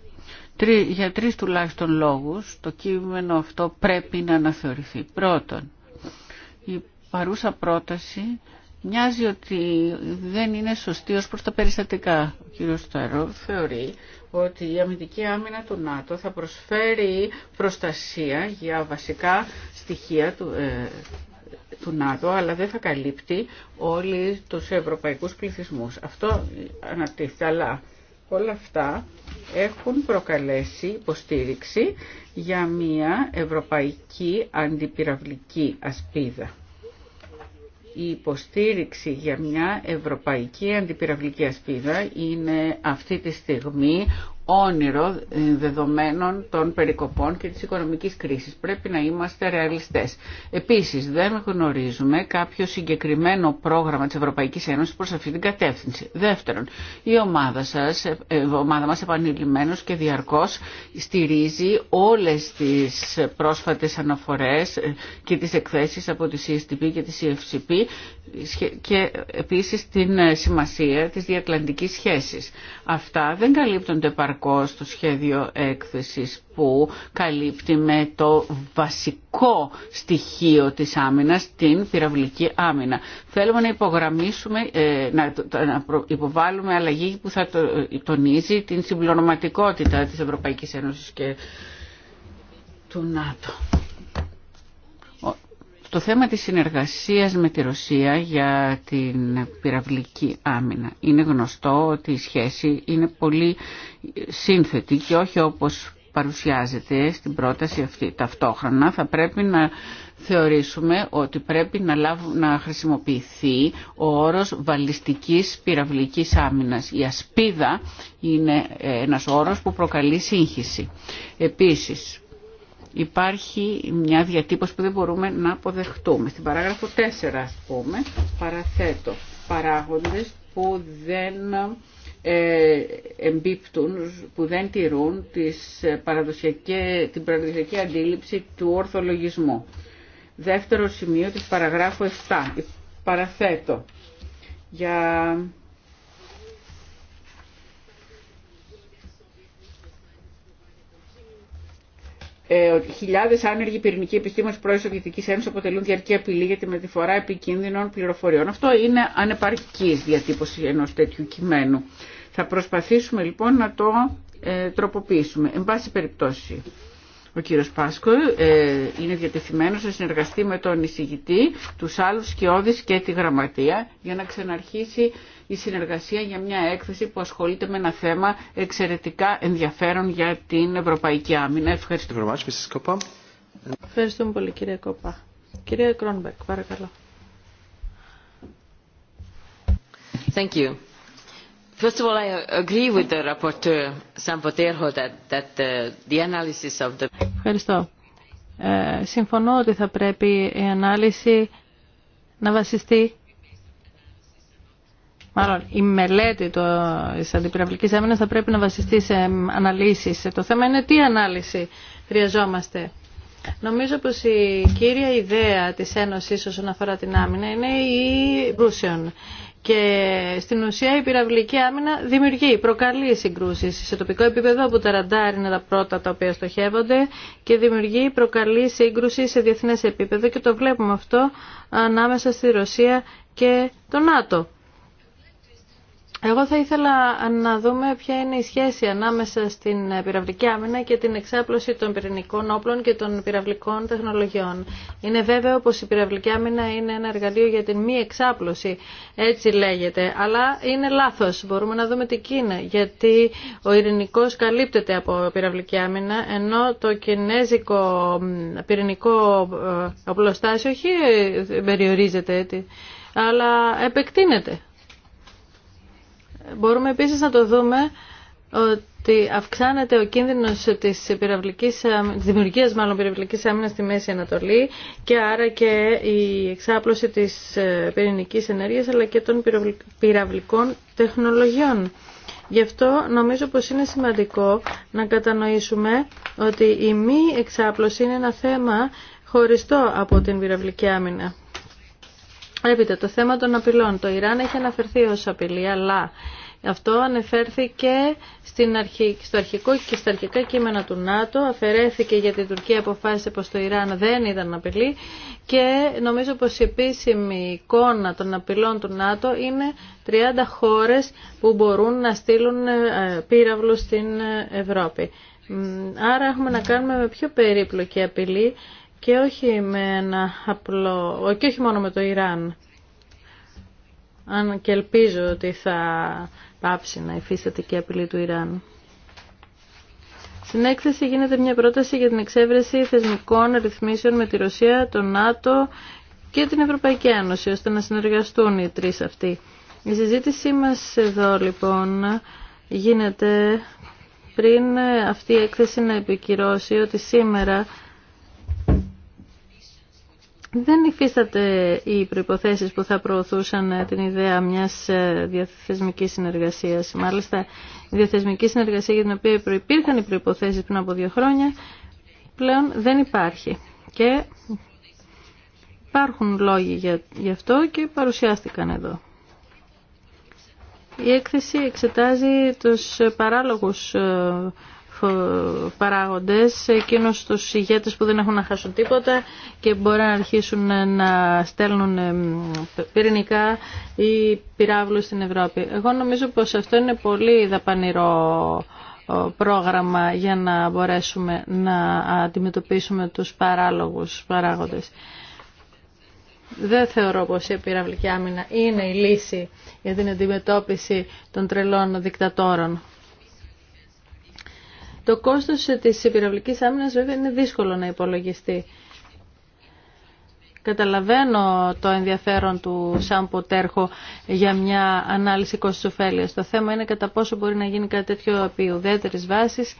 B: για τρεις τουλάχιστον λόγους το κείμενο αυτό πρέπει να αναθεωρηθεί. Πρώτον, η παρούσα πρόταση μοιάζει ότι δεν είναι σωστή ως προς τα περιστατικά. Ο κ. Σταρό θεωρεί ότι η αμυντική άμυνα του ΝΑΤΟ θα προσφέρει προστασία για βασικά στοιχεία του, ε, ΝΑΤΟ, αλλά δεν θα καλύπτει όλοι τους ευρωπαϊκούς πληθυσμούς. Αυτό αναπτύχθηκε, αλλά Όλα αυτά έχουν προκαλέσει υποστήριξη για μια ευρωπαϊκή αντιπυραυλική ασπίδα. Η υποστήριξη για μια ευρωπαϊκή αντιπυραυλική ασπίδα είναι αυτή τη στιγμή όνειρο ε, δεδομένων των περικοπών και της οικονομικής κρίσης. Πρέπει να είμαστε ρεαλιστές. Επίσης, δεν γνωρίζουμε κάποιο συγκεκριμένο πρόγραμμα της Ευρωπαϊκής Ένωσης προς αυτή την κατεύθυνση. Δεύτερον, η ομάδα, σας, ε, ε, η ομάδα μας επανειλημμένος και διαρκώς στηρίζει όλες τις πρόσφατες αναφορές και τις εκθέσεις από τη CSTP και τη CFCP και επίσης την σημασία της διατλαντικής σχέσης. Αυτά δεν καλύπτονται στο το σχέδιο έκθεσης που καλύπτει με το βασικό στοιχείο της άμυνας, την πυραυλική άμυνα. Θέλουμε να υπογραμμίσουμε, ε, να υποβάλουμε αλλαγή που θα τονίζει την συμπληρωματικότητα της Ευρωπαϊκής Ένωσης και του ΝΑΤΟ. Το θέμα της συνεργασίας με τη Ρωσία για την πυραυλική άμυνα. Είναι γνωστό ότι η σχέση είναι πολύ σύνθετη και όχι όπως παρουσιάζεται στην πρόταση αυτή. Ταυτόχρονα θα πρέπει να θεωρήσουμε ότι πρέπει να, να χρησιμοποιηθεί ο όρος βαλιστικής πυραυλικής άμυνας. Η ασπίδα είναι ένας όρος που προκαλεί σύγχυση. Επίσης, υπάρχει μια διατύπωση που δεν μπορούμε να αποδεχτούμε. Στην παράγραφο 4 ας πούμε παραθέτω παράγοντες που δεν ε, εμπίπτουν, που δεν τηρούν ε, την παραδοσιακή αντίληψη του ορθολογισμού. Δεύτερο σημείο της παραγράφου 7. Παραθέτω για ε, χιλιάδες άνεργοι πυρηνικοί επιστήμονες πρώην Σοβιετική Ένωση αποτελούν διαρκή απειλή για τη μεταφορά επικίνδυνων πληροφοριών. Αυτό είναι ανεπαρκής διατύπωση ενό τέτοιου κειμένου. Θα προσπαθήσουμε λοιπόν να το ε, τροποποιήσουμε. Εν πάση περιπτώσει, ο κύριος Πάσκο ε, είναι διατεθειμένος να συνεργαστεί με τον εισηγητή, τους άλλους σκιώδης και τη γραμματεία για να ξαναρχίσει η συνεργασία για μια έκθεση που ασχολείται με ένα θέμα εξαιρετικά ενδιαφέρον για την Ευρωπαϊκή Άμυνα. Ευχαριστώ. Ευχαριστούμε πολύ κύριε Κόπα. Κύριε Κρόνμπεκ, παρακαλώ.
D: Thank you. First of all, I agree with the rapporteur, Sam Poterho, that, that uh, the analysis of the... Ευχαριστώ. Ε, συμφωνώ ότι θα πρέπει η ανάλυση να βασιστεί μάλλον η μελέτη της αντιπυραυλική άμυνας θα πρέπει να βασιστεί σε αναλύσεις. Το θέμα είναι τι ανάλυση χρειαζόμαστε. Νομίζω πως η κύρια ιδέα της Ένωσης όσον αφορά την άμυνα είναι η Ρούσεων. Και στην ουσία η πυραυλική άμυνα δημιουργεί, προκαλεί συγκρούσει σε τοπικό επίπεδο από τα ραντάρ είναι τα πρώτα τα οποία στοχεύονται και δημιουργεί, προκαλεί σύγκρουση σε διεθνές επίπεδο και το βλέπουμε αυτό ανάμεσα στη Ρωσία και το ΝΑΤΟ. Εγώ θα ήθελα να δούμε ποια είναι η σχέση ανάμεσα στην πυραυλική άμυνα και την εξάπλωση των πυρηνικών όπλων και των πυραυλικών τεχνολογιών. Είναι βέβαιο πως η πυραυλική άμυνα είναι ένα εργαλείο για την μη εξάπλωση, έτσι λέγεται, αλλά είναι λάθος. Μπορούμε να δούμε τι Κίνα, γιατί ο ειρηνικός καλύπτεται από πυραυλική άμυνα, ενώ το κινέζικο πυρηνικό ε, οπλοστάσιο όχι ε, περιορίζεται, έτσι, αλλά επεκτείνεται. Μπορούμε επίσης να το δούμε ότι αυξάνεται ο κίνδυνος της, ε, της δημιουργίας μάλλον πυραυλικής άμυνας στη Μέση Ανατολή και άρα και η εξάπλωση της ε, πυρηνικής ενέργειας αλλά και των πυραυλικών τεχνολογιών. Γι' αυτό νομίζω πως είναι σημαντικό να κατανοήσουμε ότι η μη εξάπλωση είναι ένα θέμα χωριστό από την πυραυλική άμυνα. Έπειτα, το θέμα των απειλών. Το Ιράν έχει αναφερθεί ως απειλή, αλλά αυτό ανεφέρθηκε στην στο αρχικό και στα αρχικά κείμενα του ΝΑΤΟ, αφαιρέθηκε γιατί η Τουρκία αποφάσισε πως το Ιράν δεν ήταν απειλή και νομίζω πως η επίσημη εικόνα των απειλών του ΝΑΤΟ είναι 30 χώρες που μπορούν να στείλουν ε, πύραυλους στην Ευρώπη. Άρα έχουμε να κάνουμε με πιο περίπλοκη απειλή και όχι, με ένα απλό, και όχι μόνο με το Ιράν. Αν και ελπίζω ότι θα πάψει να υφίσταται και η απειλή του Ιράν. Στην έκθεση γίνεται μια πρόταση για την εξέβρεση θεσμικών ρυθμίσεων με τη Ρωσία, το ΝΑΤΟ και την Ευρωπαϊκή Ένωση, ώστε να συνεργαστούν οι τρεις αυτοί. Η συζήτησή μας εδώ λοιπόν γίνεται πριν αυτή η έκθεση να επικυρώσει ότι σήμερα δεν υφίσταται οι προϋποθέσεις που θα προωθούσαν ε, την ιδέα μιας ε, διαθεσμικής συνεργασίας. Μάλιστα, η διαθεσμική συνεργασία για την οποία υπήρχαν οι προϋποθέσεις πριν από δύο χρόνια, πλέον δεν υπάρχει. Και υπάρχουν λόγοι για, γι' αυτό και παρουσιάστηκαν εδώ. Η έκθεση εξετάζει τους παράλογους ε, παράγοντες, εκείνους τους ηγέτες που δεν έχουν να χάσουν τίποτα και μπορεί να αρχίσουν να στέλνουν πυρηνικά ή πυράβλους στην Ευρώπη. Εγώ νομίζω πως αυτό είναι πολύ δαπανηρό πρόγραμμα για να μπορέσουμε να αντιμετωπίσουμε τους παράλογους παράγοντες. Δεν θεωρώ πως η πυραυλική άμυνα είναι η λύση για την αντιμετώπιση των τρελών δικτατόρων. Το κόστος της πυραυλικής άμυνας βέβαια είναι δύσκολο να υπολογιστεί. Καταλαβαίνω το ενδιαφέρον του Σαν Ποτέρχο για μια ανάλυση κόστος ωφέλειας. Το θέμα είναι κατά πόσο μπορεί να γίνει κάτι τέτοιο επί ουδέτερης βάσης,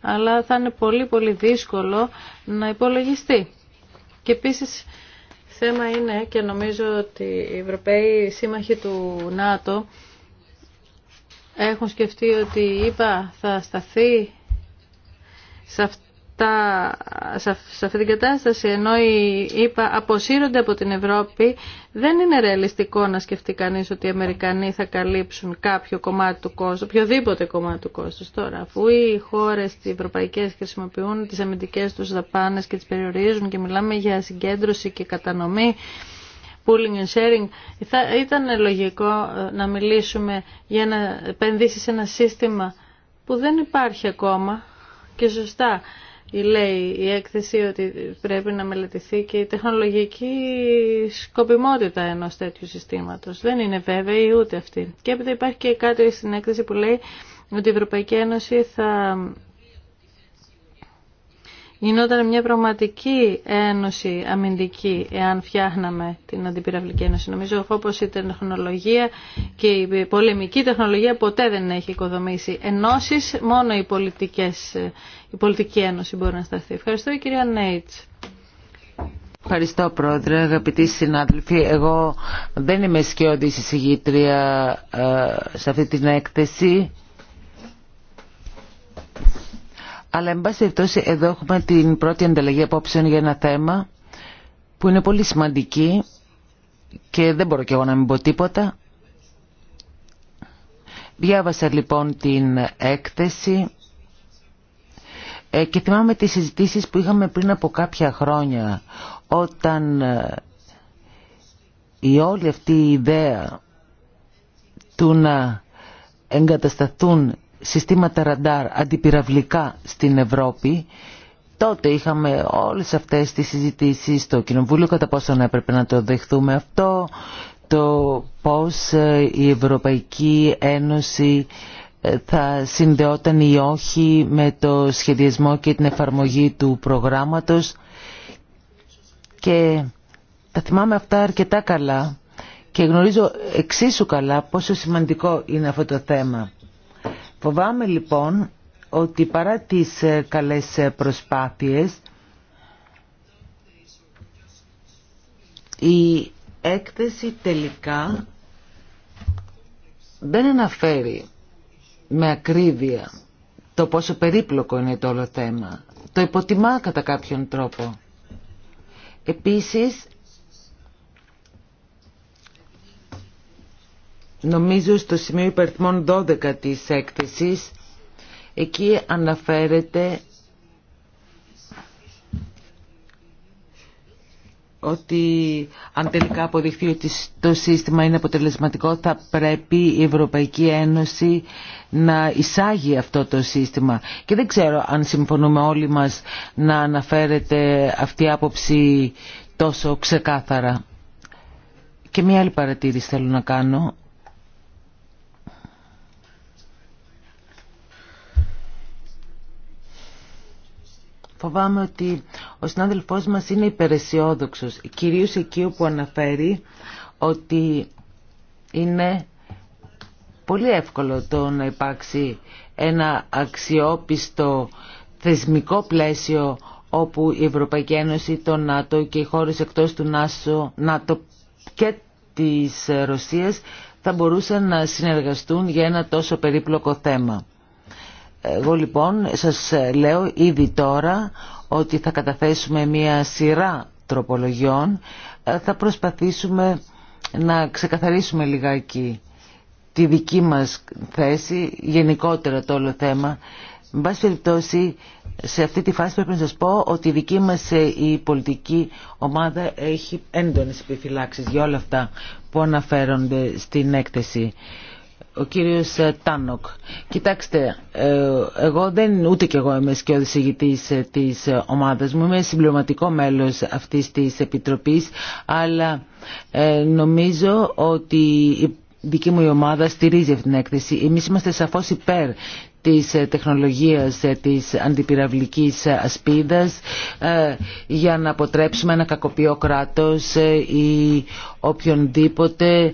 D: αλλά θα είναι πολύ πολύ δύσκολο να υπολογιστεί. Και επίσης θέμα είναι και νομίζω ότι οι Ευρωπαίοι σύμμαχοι του ΝΑΤΟ έχουν σκεφτεί ότι η θα σταθεί σε, αυτά, σε αυτή την κατάσταση ενώ οι ΗΠΑ αποσύρονται από την Ευρώπη δεν είναι ρεαλιστικό να σκεφτεί κανεί ότι οι Αμερικανοί θα καλύψουν κάποιο κομμάτι του κόστου, οποιοδήποτε κομμάτι του κόστου. Τώρα, αφού οι χώρε οι Ευρωπαϊκέ χρησιμοποιούν τι αμυντικέ του δαπάνε και τι περιορίζουν και μιλάμε για συγκέντρωση και κατανομή, pooling and sharing, θα ήταν λογικό ε, να μιλήσουμε για να επενδύσει σε ένα σύστημα που δεν υπάρχει ακόμα και σωστά λέει η έκθεση ότι πρέπει να μελετηθεί και η τεχνολογική σκοπιμότητα ενός τέτοιου συστήματος. Δεν είναι βέβαιη ούτε αυτή. Και έπειτα υπάρχει και κάτι στην έκθεση που λέει ότι η Ευρωπαϊκή Ένωση θα γινόταν μια πραγματική ένωση αμυντική εάν φτιάχναμε την αντιπυραυλική ένωση. Νομίζω όπως η τεχνολογία και η πολεμική τεχνολογία ποτέ δεν έχει οικοδομήσει ενώσεις, μόνο πολιτικές, η πολιτική ένωση μπορεί να σταθεί. Ευχαριστώ η κυρία Νέιτς.
C: Ευχαριστώ πρόεδρε, αγαπητοί συνάδελφοι. Εγώ δεν είμαι σκιώδης εισηγήτρια ε, σε αυτή την έκθεση. Αλλά εν πάση περιπτώσει εδώ έχουμε την πρώτη ανταλλαγή απόψεων για ένα θέμα που είναι πολύ σημαντική και δεν μπορώ και εγώ να μην πω τίποτα. Διάβασα λοιπόν την έκθεση ε, και θυμάμαι τις συζητήσεις που είχαμε πριν από κάποια χρόνια όταν ε, η όλη αυτή η ιδέα του να εγκατασταθούν συστήματα ραντάρ αντιπυραυλικά στην Ευρώπη τότε είχαμε όλες αυτές τις συζητήσεις στο Κοινοβούλιο κατά πόσο να έπρεπε να το δεχθούμε αυτό το πώς ε, η Ευρωπαϊκή Ένωση ε, θα συνδεόταν ή όχι με το σχεδιασμό και την εφαρμογή του προγράμματος και τα θυμάμαι αυτά αρκετά καλά και γνωρίζω εξίσου καλά πόσο σημαντικό είναι αυτό το θέμα. Φοβάμαι λοιπόν ότι παρά τις ε, καλές ε, προσπάθειες η έκθεση τελικά δεν αναφέρει με ακρίβεια το πόσο περίπλοκο είναι το όλο θέμα. Το υποτιμά κατά κάποιον τρόπο. Επίσης Νομίζω στο σημείο υπερθμών 12 της έκθεσης εκεί αναφέρεται ότι αν τελικά αποδειχθεί ότι το σύστημα είναι αποτελεσματικό θα πρέπει η Ευρωπαϊκή Ένωση να εισάγει αυτό το σύστημα. Και δεν ξέρω αν συμφωνούμε όλοι μας να αναφέρεται αυτή η άποψη τόσο ξεκάθαρα. Και μια άλλη παρατήρηση θέλω να κάνω. Φοβάμαι ότι ο συνάδελφός μας είναι υπεραισιόδοξος, κυρίως εκεί όπου αναφέρει ότι είναι πολύ εύκολο το να υπάρξει ένα αξιόπιστο θεσμικό πλαίσιο όπου η Ευρωπαϊκή Ένωση, το ΝΑΤΟ και οι χώρες εκτός του ΝΑΣΟ, ΝΑΤΟ και της Ρωσίας θα μπορούσαν να συνεργαστούν για ένα τόσο περίπλοκο θέμα. Εγώ λοιπόν σας ε, λέω ήδη τώρα ότι θα καταθέσουμε μία σειρά τροπολογιών. Ε, θα προσπαθήσουμε να ξεκαθαρίσουμε λιγάκι τη δική μας θέση, γενικότερα το όλο θέμα. Με πάση περιπτώσει, σε αυτή τη φάση πρέπει να σας πω ότι η δική μας ε, η πολιτική ομάδα έχει έντονες επιφυλάξεις για όλα αυτά που αναφέρονται στην έκθεση. Ο κύριος ε, Τάνοκ. Κοιτάξτε, ε, εγώ δεν, ούτε κι εγώ είμαι σκιώδης ηγητής ε, της ομάδας μου. Είμαι συμπληρωματικό μέλος αυτής της επιτροπής, αλλά νομίζω ότι η δική μου η ομάδα στηρίζει αυτή την έκθεση. Εμείς είμαστε σαφώς υπέρ της τεχνολογίας της αντιπυραυλικής ασπίδας για να αποτρέψουμε ένα κακοποιό κράτος ή οποιονδήποτε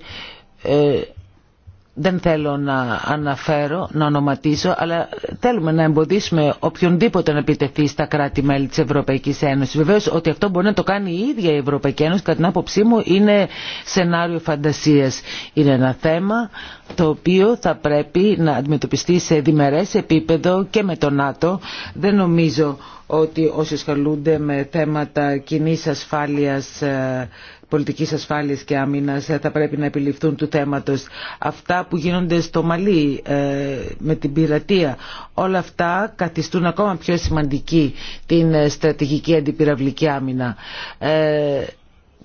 C: δεν θέλω να αναφέρω, να ονοματίσω, αλλά θέλουμε να εμποδίσουμε οποιονδήποτε να επιτεθεί στα κράτη-μέλη της Ευρωπαϊκής Ένωσης. Βεβαίως ότι αυτό μπορεί να το κάνει η ίδια η Ευρωπαϊκή Ένωση, κατά την άποψή μου είναι σενάριο φαντασίας. Είναι ένα θέμα το οποίο θα πρέπει να αντιμετωπιστεί σε διμερές επίπεδο και με το ΝΑΤΟ. Δεν νομίζω ότι όσοι ασχολούνται με θέματα κοινή ασφάλειας ε, πολιτικής ασφάλειας και άμυνας θα πρέπει να επιληφθούν του θέματος. Αυτά που γίνονται στο Μαλί ε, με την πειρατεία, όλα αυτά καθιστούν ακόμα πιο σημαντική την ε, στρατηγική αντιπυραυλική άμυνα. Ε,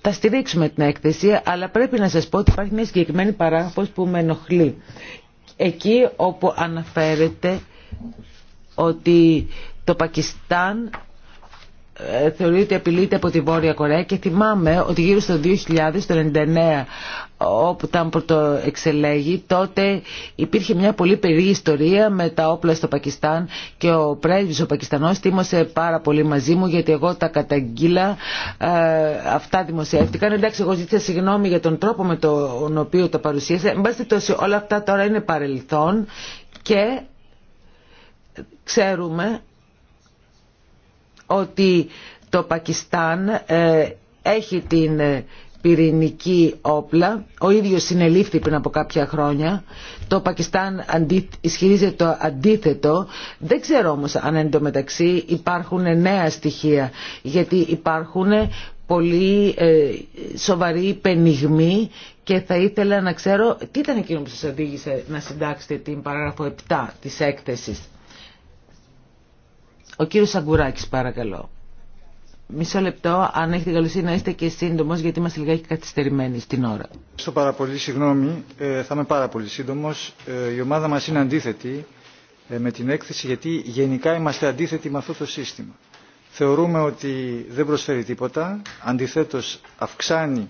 C: θα στηρίξουμε την έκθεση, αλλά πρέπει να σας πω ότι υπάρχει μια συγκεκριμένη παράγραφος που με ενοχλεί. Εκεί όπου αναφέρεται ότι το Πακιστάν ε, θεωρείται ότι απειλείται από τη Βόρεια Κορέα και θυμάμαι ότι γύρω στο 2000, το 99, όπου ήταν το εξελέγει, τότε υπήρχε μια πολύ περίεργη ιστορία με τα όπλα στο Πακιστάν και ο πρέσβης ο Πακιστανός τίμωσε πάρα πολύ μαζί μου γιατί εγώ τα καταγγείλα, ε, αυτά δημοσιεύτηκαν. Εντάξει, εγώ ζήτησα συγγνώμη για τον τρόπο με τον οποίο τα παρουσίασα. Εν τόσο, όλα αυτά τώρα είναι παρελθόν και ξέρουμε ότι το Πακιστάν ε, έχει την ε, πυρηνική όπλα. Ο ίδιος συνελήφθη πριν από κάποια χρόνια. Το Πακιστάν ισχυρίζεται το αντίθετο. Δεν ξέρω όμως αν μεταξύ υπάρχουν νέα στοιχεία. Γιατί υπάρχουν πολύ ε, σοβαροί πενιγμοί και θα ήθελα να ξέρω τι ήταν εκείνο που σας οδήγησε να συντάξετε την παράγραφο 7 της έκθεσης. Ο κύριος Αγκουράκης παρακαλώ. Μισό λεπτό, αν έχετε καλοσύνη να είστε και σύντομο, γιατί είμαστε λιγάκι καθυστερημένοι στην ώρα.
A: Ευχαριστώ πάρα πολύ, συγγνώμη. Ε, θα είμαι πάρα πολύ σύντομο. Ε, η ομάδα μα είναι αντίθετη ε, με την έκθεση, γιατί γενικά είμαστε αντίθετοι με αυτό το σύστημα. Θεωρούμε ότι δεν προσφέρει τίποτα. Αντιθέτω, αυξάνει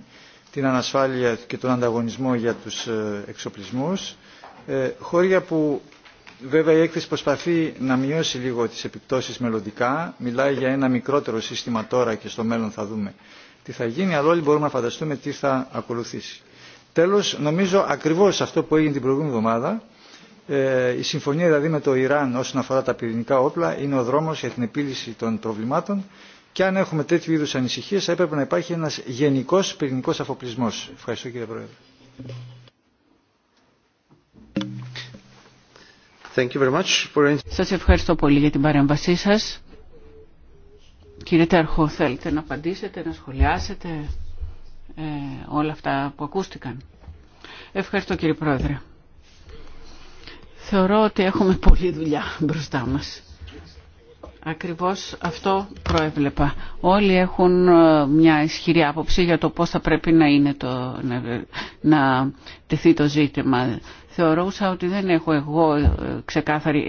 A: την ανασφάλεια και τον ανταγωνισμό για του εξοπλισμού. Χώρια που Βέβαια η έκθεση προσπαθεί να μειώσει λίγο τις επιπτώσεις μελλοντικά. Μιλάει για ένα μικρότερο σύστημα τώρα και στο μέλλον θα δούμε τι θα γίνει, αλλά όλοι μπορούμε να φανταστούμε τι θα ακολουθήσει. Τέλος, νομίζω ακριβώς αυτό που έγινε την προηγούμενη εβδομάδα, ε, η συμφωνία δηλαδή με το Ιράν όσον αφορά τα πυρηνικά όπλα είναι ο δρόμος για την επίλυση των προβλημάτων και αν έχουμε τέτοιου είδους ανησυχίες θα έπρεπε να υπάρχει ένας γενικός πυρηνικό αφοπλισμός. Ευχαριστώ κύριε Πρόεδρε.
B: Thank Σας ευχαριστώ πολύ για την παρέμβασή σας. Κύριε Τέρχο, θέλετε να απαντήσετε, να σχολιάσετε ε, όλα αυτά που ακούστηκαν. Ευχαριστώ κύριε Πρόεδρε. Θεωρώ ότι έχουμε πολλή δουλειά μπροστά μας. Ακριβώς αυτό προέβλεπα. Όλοι έχουν ε, μια ισχυρή άποψη για το πώς θα πρέπει να, είναι το, να τεθεί το ζήτημα θεωρούσα ότι δεν έχω εγώ ε, ξεκάθαρη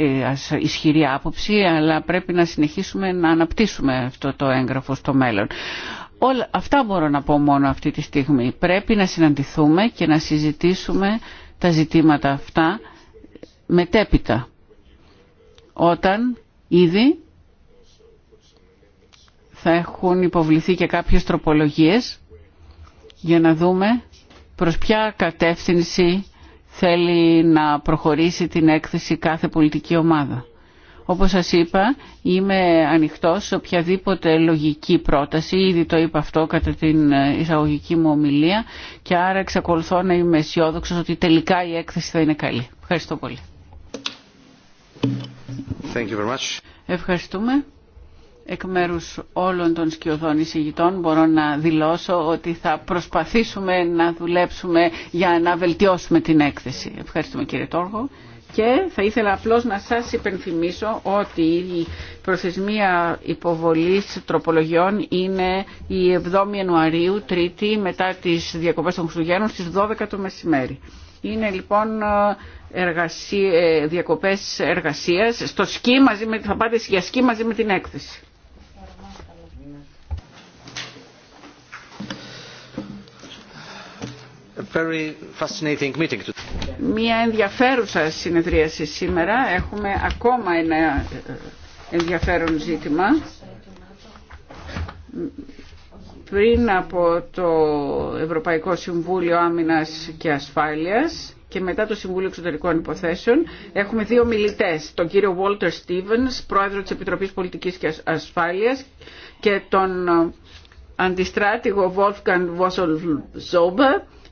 B: ε, ισχυρή άποψη, αλλά πρέπει να συνεχίσουμε να αναπτύσσουμε αυτό το έγγραφο στο μέλλον. Όλα, αυτά μπορώ να πω μόνο αυτή τη στιγμή. Πρέπει να συναντηθούμε και να συζητήσουμε τα ζητήματα αυτά μετέπειτα. Όταν ήδη θα έχουν υποβληθεί και κάποιες τροπολογίες για να δούμε προς ποια κατεύθυνση θέλει να προχωρήσει την έκθεση κάθε πολιτική ομάδα. Όπως σας είπα, είμαι ανοιχτός σε οποιαδήποτε λογική πρόταση, ήδη το είπα αυτό κατά την εισαγωγική μου ομιλία και άρα εξακολουθώ να είμαι αισιόδοξο ότι τελικά η έκθεση θα είναι καλή. Ευχαριστώ πολύ. Ευχαριστούμε εκ μέρους όλων των σκιωδών εισηγητών μπορώ να δηλώσω ότι θα προσπαθήσουμε να δουλέψουμε για να βελτιώσουμε την έκθεση. Ευχαριστούμε κύριε Τόργο. Και θα ήθελα απλώς να σας υπενθυμίσω ότι η προθεσμία υποβολής τροπολογιών είναι η 7η Ιανουαρίου, Τρίτη, μετά τις διακοπές των Χριστουγέννων στις 12 το μεσημέρι. Είναι λοιπόν εργασί... Ε, διακοπές εργασίας στο σκι μαζί με... θα πάτε για σκι μαζί με την έκθεση. Μια ενδιαφέρουσα συνεδρίαση σήμερα. Έχουμε ακόμα ένα ε, ενδιαφέρον ζήτημα. Πριν από το Ευρωπαϊκό Συμβούλιο Άμυνας και Ασφάλειας και μετά το Συμβούλιο Εξωτερικών Υποθέσεων έχουμε δύο μιλητές, τον κύριο Walter Stevens, πρόεδρο της Επιτροπής Πολιτικής και Ασφάλειας και τον ε, αντιστράτηγο Wolfgang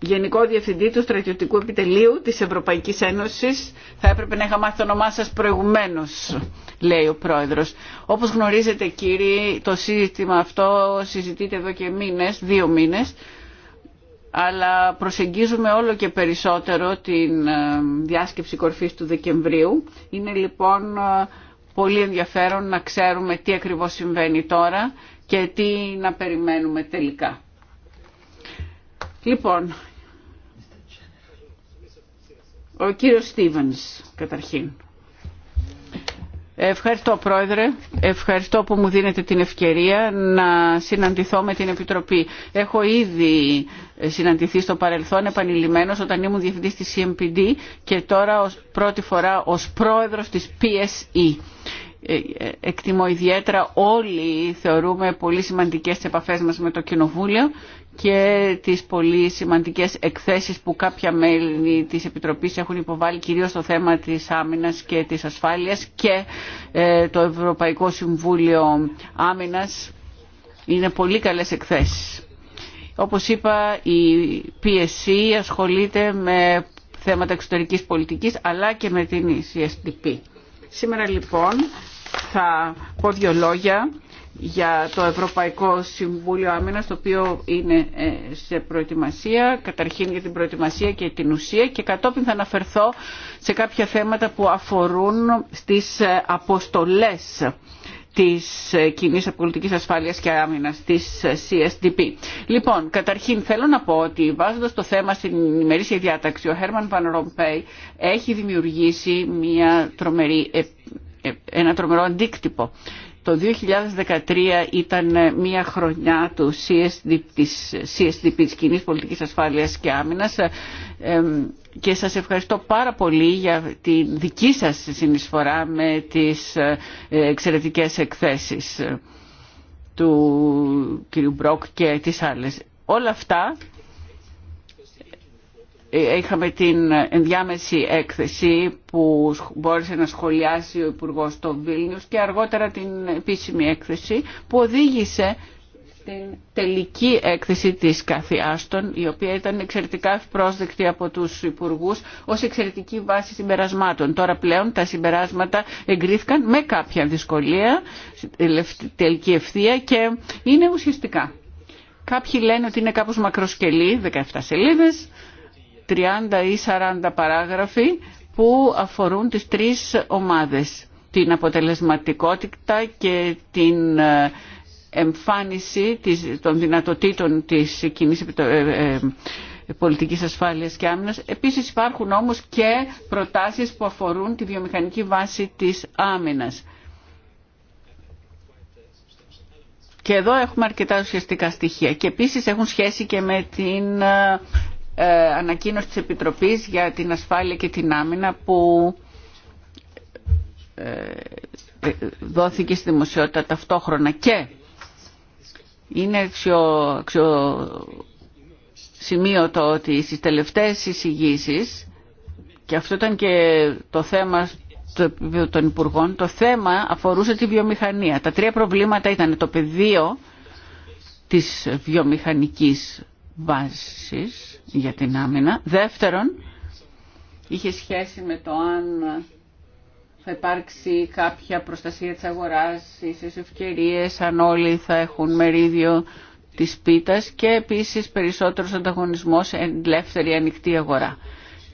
B: Γενικό Διευθυντή του Στρατιωτικού Επιτελείου της Ευρωπαϊκής Ένωσης. Θα έπρεπε να είχα μάθει το όνομά σας προηγουμένως, λέει ο Πρόεδρος. Όπως γνωρίζετε κύριοι, το σύστημα αυτό συζητείται εδώ και μήνες, δύο μήνες, αλλά προσεγγίζουμε όλο και περισσότερο την ε, διάσκεψη κορφής του Δεκεμβρίου. Είναι λοιπόν ε, πολύ ενδιαφέρον να ξέρουμε τι ακριβώς συμβαίνει τώρα και τι να περιμένουμε τελικά. Λοιπόν, ο κύριος Στίβενς, καταρχήν. Ευχαριστώ Πρόεδρε, ευχαριστώ που μου δίνετε την ευκαιρία να συναντηθώ με την Επιτροπή. Έχω ήδη συναντηθεί στο παρελθόν επανειλημμένος όταν ήμουν διευθυντής της CMPD και τώρα ως πρώτη φορά ως πρόεδρος της PSE. Ε, ε, εκτιμώ ιδιαίτερα. Όλοι θεωρούμε πολύ σημαντικές τις επαφές μας με το Κοινοβούλιο και τις πολύ σημαντικές εκθέσεις που κάποια μέλη της Επιτροπής έχουν υποβάλει κυρίως στο θέμα της άμυνας και της ασφάλειας και ε, το Ευρωπαϊκό Συμβούλιο Άμυνας είναι πολύ καλές εκθέσεις. Όπως είπα, η PSC ασχολείται με θέματα εξωτερικής πολιτικής αλλά και με την CSTP. Σήμερα λοιπόν θα πω δύο λόγια για το Ευρωπαϊκό Συμβούλιο Άμυνας, το οποίο είναι ε, σε προετοιμασία, καταρχήν για την προετοιμασία και την ουσία και κατόπιν θα αναφερθώ σε κάποια θέματα που αφορούν στις ε, αποστολές της ε, κοινή πολιτικής ασφάλειας και άμυνας της CSDP. Λοιπόν, καταρχήν θέλω να πω ότι βάζοντας το θέμα στην ημερήσια διάταξη, ο Herman Van Rompuy έχει δημιουργήσει μια τρομερή ένα τρομερό αντίκτυπο. Το 2013 ήταν μια χρονιά του CSDP, της, CSDP, της Κοινής Πολιτικής Ασφάλειας και Άμυνας και σας ευχαριστώ πάρα πολύ για τη δική σας συνεισφορά με τις ε, εξαιρετικές εκθέσεις του κ. Μπρόκ και τις άλλες. Όλα αυτά είχαμε την ενδιάμεση έκθεση που μπόρεσε να σχολιάσει ο υπουργό στο Βίλνιους και αργότερα την επίσημη έκθεση που οδήγησε την τελική έκθεση της καθιάστων η οποία ήταν εξαιρετικά ευπρόσδεκτη από τους υπουργούς ως εξαιρετική βάση συμπερασμάτων. Τώρα πλέον τα συμπεράσματα εγκρίθηκαν με κάποια δυσκολία, τελική ευθεία και είναι ουσιαστικά. Κάποιοι λένε ότι είναι κάπως μακροσκελή, 17 σελίδες, 30 ή 40 παράγραφοι που αφορούν τις τρεις ομάδες. Την αποτελεσματικότητα και την ε, εμφάνιση των δυνατοτήτων της κοινή ε, ε, πολιτικής ασφάλειας και άμυνας. Επίσης υπάρχουν όμως και προτάσεις που αφορούν τη βιομηχανική βάση της άμυνας. Και εδώ έχουμε αρκετά ουσιαστικά στοιχεία και επίσης έχουν σχέση και με την ε, ανακοίνωση της Επιτροπής για την ασφάλεια και την άμυνα που ε, δόθηκε στη δημοσιότητα ταυτόχρονα και είναι αξιο, σημείο το ότι στις τελευταίες εισηγήσεις και αυτό ήταν και το θέμα των Υπουργών, το θέμα αφορούσε τη βιομηχανία. Τα τρία προβλήματα ήταν το πεδίο της βιομηχανικής βάσης, για την άμυνα. Δεύτερον, είχε σχέση με το αν θα υπάρξει κάποια προστασία της αγοράς, ίσες ευκαιρίες, αν όλοι θα έχουν μερίδιο της πίτας και επίσης περισσότερος ανταγωνισμός ελεύθερη ανοιχτή αγορά.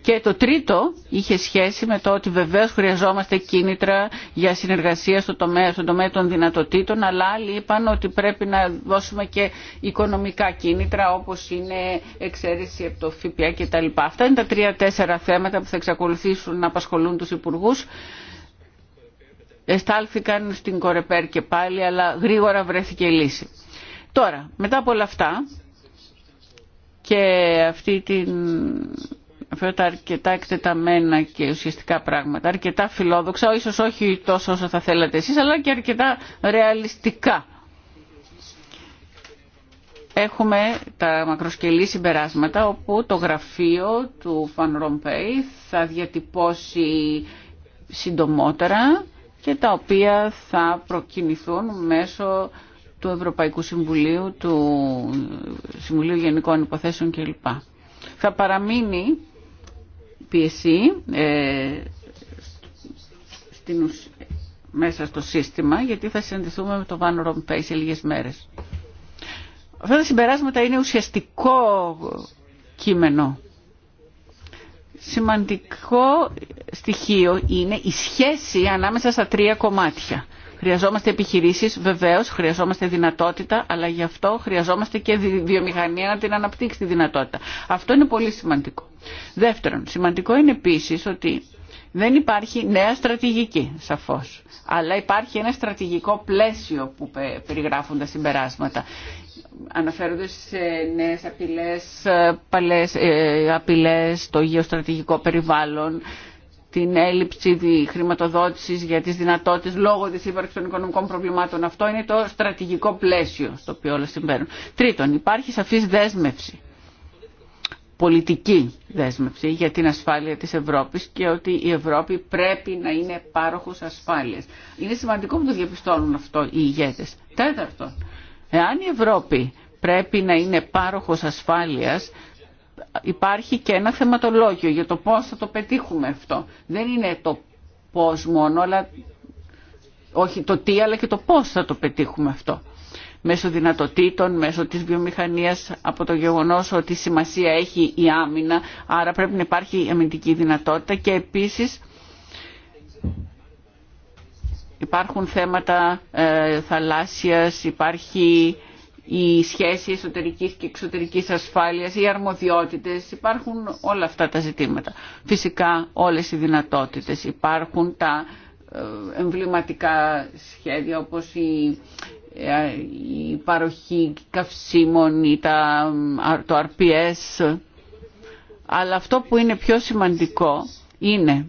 B: Και το τρίτο είχε σχέση με το ότι βεβαίως χρειαζόμαστε κίνητρα για συνεργασία στο τομέα, στον τομέα των δυνατοτήτων, αλλά άλλοι είπαν ότι πρέπει να δώσουμε και οικονομικά κίνητρα όπως είναι εξαίρεση από το ΦΠΑ κτλ. Αυτά είναι τα τρία-τέσσερα θέματα που θα εξακολουθήσουν να απασχολούν τους υπουργούς εστάλθηκαν στην Κορεπέρ και πάλι, αλλά γρήγορα βρέθηκε η λύση. Τώρα, μετά από όλα αυτά και αυτή την τα αρκετά εκτεταμένα και ουσιαστικά πράγματα, αρκετά φιλόδοξα, ίσως όχι τόσο όσο θα θέλατε εσείς, αλλά και αρκετά ρεαλιστικά. Έχουμε τα μακροσκελή συμπεράσματα όπου το γραφείο του Φαν Ρομπέι θα διατυπώσει συντομότερα και τα οποία θα προκινηθούν μέσω του Ευρωπαϊκού Συμβουλίου, του Συμβουλίου Γενικών Υποθέσεων κλπ. Θα παραμείνει πίεση ε, στην, μέσα στο σύστημα γιατί θα συναντηθούμε με το Van Rompuy σε λίγες μέρες. Αυτά τα συμπεράσματα είναι ουσιαστικό κείμενο. Σημαντικό στοιχείο είναι η σχέση ανάμεσα στα τρία κομμάτια. Χρειαζόμαστε επιχειρήσεις, βεβαίως, χρειαζόμαστε δυνατότητα, αλλά γι' αυτό χρειαζόμαστε και βιομηχανία να την αναπτύξει τη δυνατότητα. Αυτό είναι πολύ σημαντικό. Δεύτερον, σημαντικό είναι επίσης ότι δεν υπάρχει νέα στρατηγική, σαφώς. Αλλά υπάρχει ένα στρατηγικό πλαίσιο που περιγράφουν τα συμπεράσματα. Αναφέρονται σε νέες απειλές, ε, παλές, ε, απειλές το γεωστρατηγικό περιβάλλον, την έλλειψη χρηματοδότησης για τις δυνατότητες λόγω της ύπαρξης των οικονομικών προβλημάτων. Αυτό είναι το στρατηγικό πλαίσιο στο οποίο όλα συμβαίνουν. Τρίτον, υπάρχει σαφής δέσμευση πολιτική δέσμευση για την ασφάλεια της Ευρώπης και ότι η Ευρώπη πρέπει να είναι πάροχος ασφάλειας. Είναι σημαντικό που το διαπιστώνουν αυτό οι ηγέτες. Τέταρτον, εάν η Ευρώπη πρέπει να είναι πάροχος ασφάλειας, υπάρχει και ένα θεματολόγιο για το πώς θα το πετύχουμε αυτό. Δεν είναι το πώς μόνο, αλλά όχι το τι, αλλά και το πώς θα το πετύχουμε αυτό μέσω δυνατοτήτων, μέσω της βιομηχανίας από το γεγονός ότι σημασία έχει η άμυνα, άρα πρέπει να υπάρχει αμυντική δυνατότητα και επίσης υπάρχουν θέματα ε, θαλάσσιας, υπάρχει η σχέση εσωτερικής και εξωτερικής ασφάλειας, οι αρμοδιότητες, υπάρχουν όλα αυτά τα ζητήματα. Φυσικά όλες οι δυνατότητες, υπάρχουν τα ε, εμβληματικά σχέδια όπως η η παροχή καυσίμων ή το RPS. Αλλά αυτό που είναι πιο σημαντικό είναι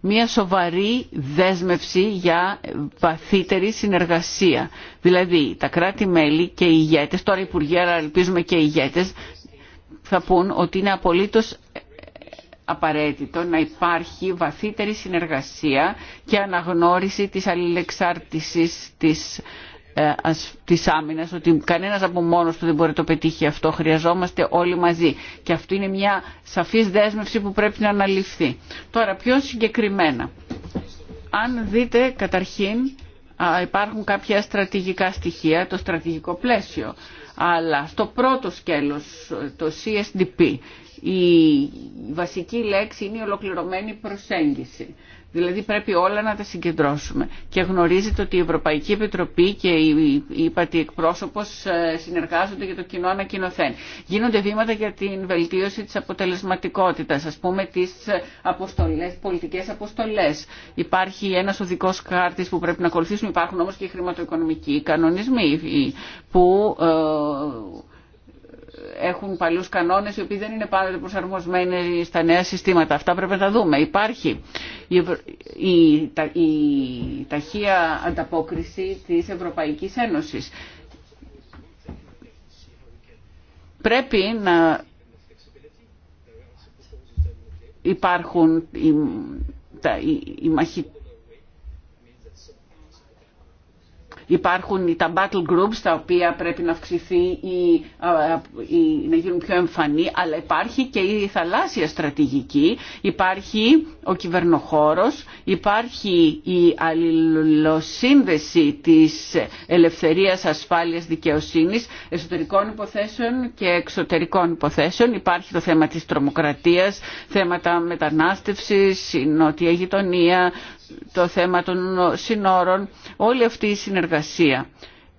B: μια σοβαρή δέσμευση για βαθύτερη συνεργασία. Δηλαδή τα κράτη-μέλη και οι ηγέτες, τώρα υπουργοί, αλλά ελπίζουμε και οι ηγέτες, θα πούν ότι είναι απολύτως απαραίτητο να υπάρχει βαθύτερη συνεργασία και αναγνώριση της αλληλεξάρτησης της ε, Τη άμυνα, ότι κανένα από μόνο του δεν μπορεί να το πετύχει αυτό. Χρειαζόμαστε όλοι μαζί. Και αυτό είναι μια σαφή δέσμευση που πρέπει να αναλυφθεί. Τώρα, πιο συγκεκριμένα. Αν δείτε, καταρχήν, υπάρχουν κάποια στρατηγικά στοιχεία, το στρατηγικό πλαίσιο. Αλλά στο πρώτο σκέλος, το CSDP, η βασική λέξη είναι η ολοκληρωμένη προσέγγιση. Δηλαδή πρέπει όλα να τα συγκεντρώσουμε. Και γνωρίζετε ότι η Ευρωπαϊκή Επιτροπή και η ΥΠΑΤΗ εκπρόσωπος ε, συνεργάζονται για το κοινό ανακοινωθέν. Γίνονται βήματα για την βελτίωση της αποτελεσματικότητας, ας πούμε τις ε, αποστολές, πολιτικές αποστολές. Υπάρχει ένας οδικός χάρτης που πρέπει να ακολουθήσουμε, υπάρχουν όμως και οι χρηματοοικονομικοί κανονισμοί που ε, έχουν παλιούς κανόνες οι οποίοι δεν είναι πάντα προσαρμοσμένοι στα νέα συστήματα. Αυτά πρέπει να τα δούμε. Υπάρχει η, η, η ταχεία ανταπόκριση της Ευρωπαϊκής Ένωσης. Πρέπει να υπάρχουν οι, τα, οι Υπάρχουν τα battle groups τα οποία πρέπει να αυξηθεί ή, ε, να γίνουν πιο εμφανή, αλλά υπάρχει και η θαλάσσια στρατηγική, υπάρχει ο κυβερνοχώρος, υπάρχει η αλληλοσύνδεση της ελευθερίας, ασφάλειας, δικαιοσύνης, εσωτερικών υποθέσεων και εξωτερικών υποθέσεων. Υπάρχει το θέμα της τρομοκρατίας, θέματα μετανάστευσης, η νότια γειτονία, το θέμα των συνόρων, όλη αυτή η συνεργασία.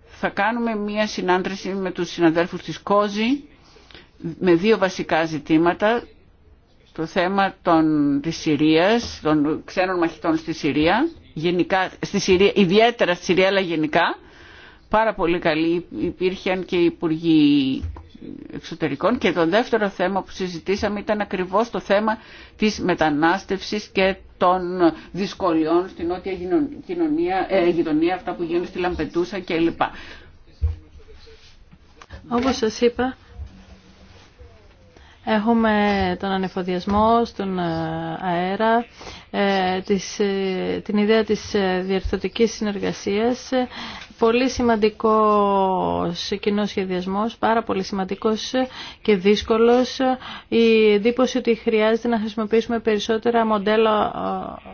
B: Θα κάνουμε μία συνάντηση με τους συναδέλφους της Κόζη με δύο βασικά ζητήματα. Το θέμα των, της Συρίας, των ξένων μαχητών στη Συρία, γενικά, στη Συρία, ιδιαίτερα στη Συρία αλλά γενικά. Πάρα πολύ καλή υπήρχαν και οι υπουργοί εξωτερικών και το δεύτερο θέμα που συζητήσαμε ήταν ακριβώς το θέμα της μετανάστευσης και των δυσκολιών στην νότια κοινωνία, ε, γειτονία, αυτά που γίνουν στη Λαμπετούσα κλπ.
D: Όπως σας είπα, Έχουμε τον ανεφοδιασμό στον ε, αέρα, ε, ε, την ιδέα της διαρθωτικής συνεργασίας, πολύ σημαντικό κοινό σχεδιασμός, πάρα πολύ σημαντικός και δύσκολος. Η εντύπωση ότι χρειάζεται να χρησιμοποιήσουμε περισσότερα μοντέλα ε,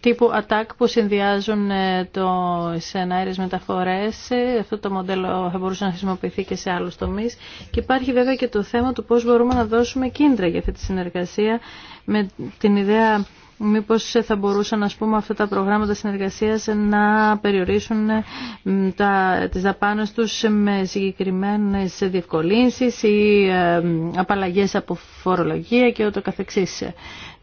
D: τύπου ATTACK που συνδυάζουν ε, το σενάριες μεταφορές. Ε, αυτό το μοντέλο θα μπορούσε να χρησιμοποιηθεί και σε άλλους τομείς. Και υπάρχει βέβαια και το θέμα του πώς μπορούμε να δώσουμε κίντρα για αυτή τη συνεργασία με την ιδέα Μήπως θα μπορούσαν ας πούμε, αυτά τα προγράμματα συνεργασίας να περιορίσουν ε, τα, τις δαπάνες τους με συγκεκριμένες διευκολύνσεις ή ε, απαλλαγές από φορολογία και ούτω καθεξής.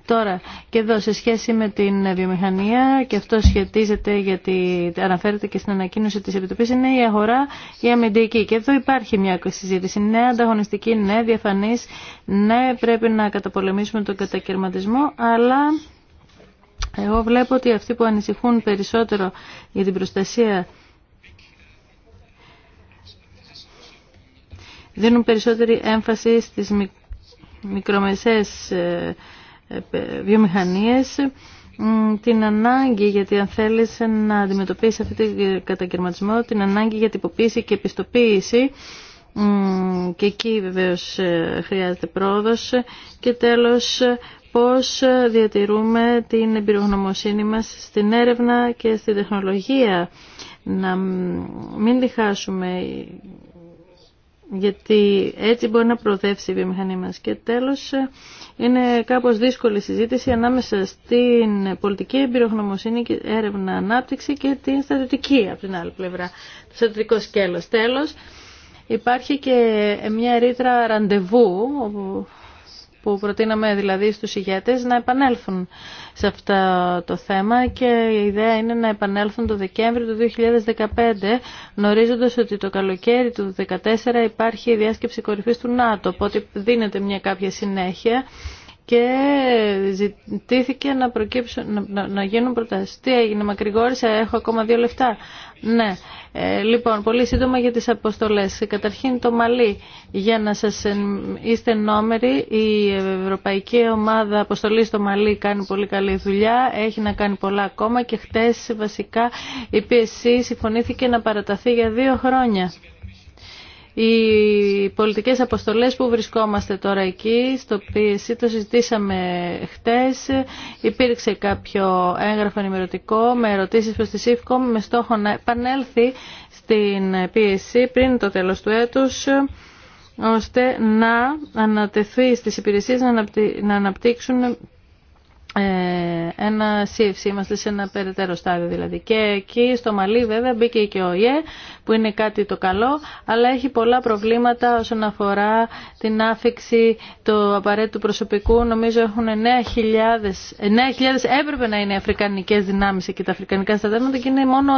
D: Τώρα και εδώ σε σχέση με την βιομηχανία και αυτό σχετίζεται γιατί αναφέρεται και στην ανακοίνωση της Επιτροπής είναι η αγορά η αμυντική και εδώ υπάρχει μια συζήτηση. Ναι ανταγωνιστική, ναι διαφανής, ναι πρέπει να καταπολεμήσουμε τον κατακαιρματισμό αλλά εγώ βλέπω ότι αυτοί που ανησυχούν περισσότερο για την προστασία δίνουν περισσότερη έμφαση στις μικρομεσαίες ε, ε, βιομηχανίες την ανάγκη γιατί αν θέλεις να αντιμετωπίσει αυτή την ε, καταγερματισμό, την ανάγκη για τυποποίηση και επιστοποίηση και εκεί βεβαίως χρειάζεται πρόοδος και τέλος πώς διατηρούμε την εμπειρογνωμοσύνη μας στην έρευνα και στην τεχνολογία. Να μην τη χάσουμε, γιατί έτσι μπορεί να προοδεύσει η βιομηχανία μας. Και τέλος, είναι κάπως δύσκολη συζήτηση ανάμεσα στην πολιτική εμπειρογνωμοσύνη και έρευνα ανάπτυξη και την στρατιωτική από την άλλη πλευρά, το στρατιωτικό σκέλος. Τέλος, υπάρχει και μια ρήτρα ραντεβού, που προτείναμε δηλαδή στους ηγέτες να επανέλθουν σε αυτό το θέμα και η ιδέα είναι να επανέλθουν το Δεκέμβριο του 2015 γνωρίζοντα ότι το καλοκαίρι του 2014 υπάρχει η διάσκεψη κορυφής του ΝΑΤΟ οπότε δίνεται μια κάποια συνέχεια και ζητήθηκε να, να, να, να γίνουν προτάσεις. Τι έγινε, μακρηγόρησα, έχω ακόμα δύο λεφτά. Ναι. Ε, λοιπόν, πολύ σύντομα για τις αποστολές. Καταρχήν το Μαλί. Για να σας είστε νόμεροι, η Ευρωπαϊκή Ομάδα Αποστολή στο Μαλή κάνει πολύ καλή δουλειά, έχει να κάνει πολλά ακόμα και χτες βασικά η PSC συμφωνήθηκε να παραταθεί για δύο χρόνια. Οι πολιτικές αποστολές που βρισκόμαστε τώρα εκεί, στο οποίο το συζητήσαμε χτες, υπήρξε κάποιο έγγραφο ενημερωτικό με ερωτήσεις προς τη ΣΥΦΚΟΜ με στόχο να επανέλθει στην PSC πριν το τέλος του έτους ώστε να ανατεθεί στις υπηρεσίες να αναπτύξουν ε, ένα σύευση, είμαστε σε ένα περαιτέρω στάδιο δηλαδή. Και εκεί στο Μαλί βέβαια μπήκε και ο ΙΕ που είναι κάτι το καλό, αλλά έχει πολλά προβλήματα όσον αφορά την άφηξη του απαραίτητου προσωπικού. Νομίζω έχουν 9.000, 9.000 έπρεπε να είναι αφρικανικές δυνάμεις εκεί τα αφρικανικά στρατεύματα και είναι μόνο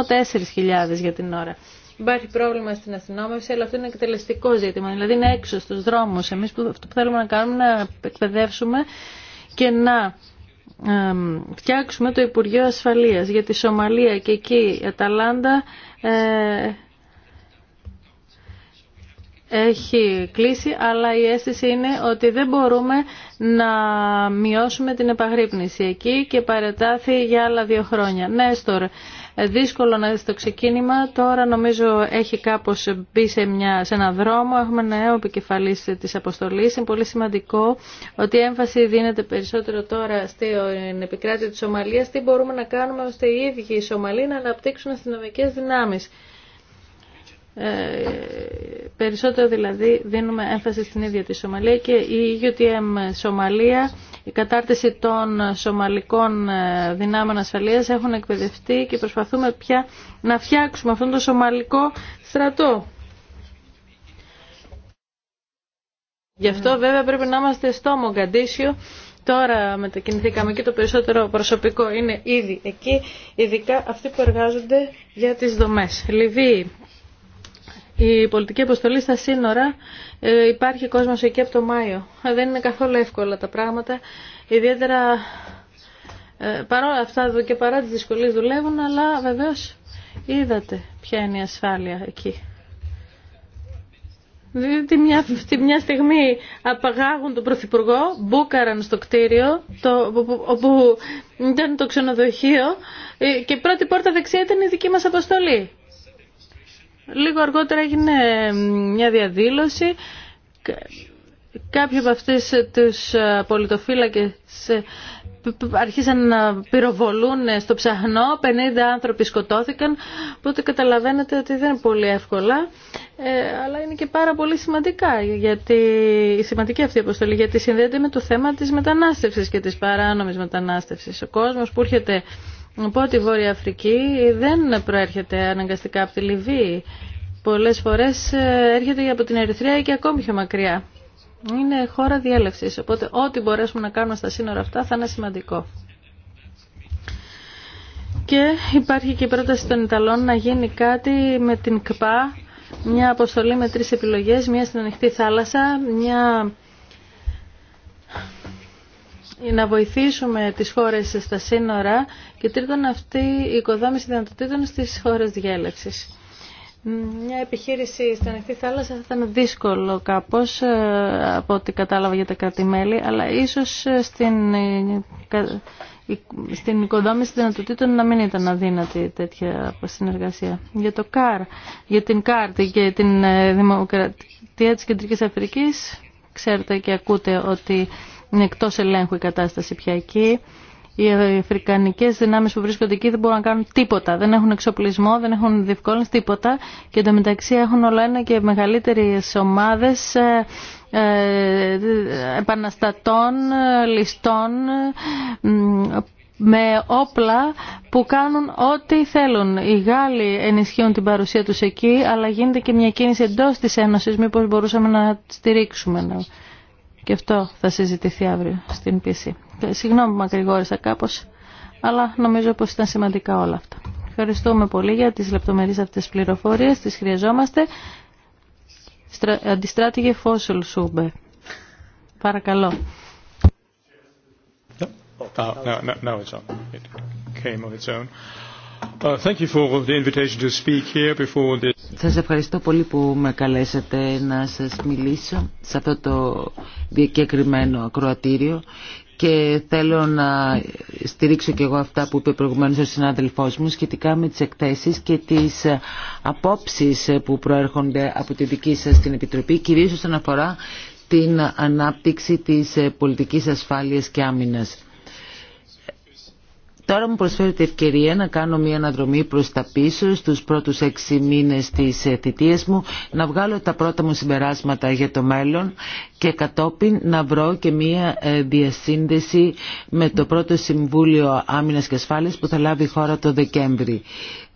D: 4.000 για την ώρα. Υπάρχει πρόβλημα στην αστυνόμευση, αλλά αυτό είναι εκτελεστικό ζήτημα. Δηλαδή είναι έξω στου δρόμου, εμεί που, αυτό που θέλουμε να κάνουμε να εκπαιδεύσουμε και να φτιάξουμε το Υπουργείο Ασφαλείας για τη Σομαλία και εκεί η Αταλάντα ε, έχει κλείσει, αλλά η αίσθηση είναι ότι δεν μπορούμε να μειώσουμε την επαγρύπνηση εκεί και παρετάθη για άλλα δύο χρόνια. Νέστορ, ε, δύσκολο να το ξεκίνημα. Τώρα νομίζω έχει κάπως μπει σε, μια, σε ένα δρόμο. Έχουμε νέο επικεφαλή τη αποστολή. Είναι πολύ σημαντικό ότι η έμφαση δίνεται περισσότερο τώρα στην επικράτεια της Σομαλίας. Τι μπορούμε να κάνουμε ώστε οι ίδιοι οι Σομαλοί να αναπτύξουν αστυνομικέ δυνάμεις. Ε, περισσότερο δηλαδή δίνουμε έμφαση στην ίδια τη Σομαλία και η UTM Σομαλία η κατάρτιση των σομαλικών ε, δυνάμεων ασφαλείας έχουν εκπαιδευτεί και προσπαθούμε πια να φτιάξουμε αυτόν τον σομαλικό στρατό. Γι' αυτό ναι. βέβαια πρέπει να είμαστε στο Μογκαντήσιο. Τώρα μετακινηθήκαμε και το περισσότερο προσωπικό είναι ήδη εκεί, ειδικά αυτοί που εργάζονται για τις δομές. Λιβύη, η πολιτική αποστολή στα σύνορα ε, υπάρχει κόσμος εκεί από το Μάιο. Ε, δεν είναι καθόλου εύκολα τα πράγματα. Ιδιαίτερα ε, παρόλα αυτά και παρά τις δυσκολίες δουλεύουν, αλλά βεβαίως είδατε ποια είναι η ασφάλεια εκεί. Τη μια, τη μια στιγμή απαγάγουν τον Πρωθυπουργό, μπούκαραν στο κτίριο το, όπου ήταν το ξενοδοχείο και πρώτη πόρτα δεξιά ήταν η δική μας αποστολή. Λίγο αργότερα έγινε ε, μια διαδήλωση. Κάποιοι από αυτούς τους ε, πολιτοφύλακες ε, αρχίσαν να πυροβολούν στο ψαχνό, 50 άνθρωποι σκοτώθηκαν, οπότε καταλαβαίνετε ότι δεν είναι πολύ εύκολα, αλλά είναι και πάρα πολύ σημαντικά, γιατί η σημαντική αυτή η αποστολή, γιατί συνδέεται με το θέμα της μετανάστευσης και της παράνομης μετανάστευσης. Ο κόσμος που έρχεται Οπότε η Βόρεια Αφρική δεν προέρχεται αναγκαστικά από τη Λιβύη. Πολλές φορές ε, έρχεται από την ή και ακόμη πιο μακριά. Είναι χώρα διέλευσης, οπότε ό,τι μπορέσουμε να κάνουμε στα σύνορα αυτά θα είναι σημαντικό. Και υπάρχει και η πρόταση των Ιταλών να γίνει κάτι με την ΚΠΑ, μια αποστολή με τρεις επιλογές, μια στην ανοιχτή θάλασσα, μια να βοηθήσουμε τις χώρες στα σύνορα και τρίτον αυτή η οικοδόμηση δυνατοτήτων στις χώρες διέλευσης. Μια επιχείρηση στην ανοιχτή θάλασσα θα ήταν δύσκολο κάπως ε, από ό,τι κατάλαβα για τα κράτη-μέλη, αλλά ίσως ε, στην, ε, στην οικοδόμηση δυνατοτήτων να μην ήταν αδύνατη τέτοια συνεργασία. Για το ΚΑΡ, για την ΚΑΡ και την Δημοκρατία της Κεντρικής Αφρικής, ξέρετε και ακούτε ότι είναι εκτός ελέγχου η κατάσταση πια εκεί. Οι αφρικανικές δυνάμεις που βρίσκονται εκεί δεν μπορούν να κάνουν τίποτα. Δεν έχουν εξοπλισμό, δεν έχουν διευκόλυνση, τίποτα. Και μεταξύ έχουν όλο ένα και μεγαλύτερες ομάδες ε, ε, επαναστατών, ληστών, με όπλα που κάνουν ό,τι θέλουν. Οι Γάλλοι ενισχύουν την παρουσία τους εκεί, αλλά γίνεται και μια κίνηση εντός της Ένωσης, μήπως μπορούσαμε να στηρίξουμε. Και αυτό θα συζητηθεί αύριο στην PC. Ε, συγγνώμη που μακρηγόρησα κάπως, αλλά νομίζω πως ήταν σημαντικά όλα αυτά. Ευχαριστούμε πολύ για τις λεπτομερείς αυτές τις πληροφορίες, τις χρειαζόμαστε. Αντιστράτηγε Φόσελ Σούμπερ. Παρακαλώ.
A: Oh, came own. Uh,
C: σας ευχαριστώ πολύ που με καλέσατε να σας μιλήσω σε αυτό το διακεκριμένο ακροατήριο και θέλω να στηρίξω και εγώ αυτά που είπε προηγουμένως ο συνάδελφός μου σχετικά με τις εκθέσεις και τις απόψεις που προέρχονται από τη δική σας την Επιτροπή κυρίως όσον αφορά την ανάπτυξη της πολιτικής ασφάλειας και άμυνας. Τώρα μου προσφέρεται ευκαιρία να κάνω μια αναδρομή προς τα πίσω στους πρώτους έξι μήνες της ε, θητείας μου, να βγάλω τα πρώτα μου συμπεράσματα για το μέλλον και κατόπιν να βρω και μια ε, διασύνδεση με το πρώτο Συμβούλιο Άμυνας και Ασφάλειας που θα λάβει η χώρα το Δεκέμβρη.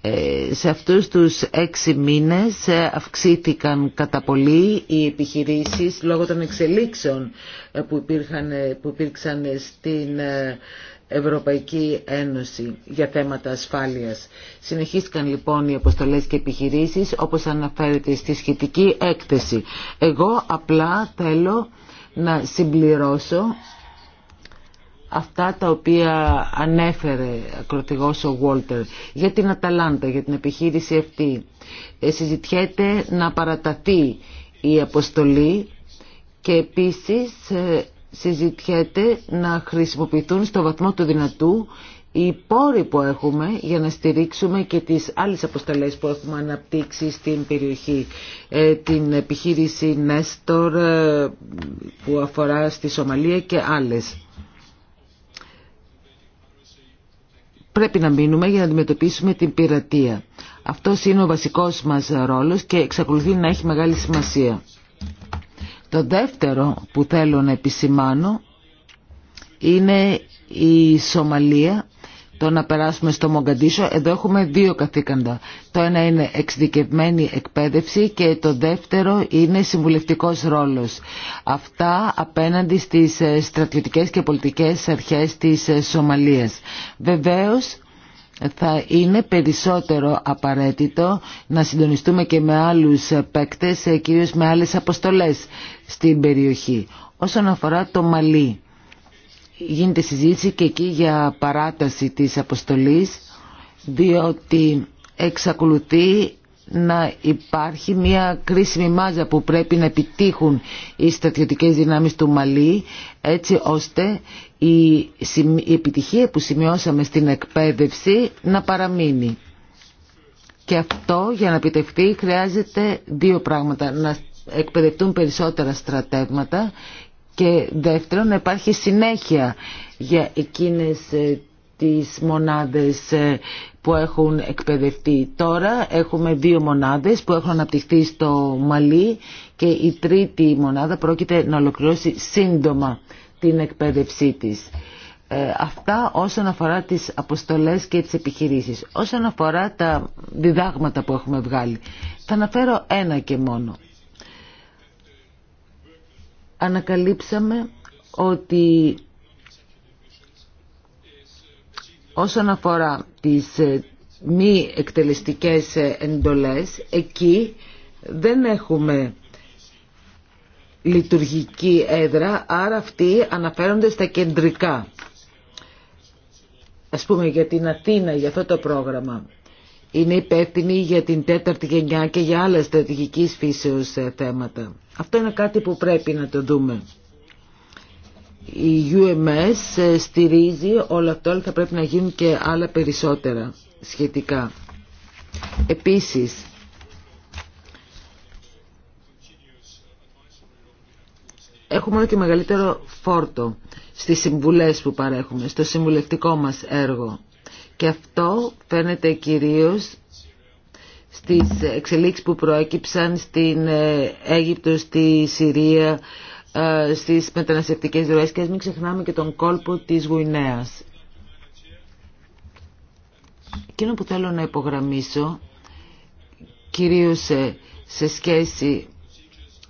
C: Ε, σε αυτούς τους έξι μήνες αυξήθηκαν κατά πολύ οι επιχειρήσεις λόγω των εξελίξεων που, υπήρχαν, που υπήρξαν στην Ευρωπαϊκή Ένωση για θέματα ασφάλειας. Συνεχίστηκαν λοιπόν οι αποστολές και επιχειρήσεις όπως αναφέρεται στη σχετική έκθεση. Εγώ απλά θέλω να συμπληρώσω αυτά τα οποία ανέφερε ακροτηγός ο Βόλτερ για την Αταλάντα, για την επιχείρηση αυτή. Ε, συζητιέται να παραταθεί η αποστολή και επίσης ε, συζητιέται να χρησιμοποιηθούν στο βαθμό του δυνατού οι πόροι που έχουμε για να στηρίξουμε και τις άλλες αποστολές που έχουμε αναπτύξει στην περιοχή. Ε, την επιχείρηση Νέστορ ε, που αφορά στη Σομαλία και άλλες. Πρέπει να μείνουμε για να αντιμετωπίσουμε την πειρατεία. Αυτός είναι ο βασικός μας ρόλος και εξακολουθεί να έχει μεγάλη σημασία. Το δεύτερο που θέλω να επισημάνω είναι η Σομαλία, το να περάσουμε στο Μογκαντήσο. Εδώ έχουμε δύο καθήκοντα. Το ένα είναι εξειδικευμένη εκπαίδευση και το δεύτερο είναι συμβουλευτικός ρόλος. Αυτά απέναντι στις ε, στρατιωτικές και πολιτικές αρχές της ε, Σομαλίας. Βεβαίως θα είναι περισσότερο απαραίτητο να συντονιστούμε και με άλλους παίκτες, ε, κυρίως με άλλες αποστολές στην περιοχή. Όσον αφορά το Μαλί, γίνεται συζήτηση και εκεί για παράταση της αποστολής, διότι εξακολουθεί να υπάρχει μια κρίσιμη μάζα που πρέπει να επιτύχουν οι στρατιωτικές δυνάμεις του Μαλή έτσι ώστε η επιτυχία που σημειώσαμε στην εκπαίδευση να παραμείνει. Και αυτό για να επιτευχθεί χρειάζεται δύο πράγματα. Να εκπαιδευτούν περισσότερα στρατεύματα και δεύτερον να υπάρχει συνέχεια για εκείνες ε, τις μονάδες ε, που έχουν εκπαιδευτεί τώρα. Έχουμε δύο μονάδες που έχουν αναπτυχθεί στο Μαλί και η τρίτη μονάδα πρόκειται να ολοκληρώσει σύντομα την εκπαίδευσή της. Ε, αυτά όσον αφορά τις αποστολές και τις επιχειρήσεις. Όσον αφορά τα διδάγματα που έχουμε βγάλει, θα αναφέρω ένα και μόνο. Ανακαλύψαμε ότι όσον αφορά τις ε, μη εκτελεστικές ε, εντολές, εκεί δεν έχουμε λειτουργική έδρα, άρα αυτοί αναφέρονται στα κεντρικά. Ας πούμε για την Αθήνα, για αυτό το πρόγραμμα. Είναι υπεύθυνη για την τέταρτη γενιά και για άλλα στρατηγικής φύσεως ε, θέματα. Αυτό είναι κάτι που πρέπει να το δούμε. Η UMS ε, στηρίζει όλα αυτό, αλλά θα πρέπει να γίνουν και άλλα περισσότερα σχετικά. Επίσης, έχουμε όλο και μεγαλύτερο φόρτο στις συμβουλές που παρέχουμε, στο συμβουλευτικό μας έργο. Και αυτό φαίνεται κυρίως στις εξελίξεις που προέκυψαν στην ε, Αίγυπτο, στη Συρία, ε, στις μεταναστευτικές ροές και ας μην ξεχνάμε και τον κόλπο της Γουινέας. Εκείνο που θέλω να υπογραμμίσω, κυρίως σε σχέση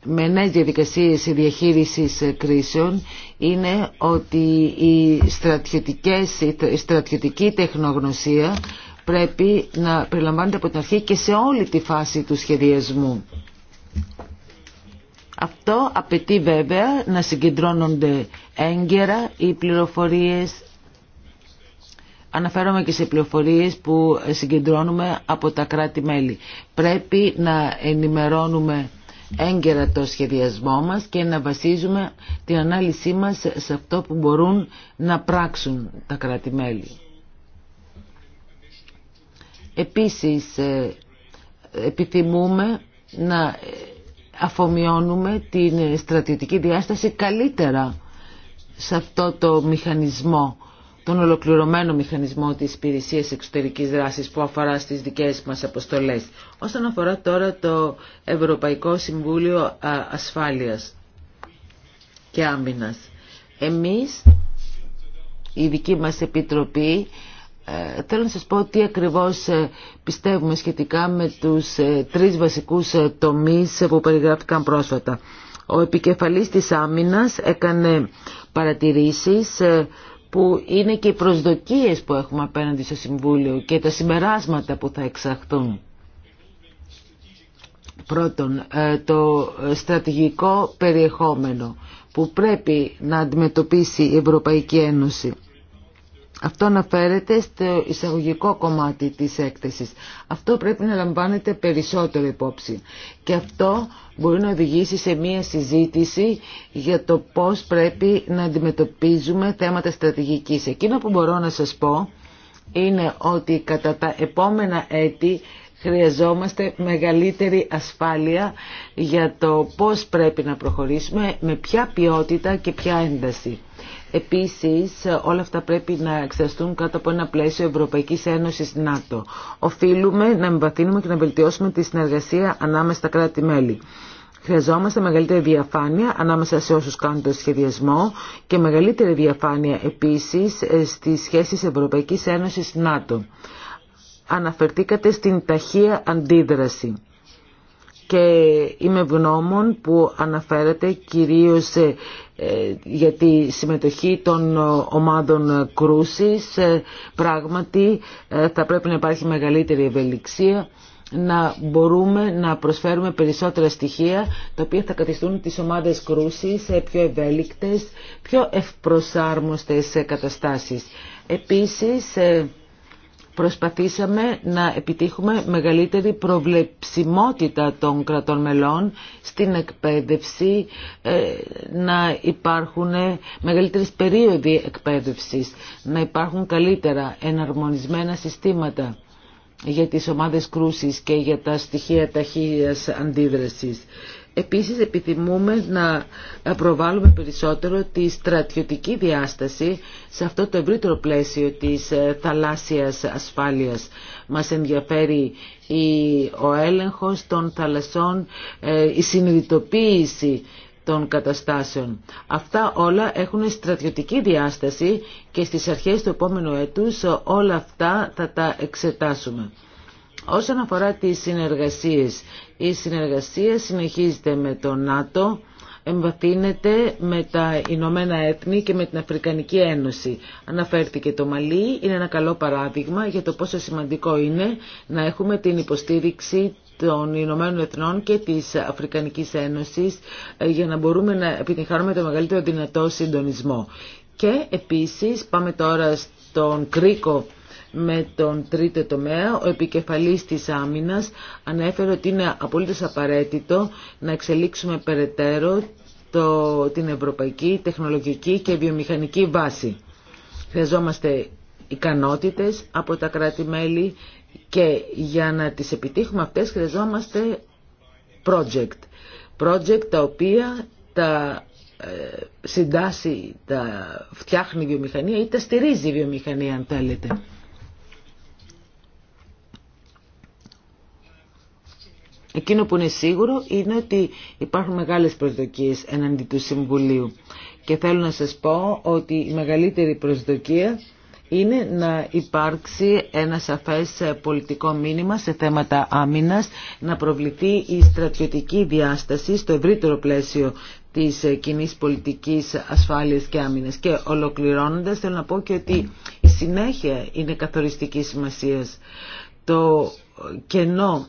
C: με νέες διαδικασίες διαχείρισης ε, κρίσεων είναι ότι η, στρατιωτική τεχνογνωσία πρέπει να περιλαμβάνεται από την αρχή και σε όλη τη φάση του σχεδιασμού. Αυτό απαιτεί βέβαια να συγκεντρώνονται έγκαιρα οι πληροφορίες. Αναφέρομαι και σε πληροφορίες που συγκεντρώνουμε από τα κράτη-μέλη. Πρέπει να ενημερώνουμε έγκαιρα το σχεδιασμό μας και να βασίζουμε την ανάλυση μας σε αυτό που μπορούν να πράξουν τα κράτη-μέλη. Επίσης, ε, επιθυμούμε να αφομοιώνουμε την στρατιωτική διάσταση καλύτερα σε αυτό το μηχανισμό τον ολοκληρωμένο μηχανισμό της υπηρεσία εξωτερικής δράσης που αφορά στις δικές μας αποστολές. Όσον αφορά τώρα το Ευρωπαϊκό Συμβούλιο Ασφάλειας και Άμυνας. Εμείς, η δική μας επιτροπή, ε, θέλω να σας πω τι ακριβώς ε, πιστεύουμε σχετικά με τους ε, τρεις βασικούς τομείς που περιγράφηκαν πρόσφατα. Ο επικεφαλής της άμυνας έκανε παρατηρήσεις που είναι και οι προσδοκίες που έχουμε απέναντι στο Συμβούλιο και τα συμπεράσματα που θα εξαχθούν. Πρώτον, ε, το στρατηγικό περιεχόμενο που πρέπει να αντιμετωπίσει η Ευρωπαϊκή Ένωση. Αυτό αναφέρεται στο εισαγωγικό κομμάτι της έκθεσης. Αυτό πρέπει να λαμβάνεται περισσότερο υπόψη. Και αυτό μπορεί να οδηγήσει σε μία συζήτηση για το πώς πρέπει να αντιμετωπίζουμε θέματα στρατηγικής. Εκείνο που μπορώ να σας πω είναι ότι κατά τα επόμενα έτη χρειαζόμαστε μεγαλύτερη ασφάλεια για το πώς πρέπει να προχωρήσουμε, με ποια ποιότητα και ποια ένταση. Επίσης, όλα αυτά πρέπει να εξαστούν κάτω από ένα πλαίσιο Ευρωπαϊκής Ένωσης ΝΑΤΟ. Οφείλουμε να εμβαθύνουμε και να βελτιώσουμε τη συνεργασία ανάμεσα στα κράτη-μέλη. Χρειαζόμαστε μεγαλύτερη διαφάνεια ανάμεσα σε όσους κάνουν το σχεδιασμό και μεγαλύτερη διαφάνεια επίσης ε, στις σχέσεις Ευρωπαϊκής Ένωσης ΝΑΤΟ. Αναφερθήκατε στην ταχεία αντίδραση και είμαι ευγνώμων που αναφέρεται κυρίως ε, για τη συμμετοχή των ομάδων κρούσης. Ε, πράγματι ε, θα πρέπει να υπάρχει μεγαλύτερη ευελιξία να μπορούμε να προσφέρουμε περισσότερα στοιχεία τα οποία θα καθιστούν τις ομάδες κρούσης πιο ευέλικτες, πιο ευπροσάρμοστες καταστάσεις. Επίσης, προσπαθήσαμε να επιτύχουμε μεγαλύτερη προβλεψιμότητα των κρατών μελών στην εκπαίδευση, ε, να υπάρχουν μεγαλύτερες περίοδοι εκπαίδευσης, να υπάρχουν καλύτερα εναρμονισμένα συστήματα για τις ομάδες κρούσης και για τα στοιχεία ταχείας αντίδρασης. Επίσης επιθυμούμε να προβάλλουμε περισσότερο τη στρατιωτική διάσταση σε αυτό το ευρύτερο πλαίσιο της ε, θαλάσσιας ασφάλειας. Μας ενδιαφέρει ο έλεγχος των θαλασσών, ε, η συνειδητοποίηση των καταστάσεων. Αυτά όλα έχουν στρατιωτική διάσταση και στις αρχές του επόμενου έτους όλα αυτά θα τα εξετάσουμε. Όσον αφορά τις συνεργασίες, η συνεργασία συνεχίζεται με το ΝΑΤΟ, εμβαθύνεται με τα Ηνωμένα Έθνη και με την Αφρικανική Ένωση. Αναφέρθηκε το Μαλί, είναι ένα καλό παράδειγμα για το πόσο σημαντικό είναι να έχουμε την υποστήριξη των Ηνωμένων Εθνών και της Αφρικανικής Ένωσης ε, για να μπορούμε να επιτυγχάνουμε το μεγαλύτερο δυνατό συντονισμό. Και επίσης πάμε τώρα στον κρίκο με τον τρίτο τομέα. Ο επικεφαλής της άμυνας ανέφερε ότι είναι απολύτως απαραίτητο να εξελίξουμε περαιτέρω το, την ευρωπαϊκή τεχνολογική και βιομηχανική βάση. Χρειαζόμαστε ικανότητες από τα κράτη-μέλη και για να τις επιτύχουμε αυτές χρειαζόμαστε project. Project τα οποία τα ε, συντάσσει, τα φτιάχνει η βιομηχανία ή τα στηρίζει η βιομηχανία αν θέλετε. Εκείνο που είναι σίγουρο είναι ότι υπάρχουν μεγάλες προσδοκίες εναντί του Συμβουλίου και θέλω να σας πω ότι η μεγαλύτερη προσδοκία είναι να υπάρξει ένα σαφές πολιτικό μήνυμα σε θέματα άμυνας, να προβληθεί η στρατιωτική διάσταση στο ευρύτερο πλαίσιο της κοινή πολιτικής ασφάλειας και άμυνας. Και ολοκληρώνοντας θέλω να πω και ότι η συνέχεια είναι καθοριστική σημασίας. Το κενό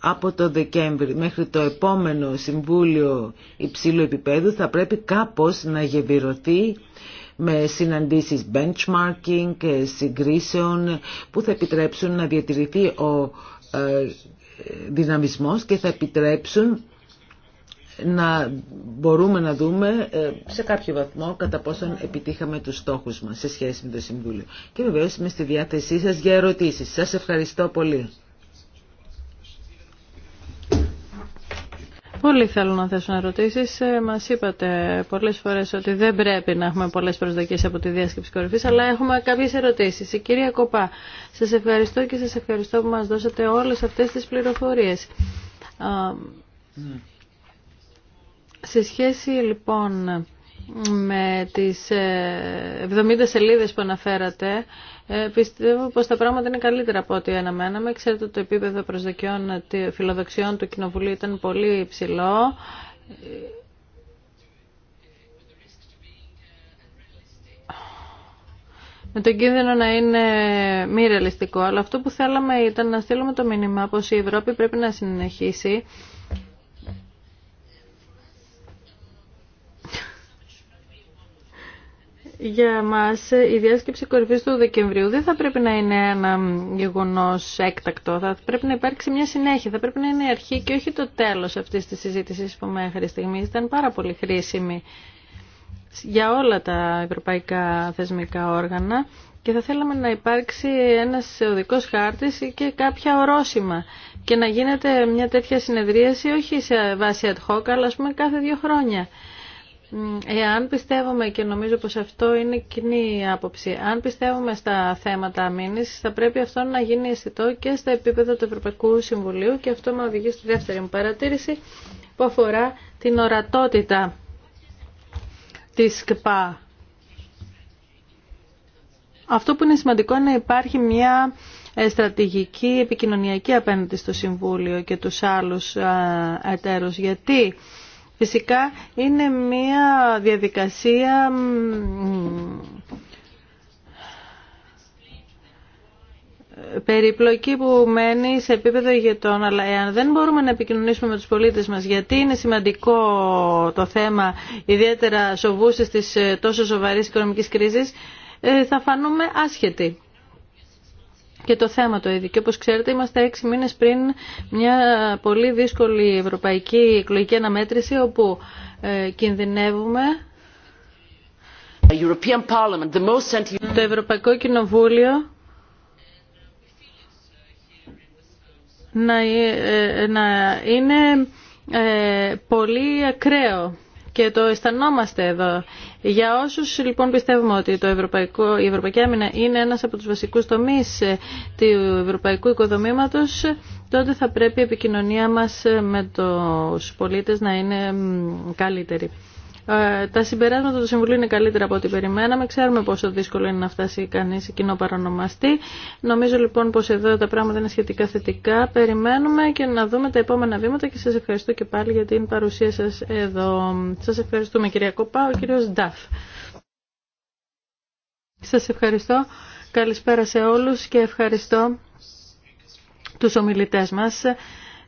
C: από το Δεκέμβρη μέχρι το επόμενο Συμβούλιο Υψηλού Επιπέδου θα πρέπει κάπως να γεβηρωθεί με συναντήσεις benchmarking και συγκρίσεων που θα επιτρέψουν να διατηρηθεί ο ε, δυναμισμός και θα επιτρέψουν να μπορούμε να δούμε ε, σε κάποιο βαθμό κατά πόσον επιτύχαμε τους στόχους μας σε σχέση με το Συμβούλιο. Και βεβαίως είμαι στη διάθεσή σας για ερωτήσεις. Σας ευχαριστώ πολύ.
D: Πολύ θέλουν να θέσουν ερωτήσεις. Ε, μας είπατε πολλές φορές ότι δεν πρέπει να έχουμε πολλές προσδοκίες από τη διάσκεψη κορυφής, αλλά έχουμε κάποιες ερωτήσεις. Η κυρία Κοπά, σας ευχαριστώ και σας ευχαριστώ που μας δώσατε όλες αυτές τις πληροφορίες. Σε σχέση λοιπόν με τις 70 ε, σελίδες που αναφέρατε, ε, πιστεύω πως τα πράγματα είναι καλύτερα από ό,τι αναμέναμε. Ξέρετε ότι το επίπεδο προσδοκιών φιλοδοξιών του Κοινοβουλίου ήταν πολύ υψηλό. με τον κίνδυνο να είναι μη ρεαλιστικό. Αλλά αυτό που θέλαμε ήταν να στείλουμε το μήνυμα πως η Ευρώπη πρέπει να συνεχίσει για μας η διάσκεψη κορυφής του Δεκεμβρίου δεν θα πρέπει να είναι ένα γεγονός έκτακτο, θα πρέπει να υπάρξει μια συνέχεια, θα πρέπει να είναι η αρχή και όχι το τέλος αυτής της συζήτησης που μέχρι στιγμή ήταν πάρα πολύ χρήσιμη για όλα τα ευρωπαϊκά θεσμικά όργανα και θα θέλαμε να υπάρξει ένας οδικός χάρτης και κάποια ορόσημα και να γίνεται μια τέτοια συνεδρίαση όχι σε βάση ad hoc αλλά ας πούμε κάθε δύο χρόνια. Εάν πιστεύουμε, και νομίζω πως αυτό είναι κοινή άποψη, αν πιστεύουμε στα θέματα αμήνης, θα πρέπει αυτό να γίνει αισθητό και στα επίπεδα του Ευρωπαϊκού Συμβουλίου και αυτό με οδηγεί στη δεύτερη μου παρατήρηση που αφορά την ορατότητα της ΚΠΑ. Αυτό που είναι σημαντικό είναι να υπάρχει μια ε, στρατηγική επικοινωνιακή απέναντι στο Συμβούλιο και τους άλλους ε, εταίρους. Γιατί Φυσικά είναι μια διαδικασία περιπλοκή που μένει σε επίπεδο ηγετών, αλλά εάν δεν μπορούμε να επικοινωνήσουμε με τους πολίτες μας, γιατί είναι σημαντικό το θέμα, ιδιαίτερα σοβούσης της ε, τόσο σοβαρής οικονομικής κρίσης, ε, θα φανούμε άσχετοι και το θέμα το ίδιο. Και όπως ξέρετε είμαστε έξι μήνες πριν μια πολύ δύσκολη ευρωπαϊκή εκλογική αναμέτρηση όπου ε, κινδυνεύουμε το Ευρωπαϊκό Κοινοβούλιο να ε, ε, είναι πολύ ακραίο και το αισθανόμαστε εδώ. Για όσους λοιπόν πιστεύουμε ότι το ευρωπαϊκό, η Ευρωπαϊκή Άμυνα είναι ένας από τους βασικούς τομείς ε, του ευρωπαϊκού οικοδομήματος, τότε θα πρέπει η επικοινωνία μας ε, με τους πολίτες να είναι καλύτερη. Ε, τα συμπεράσματα του Συμβουλίου είναι καλύτερα από ό,τι περιμέναμε. Ξέρουμε πόσο δύσκολο είναι να φτάσει κανεί σε κοινό παρονομαστή. Νομίζω λοιπόν πω εδώ τα πράγματα είναι σχετικά θετικά. Περιμένουμε και να δούμε τα επόμενα βήματα και σα ευχαριστώ και πάλι για την παρουσία σα εδώ. Σα ευχαριστούμε κυρία Κοπά, ο κύριο Νταφ. Σα ευχαριστώ. Καλησπέρα σε όλου και ευχαριστώ του ομιλητέ μα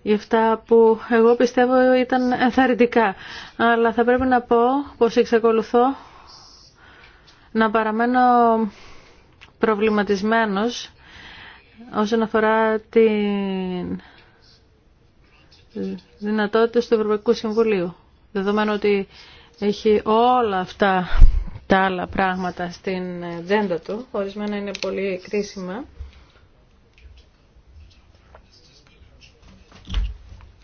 D: για αυτά που εγώ πιστεύω ήταν ενθαρρυντικά. Αλλά θα πρέπει να πω πως εξακολουθώ να παραμένω προβληματισμένος όσον αφορά την δυνατότητα του Ευρωπαϊκού Συμβουλίου. Δεδομένου ότι έχει όλα αυτά τα άλλα πράγματα στην δέντα του, ορισμένα είναι πολύ κρίσιμα.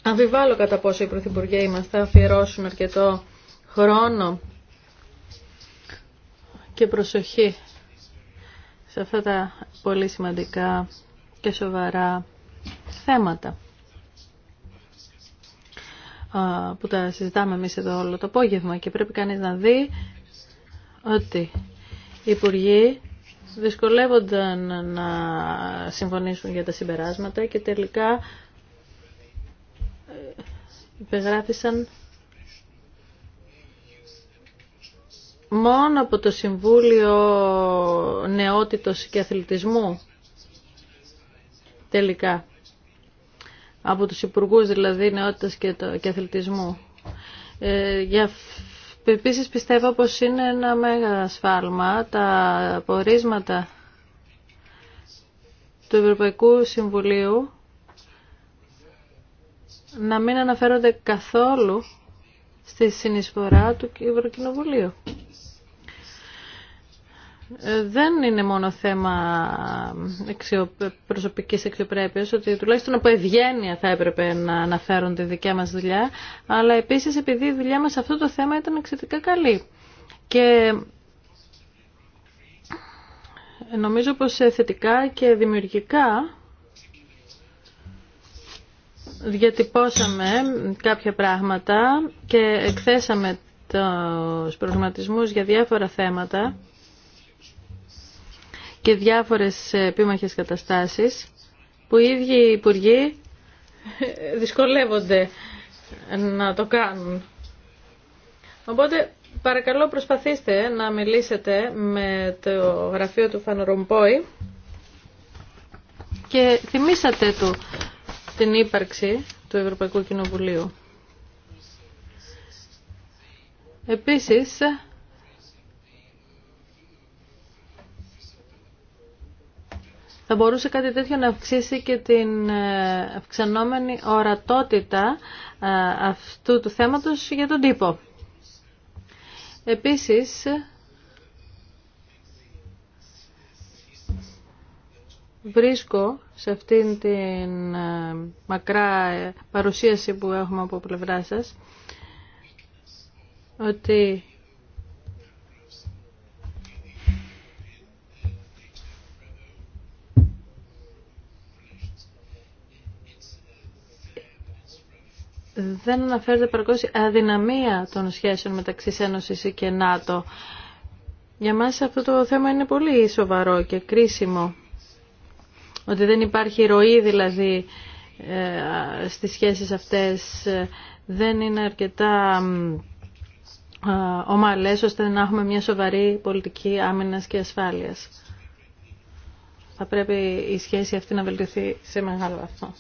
D: Αμφιβάλλω κατά πόσο οι Πρωθυπουργοί μας θα αφιερώσουν αρκετό χρόνο και προσοχή σε αυτά τα πολύ σημαντικά και σοβαρά θέματα που τα συζητάμε εμείς εδώ όλο το απόγευμα και πρέπει κανείς να δει ότι οι Υπουργοί δυσκολεύονταν να συμφωνήσουν για τα συμπεράσματα και τελικά υπεγράφησαν μόνο από το Συμβούλιο Νεότητος και Αθλητισμού τελικά από τους Υπουργούς δηλαδή Νεότητας και, και Αθλητισμού ε, για Επίσης πιστεύω πως είναι ένα μέγα σφάλμα τα απορίσματα του Ευρωπαϊκού Συμβουλίου να μην αναφέρονται καθόλου στη συνεισφορά του Ευρωκοινοβουλίου. Ε, δεν είναι μόνο θέμα προσωπικής αξιοπρέπειας, ότι τουλάχιστον από ευγένεια θα έπρεπε να αναφέρουν τη δικιά μας δουλειά, αλλά επίσης επειδή η δουλειά μας σε αυτό το θέμα ήταν εξαιρετικά καλή. Και νομίζω πως ε, θετικά και δημιουργικά διατυπώσαμε κάποια πράγματα και εκθέσαμε τους προγραμματισμούς για διάφορα θέματα και διάφορες επίμαχες καταστάσεις που οι ίδιοι οι υπουργοί δυσκολεύονται να το κάνουν. Οπότε παρακαλώ προσπαθήστε να μιλήσετε με το γραφείο του Φανρομπόη και θυμήσατε του την ύπαρξη του Ευρωπαϊκού Κοινοβουλίου. Επίσης, θα μπορούσε κάτι τέτοιο να αυξήσει και την ε, αυξανόμενη ορατότητα ε, αυτού του θέματος για τον τύπο. Επίσης, βρίσκω σε αυτήν την ε, μακρά ε, παρουσίαση που έχουμε από πλευρά σας ότι δεν αναφέρεται παρακώς η αδυναμία των σχέσεων μεταξύ Ένωσης και ΝΑΤΟ. Για μας αυτό το θέμα είναι πολύ σοβαρό και κρίσιμο ότι δεν υπάρχει ροή δηλαδή ε, στις σχέσεις αυτές ε, δεν είναι αρκετά ε, ομαλές ώστε να έχουμε μια σοβαρή πολιτική άμυνας και ασφάλειας. Θα πρέπει η σχέση αυτή να βελτιωθεί σε μεγάλο βαθμό.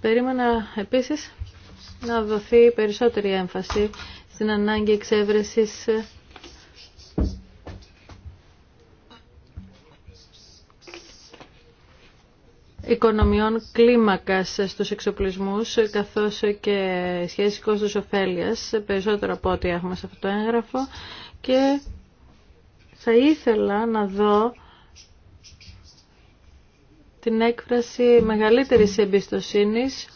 D: Περίμενα επίσης να δοθεί περισσότερη έμφαση στην ανάγκη εξέβρεσης οικονομιών κλίμακας στους εξοπλισμούς καθώς και σχέσεις κόστος ωφέλειας περισσότερο από ό,τι έχουμε σε αυτό το έγγραφο και θα ήθελα να δω την έκφραση μεγαλύτερης εμπιστοσύνης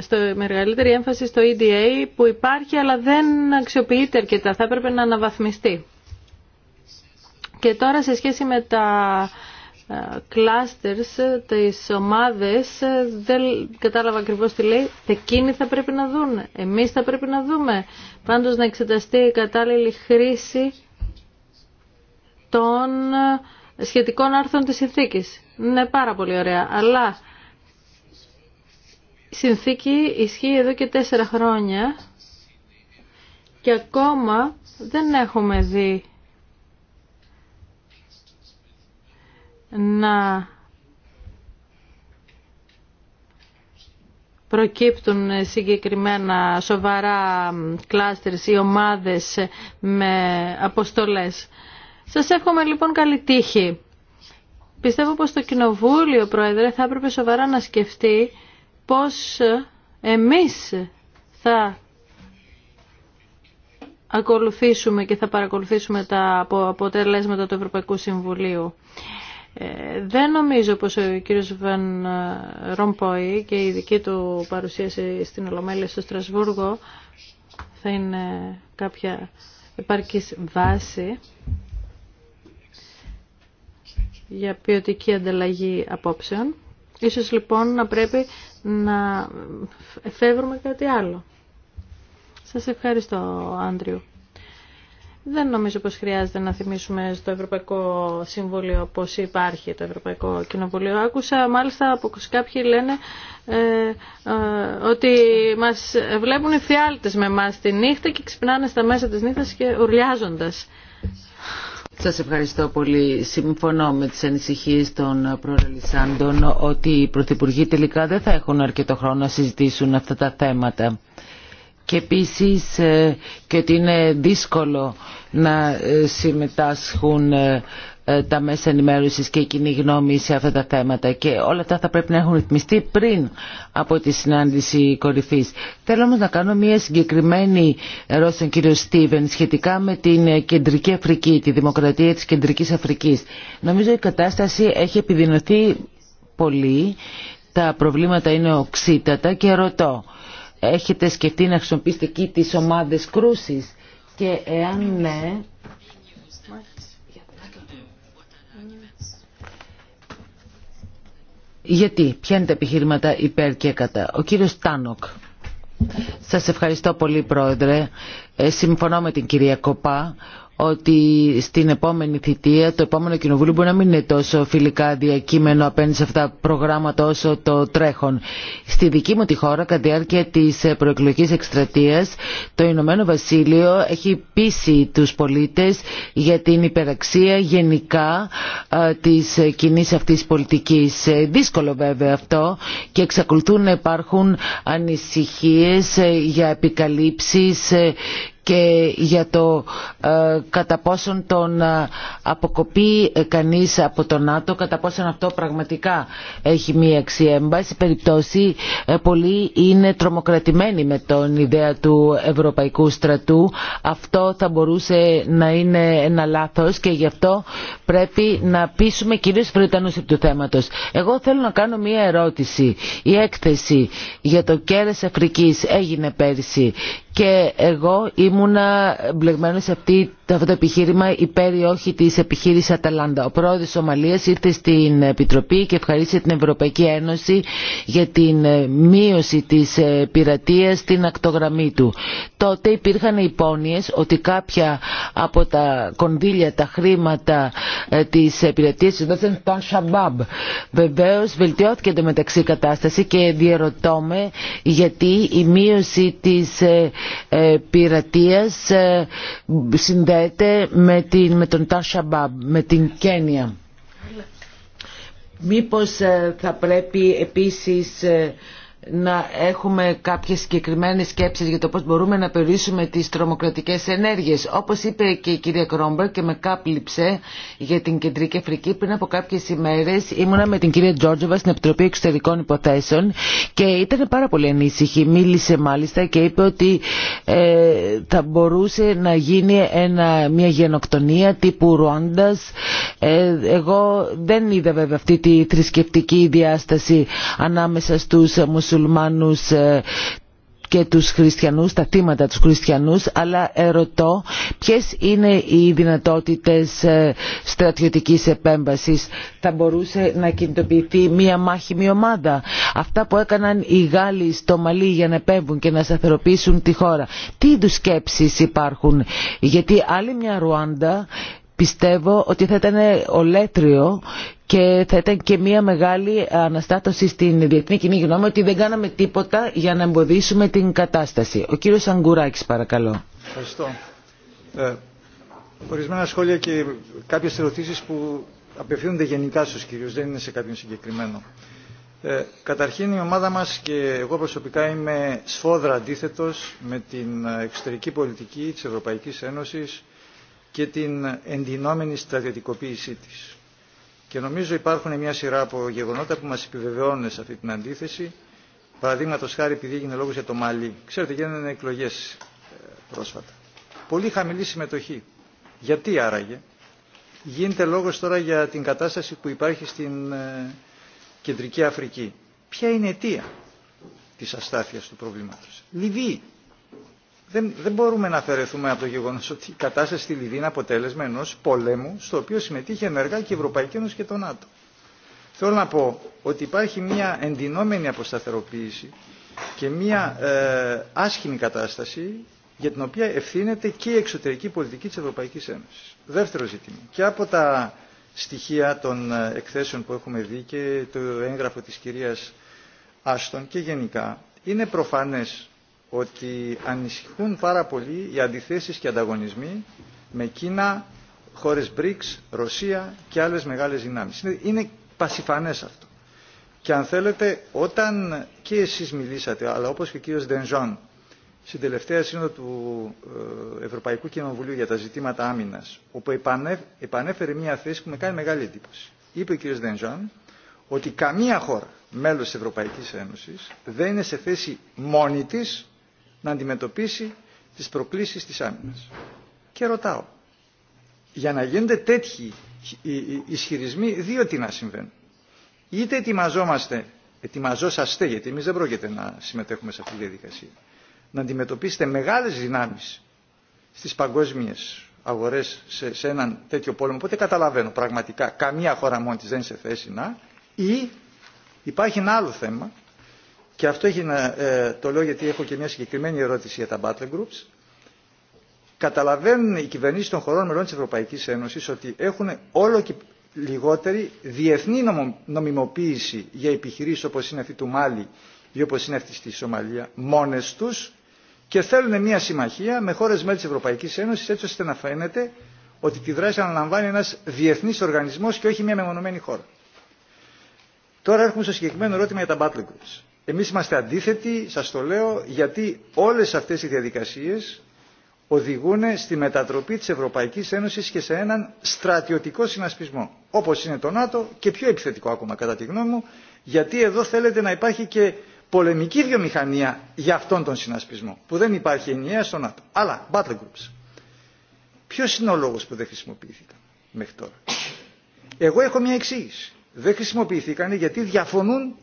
D: στο μεγαλύτερη έμφαση στο EDA που υπάρχει αλλά δεν αξιοποιείται αρκετά. Θα έπρεπε να αναβαθμιστεί. Και τώρα σε σχέση με τα ε, clusters, ε, τις ομάδες, ε, δεν κατάλαβα ακριβώς τι λέει, εκείνοι θα πρέπει να δουν, εμείς θα πρέπει να δούμε. Πάντως να εξεταστεί η κατάλληλη χρήση των σχετικών άρθρων της συνθήκης. Ναι, πάρα πολύ ωραία, αλλά η συνθήκη ισχύει εδώ και τέσσερα χρόνια και ακόμα δεν έχουμε δει να προκύπτουν συγκεκριμένα σοβαρά κλάστερς ή ομάδες με αποστολές. Σας εύχομαι λοιπόν καλή τύχη. Πιστεύω πως το Κοινοβούλιο, Πρόεδρε, θα έπρεπε σοβαρά να σκεφτεί πώς εμείς θα ακολουθήσουμε και θα παρακολουθήσουμε τα αποτελέσματα του Ευρωπαϊκού Συμβουλίου. Ε, δεν νομίζω πως ο κύριος Βαν Ρομπόη και η δική του παρουσίαση στην Ολομέλεια στο Στρασβούργο θα είναι κάποια επαρκής βάση για ποιοτική ανταλλαγή απόψεων. Ίσως λοιπόν να πρέπει να εφεύρουμε κάτι άλλο. Σας ευχαριστώ, Άντριου. Δεν νομίζω πως χρειάζεται να θυμίσουμε στο Ευρωπαϊκό Συμβούλιο πως υπάρχει το Ευρωπαϊκό Κοινοβουλίο. Άκουσα μάλιστα από κάποιοι λένε ε, ε ότι μας βλέπουν οι με μας τη νύχτα και ξυπνάνε στα μέσα της νύχτας και ουρλιάζοντας.
C: Σας ευχαριστώ πολύ. Συμφωνώ με τις ανησυχίες των Προελισάντων ότι οι πρωθυπουργοί τελικά δεν θα έχουν αρκετό χρόνο να συζητήσουν αυτά τα θέματα. Και επίσης ε, και ότι είναι δύσκολο να ε, συμμετάσχουν ε, ε, τα μέσα ενημέρωσης και η κοινή γνώμη σε αυτά τα θέματα και όλα αυτά θα πρέπει να έχουν ρυθμιστεί πριν από τη συνάντηση κορυφής. Θέλω όμως να κάνω μια συγκεκριμένη ερώτηση στον κύριο Στίβεν σχετικά με την Κεντρική Αφρική, τη δημοκρατία της Κεντρικής Αφρικής. Νομίζω η κατάσταση έχει επιδεινωθεί πολύ, τα προβλήματα είναι οξύτατα και ρωτώ. Έχετε σκεφτεί να χρησιμοποιήσετε εκεί τις ομάδες κρούσης και εάν ναι, Γιατί, ποια είναι τα επιχείρηματα υπέρ και κατά. Ο κύριος Τάνοκ. Σας ευχαριστώ πολύ πρόεδρε. Ε, συμφωνώ με την κυρία Κοπά ότι στην επόμενη θητεία το επόμενο κοινοβούλιο μπορεί να μην είναι τόσο φιλικά διακείμενο απέναντι σε αυτά προγράμματα όσο το τρέχον. Στη δική μου τη χώρα, κατά τη διάρκεια τη προεκλογική εκστρατεία, το Ηνωμένο Βασίλειο έχει πείσει τους πολίτε για την υπεραξία γενικά τη κοινή αυτή πολιτική. Ε, δύσκολο βέβαια αυτό και εξακολουθούν να υπάρχουν ανησυχίε ε, για επικαλύψει ε, και για το ε, κατά πόσον τον ε, αποκοπεί ε, κανείς από τον ΝΑΤΟ, κατά πόσον αυτό πραγματικά έχει μία αξία. Εν πάση περιπτώσει, πολλοί είναι τρομοκρατημένοι με τον ιδέα του Ευρωπαϊκού στρατού. Αυτό θα μπορούσε να είναι ένα λάθος και γι' αυτό πρέπει να πείσουμε κυρίως Βρετανούς επί του θέματος. Εγώ θέλω να κάνω μία ερώτηση. Η έκθεση για το κέρες Αφρικής έγινε πέρυσι και εγώ ήμουνα μπλεγμένο σε αυτή αυτό το επιχείρημα υπέρ ή όχι της επιχείρησης Αταλάντα. Ο πρόεδρος της ήρθε στην Επιτροπή και ευχαρίστησε την Ευρωπαϊκή Ένωση για την ε, μείωση της ε, πειρατείας στην ακτογραμμή του. Τότε υπήρχαν υπόνοιε ότι κάποια από τα κονδύλια, τα χρήματα ε, της πειρατείας δόθηκαν στον Σαμπάμπ. Βεβαίως βελτιώθηκε το μεταξύ κατάσταση και διαρωτώ με γιατί η μείωση της πειρατείας συνδέεται συνδέεται με, την, με τον με την Κένια. Μήπως ε, θα πρέπει επίσης ε, να έχουμε κάποιες συγκεκριμένες σκέψεις για το πώς μπορούμε να περιορίσουμε τις τρομοκρατικές ενέργειες. Όπως είπε και η κυρία Κρόμπερ και με κάπληψε για την Κεντρική Αφρική πριν από κάποιες ημέρες ήμουνα με την κυρία Τζόρτζοβα στην Επιτροπή Εξωτερικών Υποθέσεων και ήταν πάρα πολύ ανήσυχη. Μίλησε μάλιστα και είπε ότι ε, θα μπορούσε να γίνει ένα, μια γενοκτονία τύπου Ρουάντας. Ε, εγώ δεν είδα βέβαια αυτή τη θρησκευτική διάσταση ανάμεσα στους μουσουλμάνους ε, και τους χριστιανούς, τα θύματα τους χριστιανούς, αλλά ερωτώ ποιες είναι οι δυνατότητες ε, στρατιωτικής επέμβασης. Θα μπορούσε να κινητοποιηθεί μία μάχημη ομάδα. Αυτά που έκαναν οι Γάλλοι στο Μαλί για να επέμβουν και να σταθεροποιήσουν τη χώρα. Τι είδους σκέψει υπάρχουν, γιατί άλλη μια Ρουάντα πιστεύω ότι θα ήταν ολέτριο και θα ήταν και μια μεγάλη αναστάτωση στην διεθνή κοινή γνώμη ότι δεν κάναμε τίποτα για να εμποδίσουμε την κατάσταση. Ο κύριος Αγκουράκης παρακαλώ.
A: Ευχαριστώ. Ε, ορισμένα σχόλια και κάποιες ερωτήσεις που απευθύνονται γενικά στους κυρίους, δεν είναι σε κάποιον συγκεκριμένο. Ε, καταρχήν η ομάδα μας και εγώ προσωπικά είμαι σφόδρα αντίθετος με την εξωτερική πολιτική της Ευρωπαϊκής Ένωσης και την ενδυνόμενη στρατιωτικοποίησή της. Και νομίζω υπάρχουν μια σειρά από γεγονότα που μας επιβεβαιώνουν σε αυτή την αντίθεση. Παραδείγματο χάρη επειδή έγινε λόγο για το Μαλί. Ξέρετε γίνανε εκλογές ε, πρόσφατα. Πολύ χαμηλή συμμετοχή. Γιατί άραγε. Γίνεται λόγος τώρα για την κατάσταση που υπάρχει στην ε, Κεντρική Αφρική. Ποια είναι η αιτία της αστάθειας του προβλήματος. Λιβύη δεν, δεν μπορούμε να αφαιρεθούμε από το γεγονό ότι η κατάσταση στη Λιβύη είναι αποτέλεσμα ενό πολέμου στο οποίο συμμετείχε ενεργά και η Ευρωπαϊκή Ένωση και το ΝΑΤΟ. Θέλω να πω ότι υπάρχει μια εντυνόμενη αποσταθεροποίηση και μια ε, άσχημη κατάσταση για την οποία ευθύνεται και η εξωτερική πολιτική τη Ευρωπαϊκή Ένωση. Δεύτερο ζήτημα. Και από τα στοιχεία των ε, εκθέσεων που έχουμε δει και το έγγραφο της κυρίας Άστον και γενικά είναι προφανές ότι ανησυχούν πάρα πολύ οι αντιθέσεις και ανταγωνισμοί με Κίνα, χώρες BRICS, Ρωσία και άλλες μεγάλες δυνάμεις. Είναι, είναι πασιφανές αυτό. Και αν θέλετε, όταν και εσείς μιλήσατε, αλλά όπως και ο κύριος Ντενζόν, στην τελευταία σύνοδο του ε, Ευρωπαϊκού Κοινοβουλίου για τα ζητήματα άμυνας, όπου επανέφερε μια θέση που με κάνει μεγάλη εντύπωση. Είπε ο κύριος Δενζόν ότι καμία χώρα μέλος της Ευρωπαϊκής Ένωσης δεν είναι σε θέση μόνη της να αντιμετωπίσει τις προκλήσεις της άμυνας. Και ρωτάω, για να γίνονται τέτοιοι ισχυρισμοί, δύο τι να συμβαίνουν. Είτε ετοιμαζόμαστε, ετοιμαζόσαστε, γιατί εμείς δεν πρόκειται να συμμετέχουμε σε αυτή τη διαδικασία, να αντιμετωπίσετε μεγάλες δυνάμεις στις παγκόσμιες αγορές σε, έναν τέτοιο πόλεμο, οπότε καταλαβαίνω πραγματικά καμία χώρα μόνη της δεν σε θέση να, ή υπάρχει ένα άλλο θέμα, και αυτό έχει να ε, το λέω γιατί έχω και μια συγκεκριμένη ερώτηση για τα battle groups. Καταλαβαίνουν οι κυβερνήσει των χωρών μελών τη Ευρωπαϊκή Ένωση ότι έχουν όλο και λιγότερη διεθνή νομιμοποίηση για επιχειρήσει όπω είναι αυτή του Μάλι ή όπω είναι αυτή στη Σομαλία μόνε του και θέλουν μια συμμαχία με χώρε μέλη τη Ευρωπαϊκή Ένωση έτσι ώστε να φαίνεται ότι τη δράση αναλαμβάνει ένα διεθνή οργανισμό και όχι μια μεμονωμένη χώρα. Τώρα έρχομαι στο συγκεκριμένο ερώτημα για τα battle groups. Εμείς είμαστε αντίθετοι, σας το λέω, γιατί όλες αυτές οι διαδικασίες οδηγούν στη μετατροπή της Ευρωπαϊκής Ένωσης και σε έναν στρατιωτικό συνασπισμό, όπως είναι το ΝΑΤΟ και πιο επιθετικό ακόμα κατά τη γνώμη μου, γιατί εδώ θέλετε να υπάρχει και πολεμική βιομηχανία για αυτόν τον συνασπισμό, που δεν υπάρχει ενιαία στο ΝΑΤΟ. Αλλά, battle groups. Ποιο είναι ο λόγο που δεν χρησιμοποιήθηκαν μέχρι τώρα. Εγώ έχω μια εξήγηση. Δεν χρησιμοποιηθήκαν γιατί διαφωνούν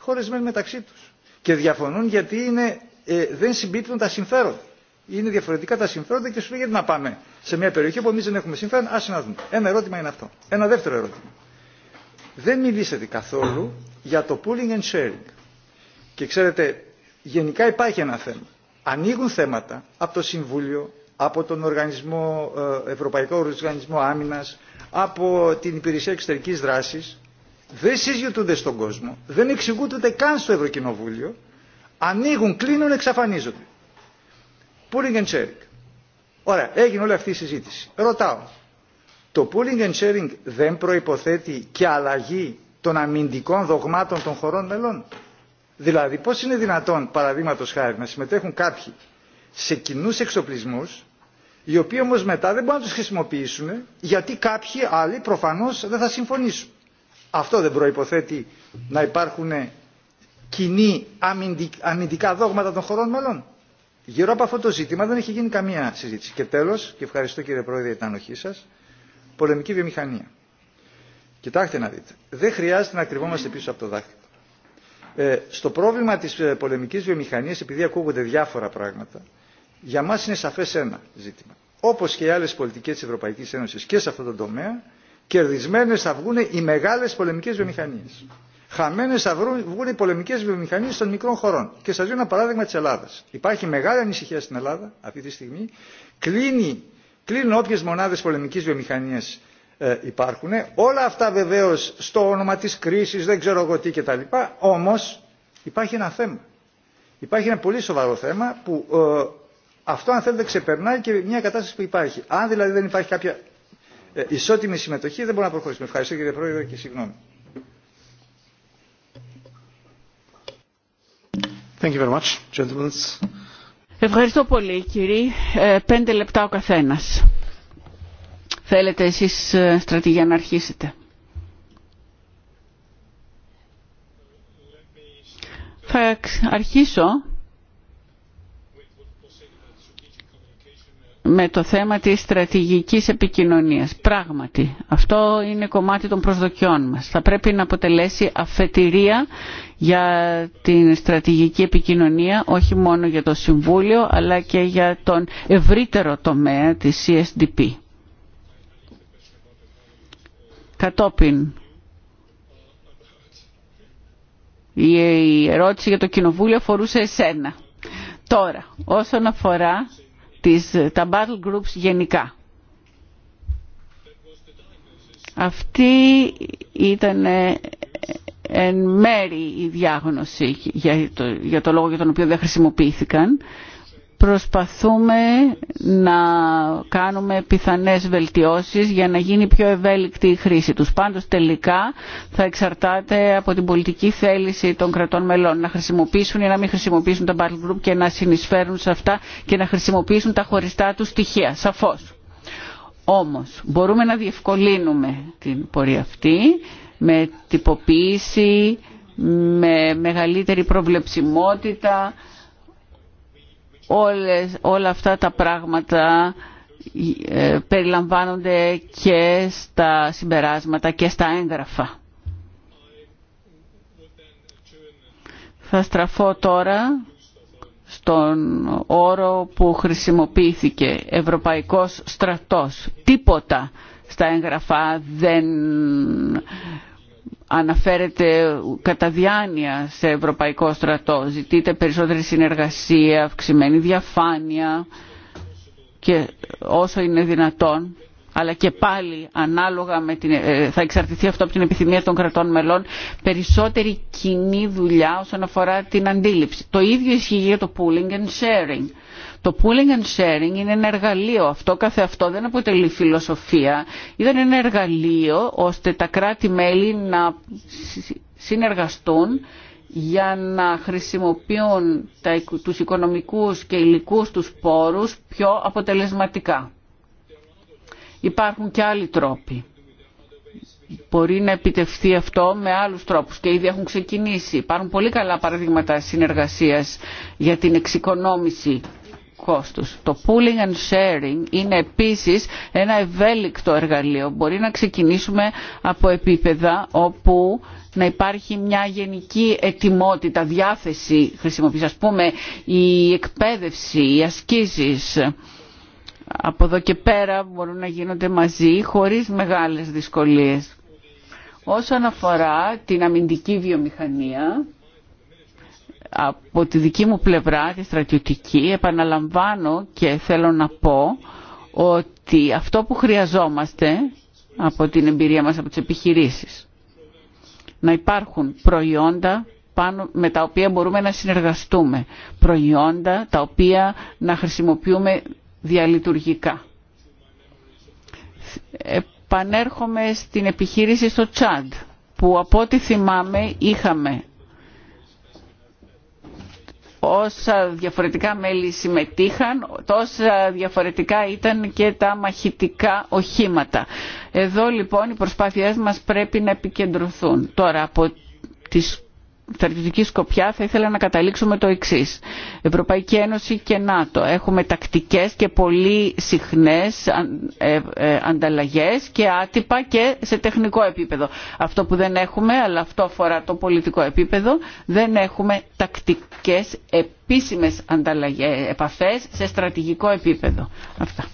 A: χωρισμένοι μεταξύ τους. Και διαφωνούν γιατί είναι, ε, δεν συμπίπτουν τα συμφέροντα. Είναι διαφορετικά τα συμφέροντα και σου λέει γιατί να πάμε σε μια περιοχή που εμεί δεν έχουμε συμφέρον, α να δούμε. Ένα ερώτημα είναι αυτό. Ένα δεύτερο ερώτημα. Δεν μιλήσατε καθόλου για το pooling and sharing. Και ξέρετε, γενικά υπάρχει ένα θέμα. Ανοίγουν θέματα από το Συμβούλιο, από τον οργανισμό, ε, Ευρωπαϊκό Οργανισμό Άμυνα, από την Υπηρεσία Εξωτερική δράση δεν συζητούνται στον κόσμο, δεν εξηγούνται καν στο Ευρωκοινοβούλιο, ανοίγουν, κλείνουν, εξαφανίζονται. Pooling and sharing. Ωραία, έγινε όλη αυτή η συζήτηση. Ρωτάω, το pooling and sharing δεν προϋποθέτει και αλλαγή των αμυντικών δογμάτων των χωρών μελών. Δηλαδή, πώς είναι δυνατόν, παραδείγματο χάρη, να συμμετέχουν κάποιοι σε κοινού εξοπλισμού οι οποίοι όμω μετά δεν μπορούν να του χρησιμοποιήσουν, γιατί κάποιοι άλλοι προφανώ δεν θα συμφωνήσουν. Αυτό δεν προϋποθέτει να υπάρχουν κοινή αμυντικά δόγματα των χωρών μελών. Γύρω από αυτό το ζήτημα δεν έχει γίνει καμία συζήτηση. Και τέλος, και ευχαριστώ κύριε Πρόεδρε για την ανοχή σας, πολεμική βιομηχανία. Κοιτάξτε να δείτε. Δεν χρειάζεται να κρυβόμαστε πίσω από το δάχτυλο. Ε, στο πρόβλημα της ε, πολεμικής βιομηχανίας, επειδή ακούγονται διάφορα πράγματα, για μας είναι σαφές ένα ζήτημα. Όπως και οι άλλες πολιτικές της Ευρωπαϊκής Ένωσης και σε αυτό το τομέα, κερδισμένες θα βγουν οι μεγάλες πολεμικές βιομηχανίες. Χαμένες θα βγουν οι πολεμικές βιομηχανίες των μικρών χωρών. Και σας δίνω ένα παράδειγμα της Ελλάδας. Υπάρχει μεγάλη ανησυχία στην Ελλάδα αυτή τη στιγμή. Κλείνει, κλείνουν όποιες μονάδες πολεμικής βιομηχανίας ε, υπάρχουν. Όλα αυτά βεβαίως στο όνομα της κρίσης, δεν ξέρω εγώ τι κτλ. Όμως υπάρχει ένα θέμα. Υπάρχει ένα πολύ σοβαρό θέμα που ε, αυτό αν θέλετε ξεπερνάει και μια κατάσταση που υπάρχει. Αν δηλαδή δεν υπάρχει κάποια ε, ισότιμη συμμετοχή δεν μπορούμε να προχωρήσουμε. Ευχαριστώ κύριε Πρόεδρε και συγγνώμη. Thank you very much, gentlemen.
B: Ευχαριστώ πολύ κύριοι. Ε, πέντε λεπτά ο καθένας. Θέλετε εσείς ε, στρατηγία να αρχίσετε. Θα αρχίσω με το θέμα της στρατηγικής επικοινωνίας. Πράγματι, αυτό είναι κομμάτι των προσδοκιών μας. Θα πρέπει να αποτελέσει αφετηρία για την στρατηγική επικοινωνία, όχι μόνο για το Συμβούλιο, αλλά και για τον ευρύτερο τομέα της CSDP. Κατόπιν, η ερώτηση για το Κοινοβούλιο αφορούσε εσένα. Τώρα, όσον αφορά τις, τα battle groups γενικά. Αυτή ήταν ε, ε, εν μέρη η διάγνωση για το, για το λόγο για τον οποίο δεν χρησιμοποιήθηκαν προσπαθούμε να κάνουμε πιθανές βελτιώσεις για να γίνει πιο ευέλικτη η χρήση τους. Πάντως τελικά θα εξαρτάται από την πολιτική θέληση των κρατών μελών να χρησιμοποιήσουν ή να μην χρησιμοποιήσουν τα battle group και να συνεισφέρουν σε αυτά και να χρησιμοποιήσουν τα χωριστά τους στοιχεία, σαφώς. Όμως μπορούμε να διευκολύνουμε την πορεία αυτή με τυποποίηση, με μεγαλύτερη προβλεψιμότητα, όλες, όλα αυτά τα πράγματα ε, περιλαμβάνονται και στα συμπεράσματα και στα έγγραφα. Θα στραφώ τώρα στον όρο που χρησιμοποιήθηκε «Ευρωπαϊκός στρατός». Τίποτα στα έγγραφα δεν αναφέρεται κατά διάνοια σε ευρωπαϊκό στρατό. Ζητείται περισσότερη συνεργασία, αυξημένη διαφάνεια και όσο είναι δυνατόν αλλά και πάλι ανάλογα με την, ε, θα εξαρτηθεί αυτό από την επιθυμία των κρατών μελών περισσότερη κοινή δουλειά όσον αφορά την αντίληψη. Το ίδιο ισχύει για το pooling and sharing. Το pooling and sharing είναι ένα εργαλείο. Αυτό καθε αυτό δεν αποτελεί φιλοσοφία. Ήταν ένα εργαλείο ώστε τα κράτη-μέλη να συνεργαστούν για να χρησιμοποιούν τους οικονομικούς και υλικούς τους πόρους πιο αποτελεσματικά. Υπάρχουν και άλλοι τρόποι. Μπορεί να επιτευχθεί αυτό με άλλους τρόπους και ήδη έχουν ξεκινήσει. Υπάρχουν πολύ καλά παραδείγματα συνεργασίας για την εξοικονόμηση κόστους. Το pooling and sharing είναι επίσης ένα ευέλικτο εργαλείο. Μπορεί να ξεκινήσουμε από επίπεδα όπου να υπάρχει μια γενική ετοιμότητα, διάθεση χρησιμοποίηση. Ας πούμε η εκπαίδευση, οι ασκήσεις από εδώ και πέρα μπορούν να γίνονται μαζί χωρίς μεγάλες δυσκολίες. Όσον αφορά την αμυντική βιομηχανία, από τη δική μου πλευρά, τη στρατιωτική, επαναλαμβάνω και θέλω να πω ότι αυτό που χρειαζόμαστε από την εμπειρία μας από τις επιχειρήσεις, να υπάρχουν προϊόντα πάνω, με τα οποία μπορούμε να συνεργαστούμε, προϊόντα τα οποία να χρησιμοποιούμε διαλειτουργικά. Επανέρχομαι στην επιχείρηση στο Τσάντ, που από ό,τι θυμάμαι είχαμε όσα διαφορετικά μέλη συμμετείχαν, τόσα διαφορετικά ήταν και τα μαχητικά οχήματα. Εδώ λοιπόν οι προσπάθειές μας πρέπει να επικεντρωθούν. Τώρα από τις στρατιωτική σκοπιά θα ήθελα να καταλήξουμε το εξή. Ευρωπαϊκή Ένωση και ΝΑΤΟ. Έχουμε τακτικέ και πολύ συχνέ ε, ε, ανταλλαγέ και άτυπα και σε τεχνικό επίπεδο. Αυτό που δεν έχουμε, αλλά αυτό αφορά το πολιτικό επίπεδο, δεν έχουμε τακτικέ, επίσημε επαφέ
C: σε στρατηγικό επίπεδο. Αυτά.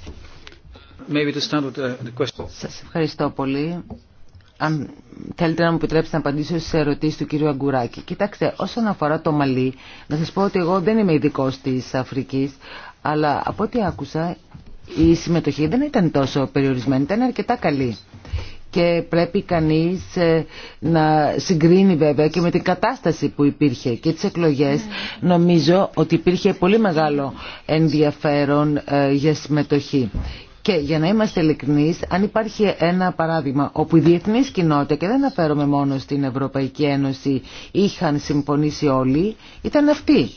C: Σας ευχαριστώ πολύ αν θέλετε να μου επιτρέψετε να απαντήσω στι ερωτήσει του κυρίου Αγκουράκη. Κοιτάξτε, όσον αφορά το Μαλί, να σας πω ότι εγώ δεν είμαι ειδικό τη Αφρικής, αλλά από ό,τι άκουσα η συμμετοχή δεν ήταν τόσο περιορισμένη, ήταν αρκετά καλή. Και πρέπει κανείς ε, να συγκρίνει βέβαια και με την κατάσταση που υπήρχε και τις εκλογές. Ναι. Νομίζω ότι υπήρχε πολύ μεγάλο ενδιαφέρον ε, για συμμετοχή. Και για να είμαστε ειλικρινεί, αν υπάρχει ένα παράδειγμα όπου η διεθνή κοινότητα, και δεν αναφέρομαι μόνο στην Ευρωπαϊκή Ένωση, είχαν συμφωνήσει όλοι, ήταν αυτή.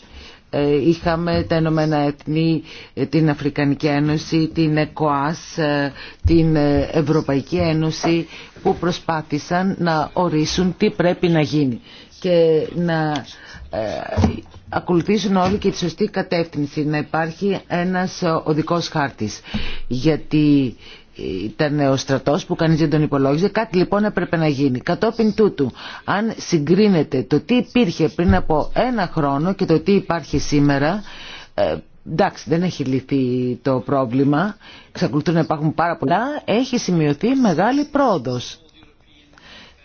C: Ε, είχαμε τα Ηνωμένα Έθνη, ε, την Αφρικανική Ένωση, την ΕΚΟΑΣ, ε, την Ευρωπαϊκή Ένωση που προσπάθησαν να ορίσουν τι πρέπει να γίνει και να ακολουθήσουν όλοι και τη σωστή κατεύθυνση, να υπάρχει ένας οδικός χάρτης. Γιατί ήταν ο στρατός που κανείς δεν τον υπολόγιζε, κάτι λοιπόν έπρεπε να γίνει. Κατόπιν τούτου, αν συγκρίνεται το τι υπήρχε πριν από ένα χρόνο και το τι υπάρχει σήμερα, ε, εντάξει δεν έχει λυθεί το πρόβλημα, εξακολουθούν να υπάρχουν πάρα πολλά, έχει σημειωθεί μεγάλη πρόοδος.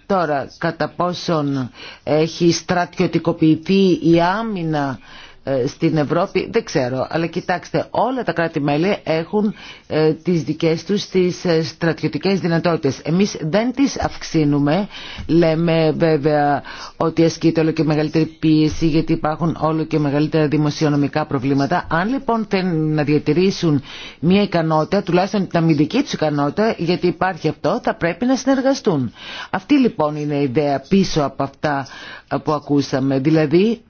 C: Τώρα, κατά πόσον έχει στρατιωτικοποιηθεί η άμυνα ε, στην Ευρώπη, δεν ξέρω. Αλλά κοιτάξτε, όλα τα κράτη-μέλη έχουν ε, τις δικές τους τις ε, στρατιωτικές δυνατότητες. Εμείς δεν τις αυξήνουμε. Λέμε βέβαια ότι ασκείται όλο και μεγαλύτερη πίεση γιατί υπάρχουν όλο και μεγαλύτερα δημοσιονομικά προβλήματα. Αν λοιπόν θέλουν να διατηρήσουν μια ικανότητα, τουλάχιστον την δική τους ικανότητα, γιατί υπάρχει αυτό, θα πρέπει να συνεργαστούν. Αυτή λοιπόν είναι η ιδέα πίσω από αυτά που ακούσαμε. Δηλαδή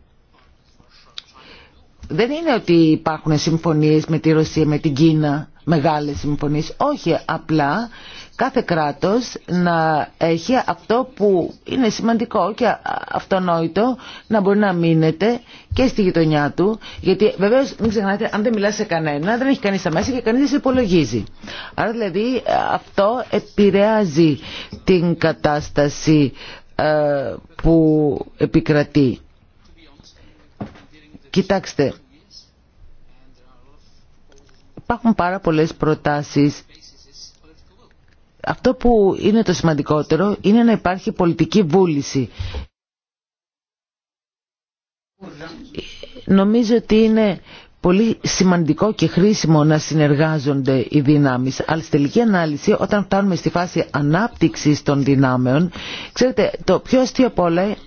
C: δεν είναι ότι υπάρχουν συμφωνίες με τη Ρωσία, με την Κίνα, μεγάλες συμφωνίες. Όχι, απλά κάθε κράτος να έχει αυτό που είναι σημαντικό και αυτονόητο να μπορεί να μείνεται και στη γειτονιά του. Γιατί βεβαίως μην ξεχνάτε, αν δεν μιλάς σε κανένα, δεν έχει κανείς τα μέσα και κανείς δεν σε υπολογίζει. Άρα δηλαδή αυτό επηρεάζει την κατάσταση ε, που επικρατεί. Κοιτάξτε, υπάρχουν πάρα πολλές προτάσεις. Αυτό που είναι το σημαντικότερο είναι να υπάρχει πολιτική βούληση. Νομίζω ότι είναι πολύ σημαντικό και χρήσιμο να συνεργάζονται οι δυνάμεις. Αλλά στη τελική ανάλυση, όταν φτάνουμε στη φάση ανάπτυξης των δυνάμεων, ξέρετε, το πιο αστείο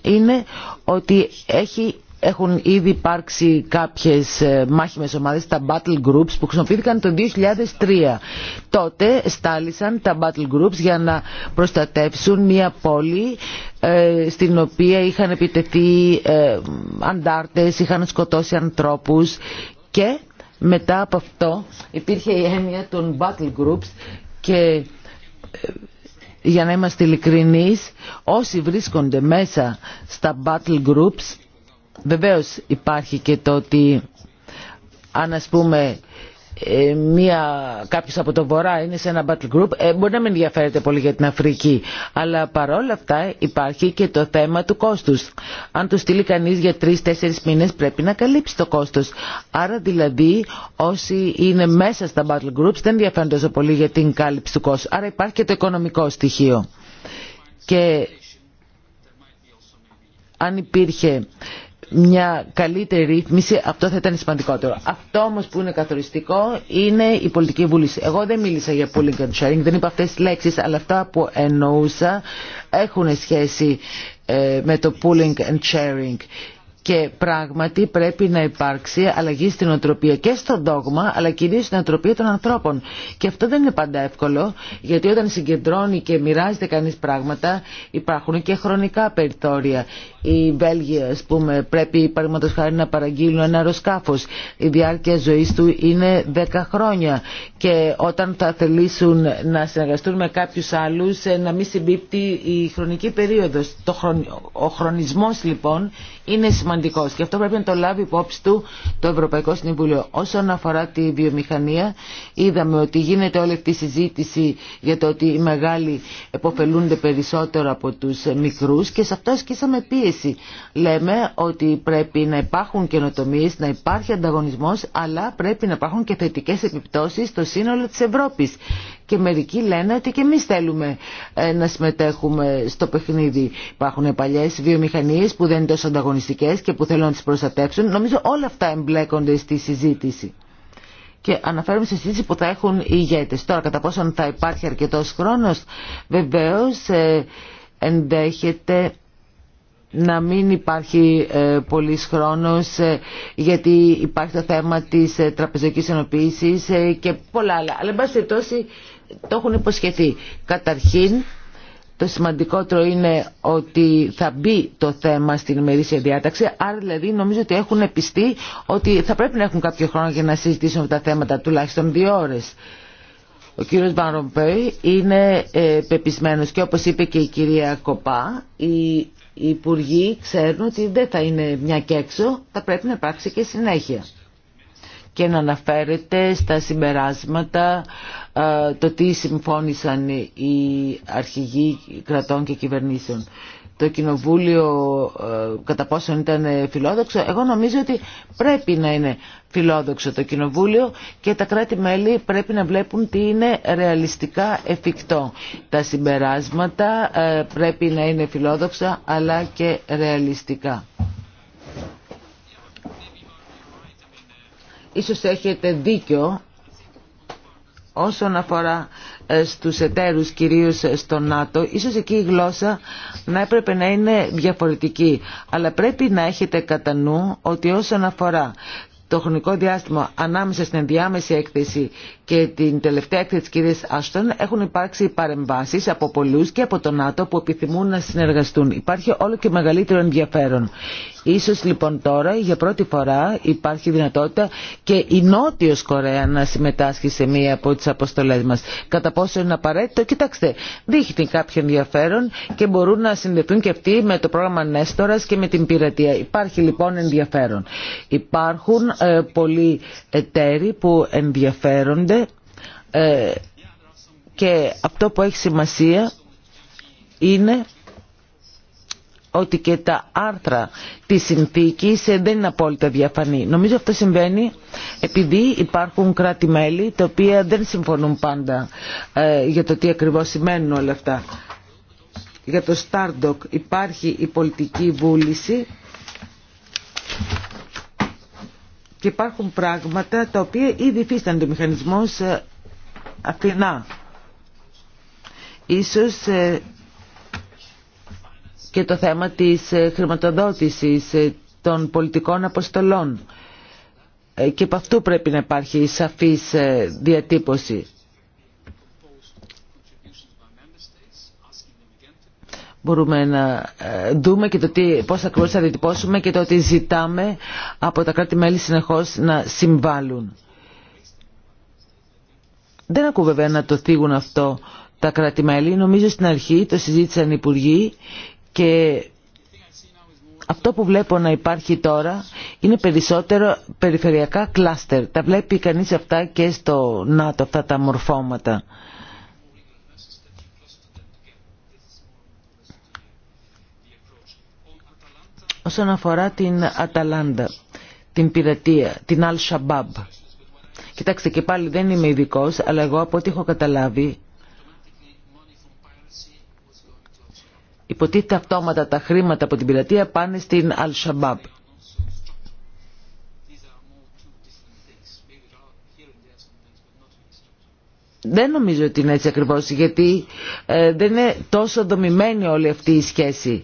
C: είναι ότι έχει έχουν ήδη υπάρξει κάποιες ε, μάχημες ομάδες, τα battle groups που χρησιμοποιήθηκαν το 2003. Τότε στάλησαν τα battle groups για να προστατεύσουν μια πόλη ε, στην οποία είχαν επιτεθεί ε, αντάρτες, είχαν σκοτώσει ανθρώπους και μετά από αυτό υπήρχε η έννοια των battle groups και για να είμαστε ειλικρινείς όσοι βρίσκονται μέσα στα battle groups Βεβαίως υπάρχει και το ότι αν ας πούμε ε, μία, κάποιος από το βορρά είναι σε ένα battle group, ε, μπορεί να μην ενδιαφέρεται πολύ για την Αφρική. Αλλά παρόλα αυτά υπάρχει και το θέμα του κόστους. Αν το στείλει κανείς για τρεις-τέσσερις μήνες πρέπει να καλύψει το κόστος. Άρα δηλαδή όσοι είναι μέσα στα battle groups δεν ενδιαφέρονται τόσο πολύ για την κάλυψη του κόστου. Άρα υπάρχει και το οικονομικό στοιχείο. Και αν υπήρχε μια καλύτερη ρύθμιση, αυτό θα ήταν σημαντικότερο. Αυτό όμω που είναι καθοριστικό είναι η πολιτική βούληση. Εγώ δεν μίλησα για pooling and sharing, δεν είπα αυτέ τι λέξει, αλλά αυτά που εννοούσα έχουν σχέση ε, με το pooling and sharing και πράγματι πρέπει να υπάρξει αλλαγή στην οτροπία και στο δόγμα, αλλά κυρίως στην οτροπία των ανθρώπων. Και αυτό δεν είναι πάντα εύκολο, γιατί όταν συγκεντρώνει και μοιράζεται κανείς πράγματα, υπάρχουν και χρονικά περιθώρια. Οι Βέλγοι, ας πούμε, πρέπει παραδείγματο χάρη να παραγγείλουν ένα αεροσκάφο. Η διάρκεια ζωή του είναι 10 χρόνια. Και όταν θα θελήσουν να συνεργαστούν με κάποιου άλλου, ε, να μην συμπίπτει η χρονική περίοδο. Ο χρονισμός λοιπόν είναι σημαντικό και αυτό πρέπει να το λάβει υπόψη του το Ευρωπαϊκό Συμβούλιο. Όσον αφορά τη βιομηχανία, είδαμε ότι γίνεται όλη αυτή η συζήτηση για το ότι οι μεγάλοι εποφελούνται περισσότερο από τους μικρούς και σε αυτό ασκήσαμε πίεση. Λέμε ότι πρέπει να υπάρχουν καινοτομίες, να υπάρχει ανταγωνισμός, αλλά πρέπει να υπάρχουν και θετικές επιπτώσεις στο σύνολο της Ευρώπης και μερικοί λένε ότι και εμείς θέλουμε ε, να συμμετέχουμε στο παιχνίδι. Υπάρχουν παλιές βιομηχανίες που δεν είναι τόσο ανταγωνιστικές και που θέλουν να τις προστατεύσουν. Νομίζω όλα αυτά εμπλέκονται στη συζήτηση. Και αναφέρουμε στη συζήτηση που θα έχουν οι ηγέτες. Τώρα, κατά πόσον θα υπάρχει αρκετός χρόνος, βεβαίως ε, ενδέχεται να μην υπάρχει ε, πολύς χρόνος ε, γιατί υπάρχει το θέμα της ε, τραπεζικής ενοποίησης ε, και πολλά άλλα. Αλλά εν το έχουν υποσχεθεί. Καταρχήν, το σημαντικότερο είναι ότι θα μπει το θέμα στην ημερήσια διάταξη, άρα δηλαδή νομίζω ότι έχουν πιστεί ότι θα πρέπει να έχουν κάποιο χρόνο για να συζητήσουν τα θέματα, τουλάχιστον δύο ώρες. Ο κύριος Μπαρομπέι είναι ε, πεπισμένος και όπως είπε και η κυρία Κοπά, οι, υπουργοί ξέρουν ότι δεν θα είναι μια και έξω, θα πρέπει να υπάρξει και συνέχεια και να αναφέρεται στα συμπεράσματα ε, το τι συμφώνησαν οι αρχηγοί κρατών και κυβερνήσεων. Το κοινοβούλιο ε, κατά πόσο ήταν φιλόδοξο, εγώ νομίζω ότι πρέπει να είναι φιλόδοξο το κοινοβούλιο και τα κράτη-μέλη πρέπει να βλέπουν τι είναι ρεαλιστικά εφικτό. Τα συμπεράσματα ε, πρέπει να είναι φιλόδοξα αλλά και ρεαλιστικά. Ίσως έχετε δίκιο όσον αφορά ε, στους εταίρους κυρίως ε, στο ΝΑΤΟ ίσως εκεί η γλώσσα να έπρεπε να είναι διαφορετική αλλά πρέπει να έχετε κατά νου ότι όσον αφορά το χρονικό διάστημα ανάμεσα στην διάμεση έκθεση και την τελευταία έκθεση της κυρίας Άστον έχουν υπάρξει παρεμβάσεις από πολλούς και από τον ΝΑΤΟ που επιθυμούν να συνεργαστούν. Υπάρχει όλο και μεγαλύτερο ενδιαφέρον. Ίσως λοιπόν τώρα για πρώτη φορά υπάρχει δυνατότητα και η Νότιος Κορέα να συμμετάσχει σε μία από τις αποστολές μας. Κατά πόσο είναι απαραίτητο, κοιτάξτε, δείχνει κάποιο ενδιαφέρον και μπορούν να συνδεθούν και αυτοί με το πρόγραμμα Νέστορας και με την πειρατεία. Υπάρχει λοιπόν ενδιαφέρον. Υπάρχουν ε, πολλοί εταίροι που ενδιαφέρονται ε, και αυτό που έχει σημασία είναι ότι και τα άρθρα της συνθήκης ε, δεν είναι απόλυτα διαφανή. Νομίζω αυτό συμβαίνει επειδή υπάρχουν κράτη-μέλη τα οποία δεν συμφωνούν πάντα ε, για το τι ακριβώς σημαίνουν όλα αυτά. Για το Στάρντοκ υπάρχει η πολιτική βούληση και υπάρχουν πράγματα τα οποία ήδη υφίστανται ο μηχανισμός Αθηνά. Ίσως ε, και το θέμα της ε, χρηματοδότησης ε, των πολιτικών αποστολών. Και από αυτού πρέπει να υπάρχει σαφής διατύπωση. μπορούμε να δούμε και το τι, πώς ακριβώς θα διατυπώσουμε και το ότι ζητάμε από τα κράτη-μέλη συνεχώς να συμβάλλουν. Δεν ακούω βέβαια να το θίγουν αυτό τα κράτη-μέλη. Νομίζω στην αρχή το συζήτησαν οι υπουργοί και αυτό που βλέπω να υπάρχει τώρα είναι περισσότερο περιφερειακά κλάστερ. Τα βλέπει κανείς αυτά και στο ΝΑΤΟ, αυτά τα μορφώματα. Όσον αφορά την Αταλάντα, την πειρατεία, την Al-Shabaab, Κοιτάξτε και πάλι δεν είμαι ειδικό, αλλά εγώ από ό,τι έχω καταλάβει υποτίθεται αυτόματα τα χρήματα από την πειρατεία πάνε στην Al-Shabaab. Δεν νομίζω ότι είναι έτσι ακριβώς, γιατί ε, δεν είναι τόσο δομημένη όλη αυτή η σχέση.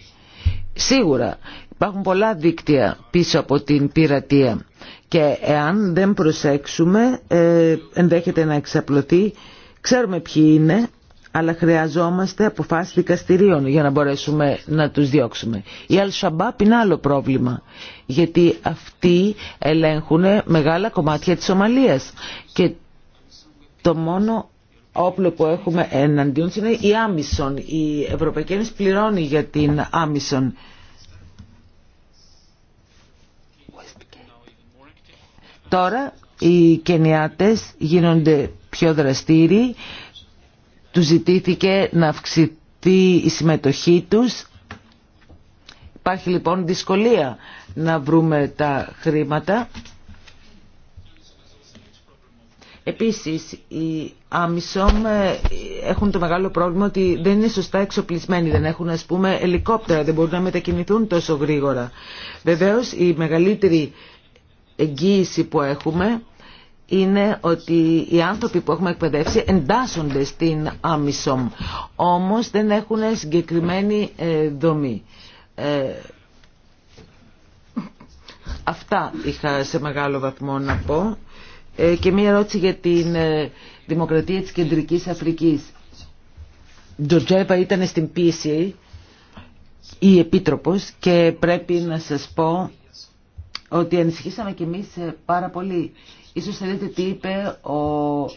C: Σίγουρα υπάρχουν πολλά δίκτυα πίσω από την πειρατεία και εάν δεν προσέξουμε ε, ενδέχεται να εξαπλωθεί. Ξέρουμε ποιοι είναι, αλλά χρειαζόμαστε αποφάσεις δικαστηρίων για να μπορέσουμε να τους διώξουμε. Η al είναι άλλο πρόβλημα, γιατί αυτοί ελέγχουν μεγάλα κομμάτια της Ομαλίας. και το μόνο όπλο που έχουμε εναντίον είναι η Άμισον. Η Ευρωπαϊκή Ένωση πληρώνει για την Άμισον. Τώρα οι Κενιάτες γίνονται πιο δραστήριοι, του ζητήθηκε να αυξηθεί η συμμετοχή τους. Υπάρχει λοιπόν δυσκολία να βρούμε τα χρήματα. Επίσης, οι Άμισομ ε, έχουν το μεγάλο πρόβλημα ότι δεν είναι σωστά εξοπλισμένοι, δεν έχουν ας πούμε ελικόπτερα, δεν μπορούν να μετακινηθούν τόσο γρήγορα. Βεβαίως, οι μεγαλύτεροι εγγύηση που έχουμε είναι ότι οι άνθρωποι που έχουμε εκπαιδεύσει εντάσσονται στην Άμισομ, όμως δεν έχουν συγκεκριμένη ε, δομή. Ε, αυτά είχα σε μεγάλο βαθμό να πω. Ε, και μία ερώτηση για την δημοκρατία της Κεντρικής Αφρικής. Τζορτζέβα ήταν στην πίση η Επίτροπος και πρέπει να σας πω ότι ανησυχήσαμε κι εμείς ε, πάρα πολύ. Ίσως θέλετε τι είπε ο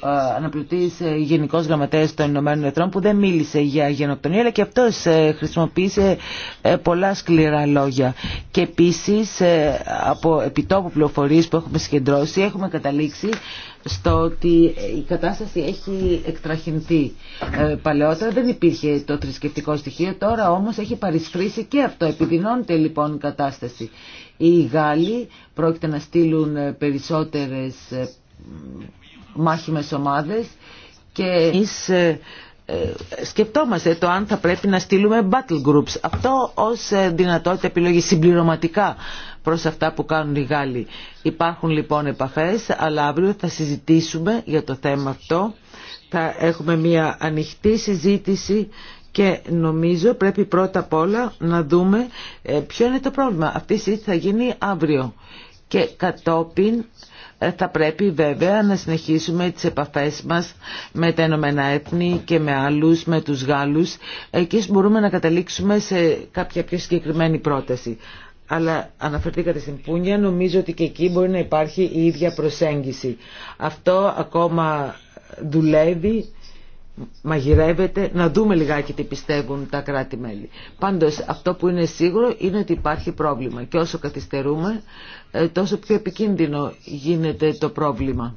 C: ε, αναπληρωτής ε, γενικός γραμματέας των Ηνωμένων Εθνών που δεν μίλησε για γενοκτονία αλλά και αυτός χρησιμοποίησε πολλά σκληρά λόγια. Και επίσης από επιτόπου πληροφορίες που έχουμε συγκεντρώσει έχουμε καταλήξει στο ότι η κατάσταση έχει εκτραχυνθεί. παλαιότερα δεν υπήρχε το θρησκευτικό στοιχείο, τώρα όμως έχει παρισφρήσει και αυτό. Επιδεινώνεται λοιπόν η κατάσταση. Οι Γάλλοι πρόκειται να στείλουν ε, περισσότερες ε, μάχημες ομάδες και εμείς ε, σκεπτόμαστε το αν θα πρέπει να στείλουμε battle groups. Αυτό ως δυνατότητα επιλογή συμπληρωματικά προς αυτά που κάνουν οι Γάλλοι. Υπάρχουν λοιπόν επαφές, αλλά αύριο θα συζητήσουμε για το θέμα αυτό. Θα έχουμε μια ανοιχτή συζήτηση και νομίζω πρέπει πρώτα απ' όλα να δούμε ε, ποιο είναι το πρόβλημα. Αυτή η συζήτηση θα γίνει αύριο. Και κατόπιν ε, θα πρέπει βέβαια να συνεχίσουμε τις επαφές μας με τα Ηνωμένα Έθνη και με άλλους, με τους Γάλλους. Εκεί μπορούμε να καταλήξουμε σε κάποια πιο συγκεκριμένη πρόταση. Αλλά αναφερθήκατε στην Πούνια, νομίζω ότι και εκεί μπορεί να υπάρχει η ίδια προσέγγιση. Αυτό ακόμα δουλεύει μαγειρεύεται, να δούμε λιγάκι τι πιστεύουν τα κράτη-μέλη. Πάντως αυτό που είναι σίγουρο είναι ότι υπάρχει πρόβλημα και όσο καθυστερούμε ε, τόσο πιο επικίνδυνο γίνεται το πρόβλημα.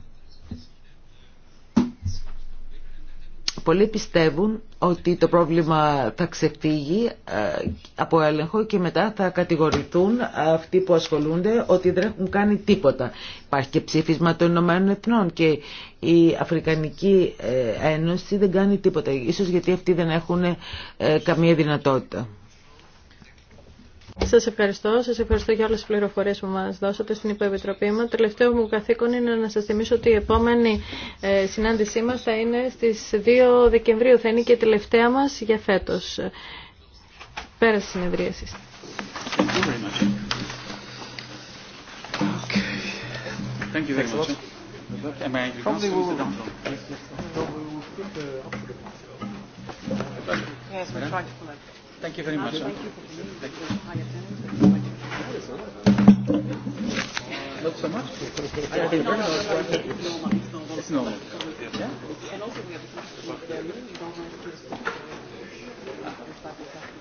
C: πολλοί πιστεύουν ότι το πρόβλημα θα ξεφύγει ε, από έλεγχο και μετά θα κατηγορηθούν αυτοί που ασχολούνται ότι δεν έχουν κάνει τίποτα. Υπάρχει και ψήφισμα των Ηνωμένων Εθνών και η Αφρικανική ε, Ένωση δεν κάνει τίποτα, ίσως γιατί αυτοί δεν έχουν ε, καμία δυνατότητα.
D: Σας ευχαριστώ. Σας ευχαριστώ για όλες τις πληροφορίες που μας δώσατε στην Υποεπιτροπή Το Τελευταίο μου καθήκον είναι να σας θυμίσω ότι η επόμενη ε, συνάντησή μας θα είναι στις 2 Δεκεμβρίου. Θα είναι και η τελευταία μας για φέτος. πέρα συνεδρίασης.
A: Thank to Thank you very much. Not so much.